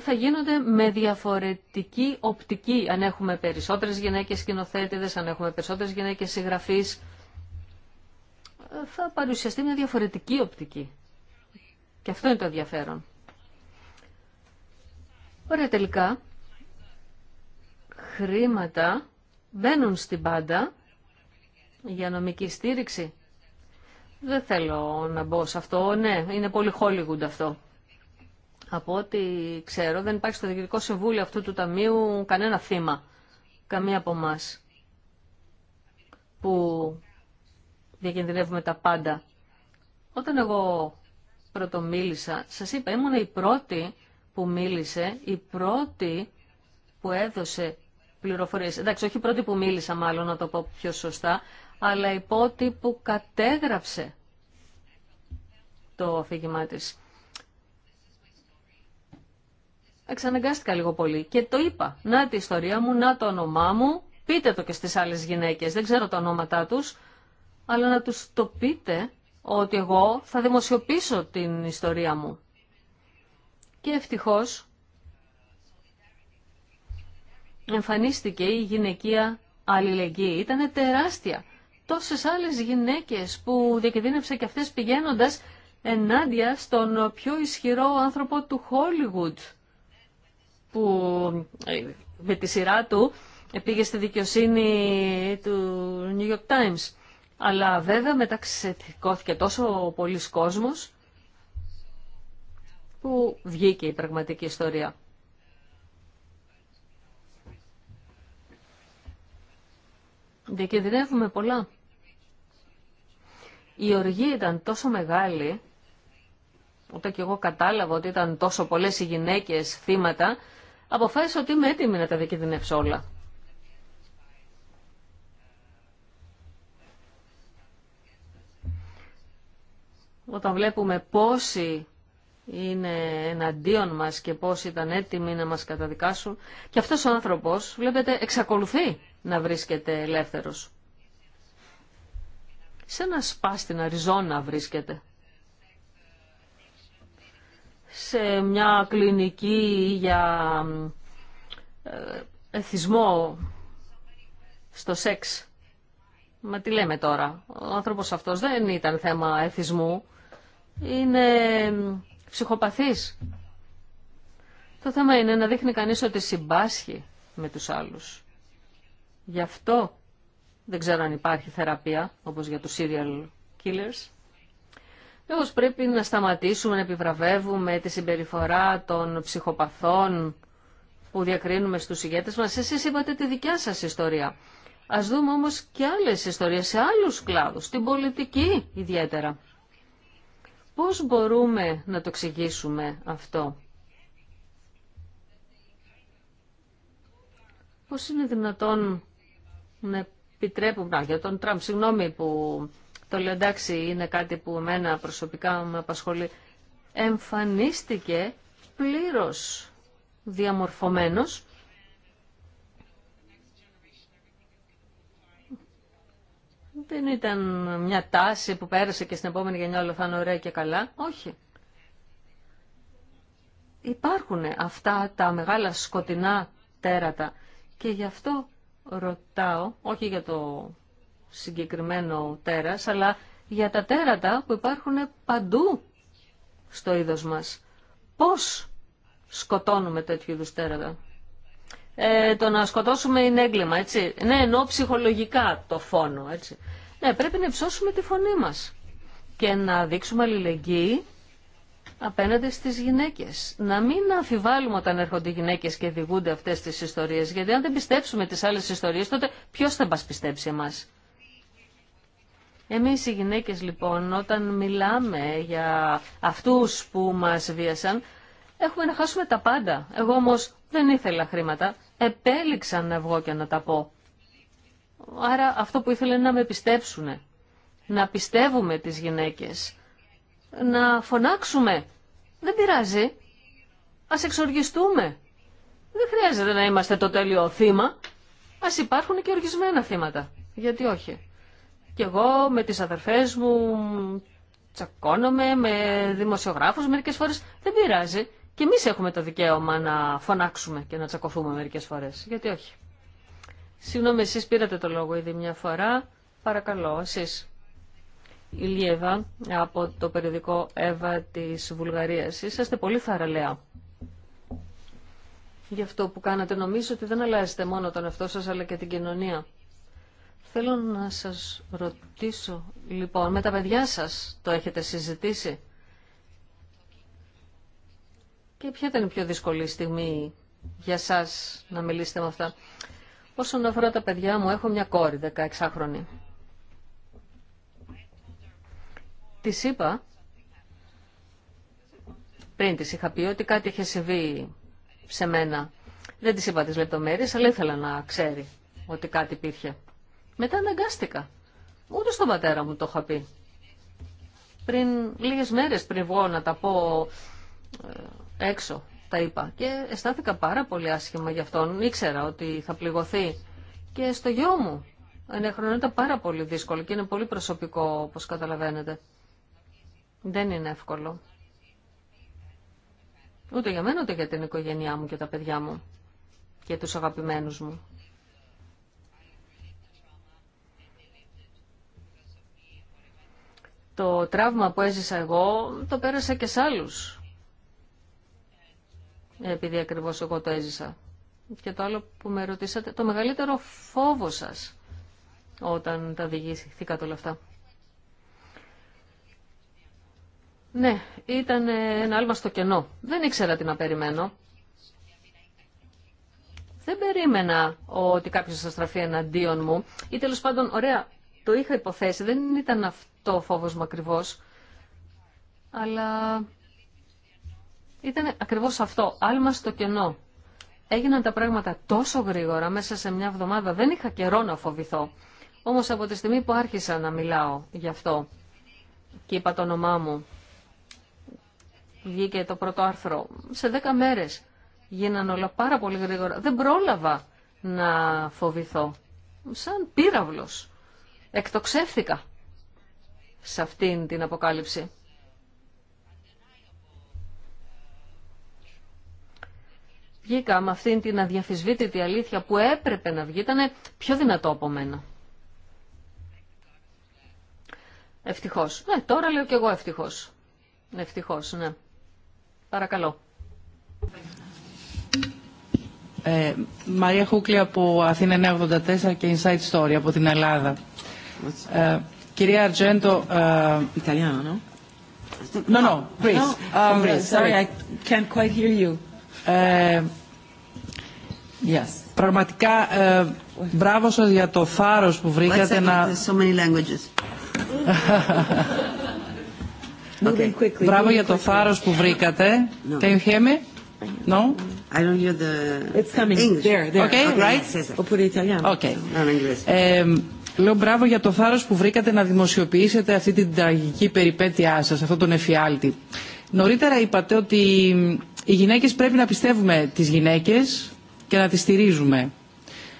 θα γίνονται με διαφορετική οπτική. Αν έχουμε περισσότερες γυναίκες σκηνοθέτηδες, αν έχουμε περισσότερες γυναίκες συγγραφείς, θα παρουσιαστεί μια διαφορετική οπτική. Και αυτό είναι το ενδιαφέρον. Ωραία τελικά, χρήματα μπαίνουν στην πάντα για νομική στήριξη. Δεν θέλω να μπω σε αυτό, ναι, είναι πολύ Hollywood αυτό. Από ό,τι ξέρω δεν υπάρχει στο Διοικητικό Συμβούλιο αυτού του Ταμείου κανένα θύμα, καμία από εμά που διακινδυνεύουμε τα πάντα. Όταν εγώ πρωτομίλησα, σας είπα, ήμουν η πρώτη που μίλησε, η πρώτη που έδωσε πληροφορίες. Εντάξει, όχι η πρώτη που μίλησα μάλλον, να το πω πιο σωστά, αλλά η πρώτη που κατέγραψε το αφήγημά της. εξαναγκάστηκα λίγο πολύ και το είπα. Να τη ιστορία μου, να το όνομά μου, πείτε το και στις άλλες γυναίκες, δεν ξέρω τα ονόματά τους, αλλά να τους το πείτε ότι εγώ θα δημοσιοποιήσω την ιστορία μου. Και ευτυχώς εμφανίστηκε η γυναικεία αλληλεγγύη. Ήτανε τεράστια. Τόσες άλλες γυναίκες που διακινδύνευσε και αυτές πηγαίνοντας ενάντια στον πιο ισχυρό άνθρωπο του Χόλιγουτ που ε, με τη σειρά του πήγε στη δικαιοσύνη του New York Times. Αλλά βέβαια μετά τόσο πολλοί κόσμος που βγήκε η πραγματική ιστορία. Διακινδυνεύουμε πολλά. Η οργή ήταν τόσο μεγάλη, ούτε και εγώ κατάλαβα ότι ήταν τόσο πολλές οι γυναίκες θύματα, αποφάσισα ότι είμαι έτοιμη να τα διακινδυνεύσω όλα. Όταν βλέπουμε πόσοι είναι εναντίον μας και πόσοι ήταν έτοιμοι να μας καταδικάσουν και αυτός ο άνθρωπος, βλέπετε, εξακολουθεί να βρίσκεται ελεύθερος. Σε ένα σπά στην Αριζόνα βρίσκεται σε μια κλινική για ε, εθισμό στο σεξ. Μα τι λέμε τώρα. Ο άνθρωπος αυτός δεν ήταν θέμα εθισμού. Είναι ψυχοπαθής. Το θέμα είναι να δείχνει κανείς ότι συμπάσχει με τους άλλους. Γι' αυτό δεν ξέρω αν υπάρχει θεραπεία, όπως για τους serial killers. Πως πρέπει να σταματήσουμε να επιβραβεύουμε τη συμπεριφορά των ψυχοπαθών που διακρίνουμε στους ηγέτες μας. Εσείς είπατε τη δικιά σας ιστορία. Ας δούμε όμως και άλλες ιστορίες σε άλλους κλάδους, στην πολιτική ιδιαίτερα. Πώς μπορούμε να το εξηγήσουμε αυτό. Πώς είναι δυνατόν να επιτρέπουμε, για τον Τραμπ, συγγνώμη που το λέω εντάξει είναι κάτι που εμένα προσωπικά με απασχολεί. Εμφανίστηκε πλήρως διαμορφωμένος Δεν ήταν μια τάση που πέρασε και στην επόμενη γενιά όλα θα είναι ωραία και καλά. Όχι. Υπάρχουν αυτά τα μεγάλα σκοτεινά τέρατα και γι' αυτό ρωτάω, όχι για το συγκεκριμένο τέρας, αλλά για τα τέρατα που υπάρχουν παντού στο είδος μας. Πώς σκοτώνουμε τέτοιου είδους τέρατα. Ε, το να σκοτώσουμε είναι έγκλημα, έτσι. Ναι, ενώ ψυχολογικά το φόνο, έτσι. Ναι, πρέπει να υψώσουμε τη φωνή μας και να δείξουμε αλληλεγγύη απέναντι στις γυναίκες. Να μην αμφιβάλλουμε όταν έρχονται οι γυναίκες και διηγούνται αυτές τις ιστορίες, γιατί αν δεν πιστέψουμε τις άλλες ιστορίες, τότε ποιος θα μας πιστέψει εμάς. Εμείς οι γυναίκες λοιπόν όταν μιλάμε για αυτούς που μας βίασαν έχουμε να χάσουμε τα πάντα. Εγώ όμως δεν ήθελα χρήματα. Επέλεξα να βγω και να τα πω. Άρα αυτό που είναι να με πιστέψουν. Να πιστεύουμε τις γυναίκες. Να φωνάξουμε. Δεν πειράζει. Ας εξοργιστούμε. Δεν χρειάζεται να είμαστε το τέλειο θύμα. Ας υπάρχουν και οργισμένα θύματα. Γιατί όχι. Και εγώ με τις αδερφές μου τσακώνομαι, με δημοσιογράφους μερικές φορές. Δεν πειράζει. Και εμείς έχουμε το δικαίωμα να φωνάξουμε και να τσακωθούμε μερικές φορές. Γιατί όχι. Συγγνώμη, εσείς πήρατε το λόγο ήδη μια φορά. Παρακαλώ, εσείς. Η Λίεβα από το περιοδικό ΕΒΑ της Βουλγαρίας. Είσαστε πολύ θαραλέα. Γι' αυτό που κάνατε νομίζω ότι δεν αλλάζετε μόνο τον εαυτό σας αλλά και την κοινωνία. Θέλω να σας ρωτήσω, λοιπόν, με τα παιδιά σας το έχετε συζητήσει. Και ποια ήταν η πιο δύσκολη στιγμή για σας να μιλήσετε με αυτά. Όσον αφορά τα παιδιά μου, έχω μια κόρη 16χρονη. Τη είπα, πριν τη είχα πει ότι κάτι είχε συμβεί σε μένα. Δεν τη είπα τις λεπτομέρειες, αλλά ήθελα να ξέρει ότι κάτι υπήρχε. Μετά αναγκάστηκα. Ούτε στον πατέρα μου το είχα πει. Πριν λίγες μέρες πριν βγω να τα πω ε, έξω τα είπα και αισθάνθηκα πάρα πολύ άσχημα γι' αυτόν. Ήξερα ότι θα πληγωθεί και στο γιο μου. Ένα χρόνο ήταν πάρα πολύ δύσκολο και είναι πολύ προσωπικό όπως καταλαβαίνετε. Δεν είναι εύκολο. Ούτε για μένα ούτε για την οικογένειά μου και τα παιδιά μου και τους αγαπημένους μου. το τραύμα που έζησα εγώ το πέρασα και σε άλλους. Επειδή ακριβώς εγώ το έζησα. Και το άλλο που με ρωτήσατε, το μεγαλύτερο φόβο σας όταν τα διηγήθηκατε όλα αυτά. Ναι, ήταν ένα άλμα στο κενό. Δεν ήξερα τι να περιμένω. Δεν περίμενα ότι κάποιος θα στραφεί εναντίον μου ή τέλος πάντων, ωραία, το είχα υποθέσει, δεν ήταν αυτό το φόβος μου ακριβώ. αλλά ήταν ακριβώς αυτό, άλμα στο κενό. Έγιναν τα πράγματα τόσο γρήγορα, μέσα σε μια εβδομάδα δεν είχα καιρό να φοβηθώ. Όμως από τη στιγμή που άρχισα να μιλάω γι' αυτό και είπα το όνομά μου, βγήκε το πρώτο άρθρο, σε δέκα μέρες γίνανε όλα πάρα πολύ γρήγορα. Δεν πρόλαβα να φοβηθώ. Σαν πύραυλος. Εκτοξεύθηκα σε αυτήν την αποκάλυψη. Βγήκα με αυτήν την αδιαφυσβήτητη αλήθεια που έπρεπε να βγει, ήταν πιο δυνατό από μένα. Ευτυχώς. Ναι, τώρα λέω και εγώ ευτυχώς. Ευτυχώς, ναι. Παρακαλώ. Ε, Μαρία Χούκλη από Αθήνα 984 και Inside Story από την Ελλάδα. Ε, Κυρία Argento, no? No, no, Greece. Sorry, I can't quite hear you. yes. Πραγματικά, μπράβο σας για το θάρρος που βρήκατε να... so many languages. quickly. Μπράβο για το θάρρος που βρήκατε. Can you hear me? No? I don't hear the... It's coming. English. There, there. Okay, right? italiano. Okay. Λέω μπράβο για το θάρρος που βρήκατε να δημοσιοποιήσετε αυτή την τραγική περιπέτειά σας, αυτόν τον εφιάλτη. Νωρίτερα είπατε ότι οι γυναίκες πρέπει να πιστεύουμε τις γυναίκες και να τις στηρίζουμε.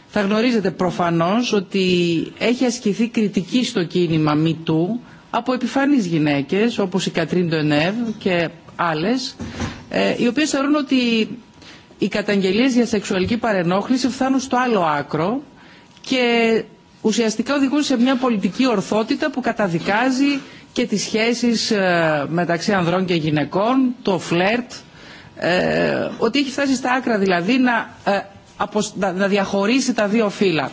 Θα γνωρίζετε προφανώς ότι έχει ασκηθεί κριτική στο κίνημα MeToo από επιφανείς γυναίκες όπως η Κατρίν Ντονεύ και άλλες ε, οι οποίες θεωρούν ότι οι καταγγελίες για σεξουαλική παρενόχληση φτάνουν στο άλλο άκρο και ουσιαστικά οδηγούν σε μια πολιτική ορθότητα που καταδικάζει και τις σχέσεις ε, μεταξύ ανδρών και γυναικών, το φλερτ, ε, ότι έχει φτάσει στα άκρα δηλαδή ε, να διαχωρίσει τα δύο φύλλα.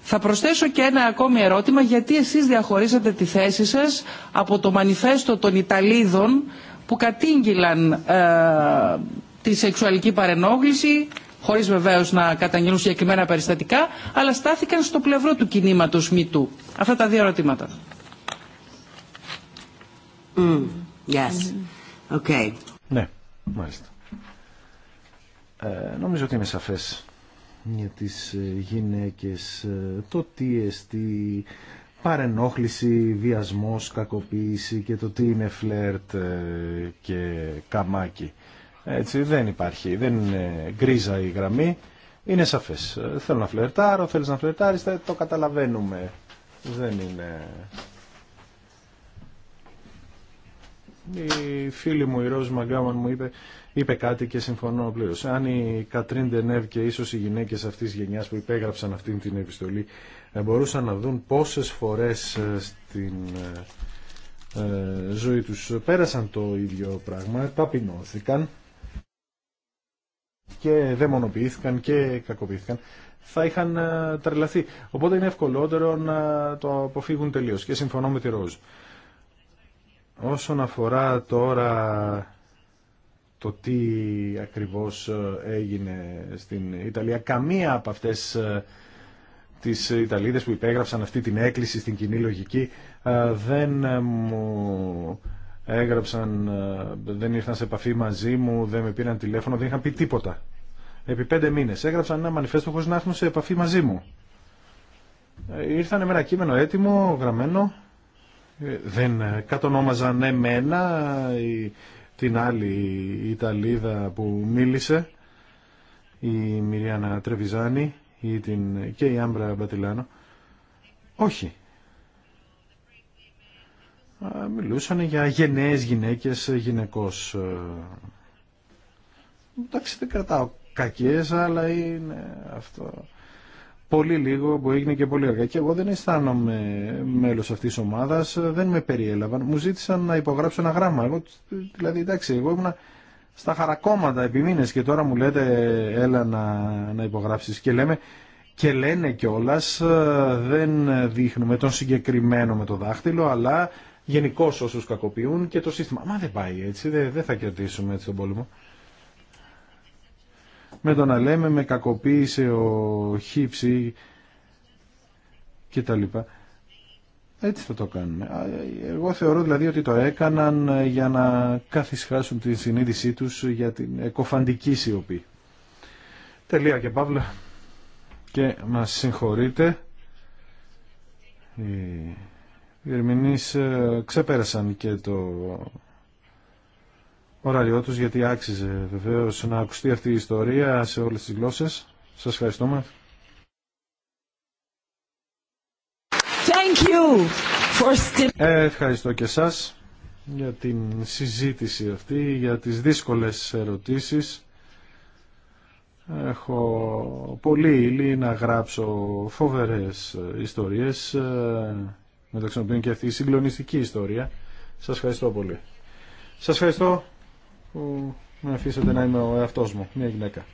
Θα προσθέσω και ένα ακόμη ερώτημα γιατί εσείς διαχωρίσατε τη θέση σας από το μανιφέστο των Ιταλίδων που κατήγγυλαν τη σεξουαλική παρενόχληση χωρίς βεβαίως να καταγγελούν συγκεκριμένα περιστατικά, αλλά στάθηκαν στο πλευρό του κινήματος μήτου Αυτά τα δύο ερωτήματα. Mm, yes. Okay. Ναι, μάλιστα. Ε, νομίζω ότι είναι σαφές για τις ε, γυναίκες ε, το τι εστί παρενόχληση, βιασμός, κακοποίηση και το τι είναι φλερτ ε, και καμάκι. Έτσι δεν υπάρχει, δεν είναι γκρίζα η γραμμή, είναι σαφές. Θέλω να φλερτάρω, θέλεις να φλερτάρεις, το καταλαβαίνουμε. Δεν είναι... Η φίλη μου, η Ρόζ Μαγκάμαν, μου είπε, είπε κάτι και συμφωνώ πλήρω. Αν η Κατρίν Τενεύ και ίσω οι γυναίκε αυτή τη γενιά που υπέγραψαν αυτή την επιστολή ε, μπορούσαν να δουν πόσε φορέ ε, στην ε, ζωή τους πέρασαν το ίδιο πράγμα, ταπεινώθηκαν και δαιμονοποιήθηκαν και κακοποιήθηκαν, θα είχαν ε, τρελαθεί. Οπότε είναι ευκολότερο να το αποφύγουν τελείως και συμφωνώ με τη Ρόζ. Όσον αφορά τώρα το τι ακριβώς ε, έγινε στην Ιταλία, καμία από αυτές ε, τις Ιταλίδες που υπέγραψαν αυτή την έκκληση στην κοινή λογική δεν μου έγραψαν, ε, δεν ήρθαν σε επαφή μαζί μου, δεν με πήραν τηλέφωνο, δεν είχαν πει τίποτα. Επί πέντε μήνες έγραψαν ένα μανιφέστο χωρίς να έρθουν σε επαφή μαζί μου. Ε, ήρθαν με ένα κείμενο έτοιμο, γραμμένο, ε, δεν κατονόμαζαν εμένα ή την άλλη Ιταλίδα που μίλησε, η Μυριάννα Τρεβιζάνη ή την... και η Άμπρα Μπατιλάνο. Όχι μιλούσαν για γενναίες γυναίκες ε, γυναικός. Ε. Εντάξει δεν κρατάω κακές, αλλά είναι αυτό πολύ λίγο που έγινε και πολύ αργά. Και εγώ δεν αισθάνομαι μέλος αυτής της ομάδας, ε, δεν με περιέλαβαν. Μου ζήτησαν να υπογράψω ένα γράμμα. Εγώ, δηλαδή εντάξει, εγώ ήμουνα στα χαρακόμματα επί μήνες και τώρα μου λέτε έλα να, να υπογράψεις. Και λέμε και λένε κιόλα δεν δείχνουμε τον συγκεκριμένο με το δάχτυλο, αλλά γενικώ όσου κακοποιούν και το σύστημα. Μα δεν πάει έτσι, δεν, θα κερδίσουμε έτσι τον πόλεμο. Με το να λέμε με κακοποίησε ο Χίψη και τα λοιπά. Έτσι θα το κάνουμε. Εγώ θεωρώ δηλαδή ότι το έκαναν για να καθισχάσουν τη συνείδησή τους για την εκοφαντική σιωπή. Τελεία και Παύλα. Και μας συγχωρείτε οι ερμηνείς ε, ξεπέρασαν και το ωράριό τους γιατί άξιζε βεβαίως να ακουστεί αυτή η ιστορία σε όλες τις γλώσσες. Σας ευχαριστούμε. Ε, ευχαριστώ και σας για την συζήτηση αυτή, για τις δύσκολες ερωτήσεις. Έχω πολύ ύλη να γράψω φοβερές ιστορίες ε, μεταξύ των οποίων και αυτή η συγκλονιστική ιστορία. Σας ευχαριστώ πολύ. Σας ευχαριστώ που με αφήσατε να είμαι ο εαυτός μου, μια γυναίκα.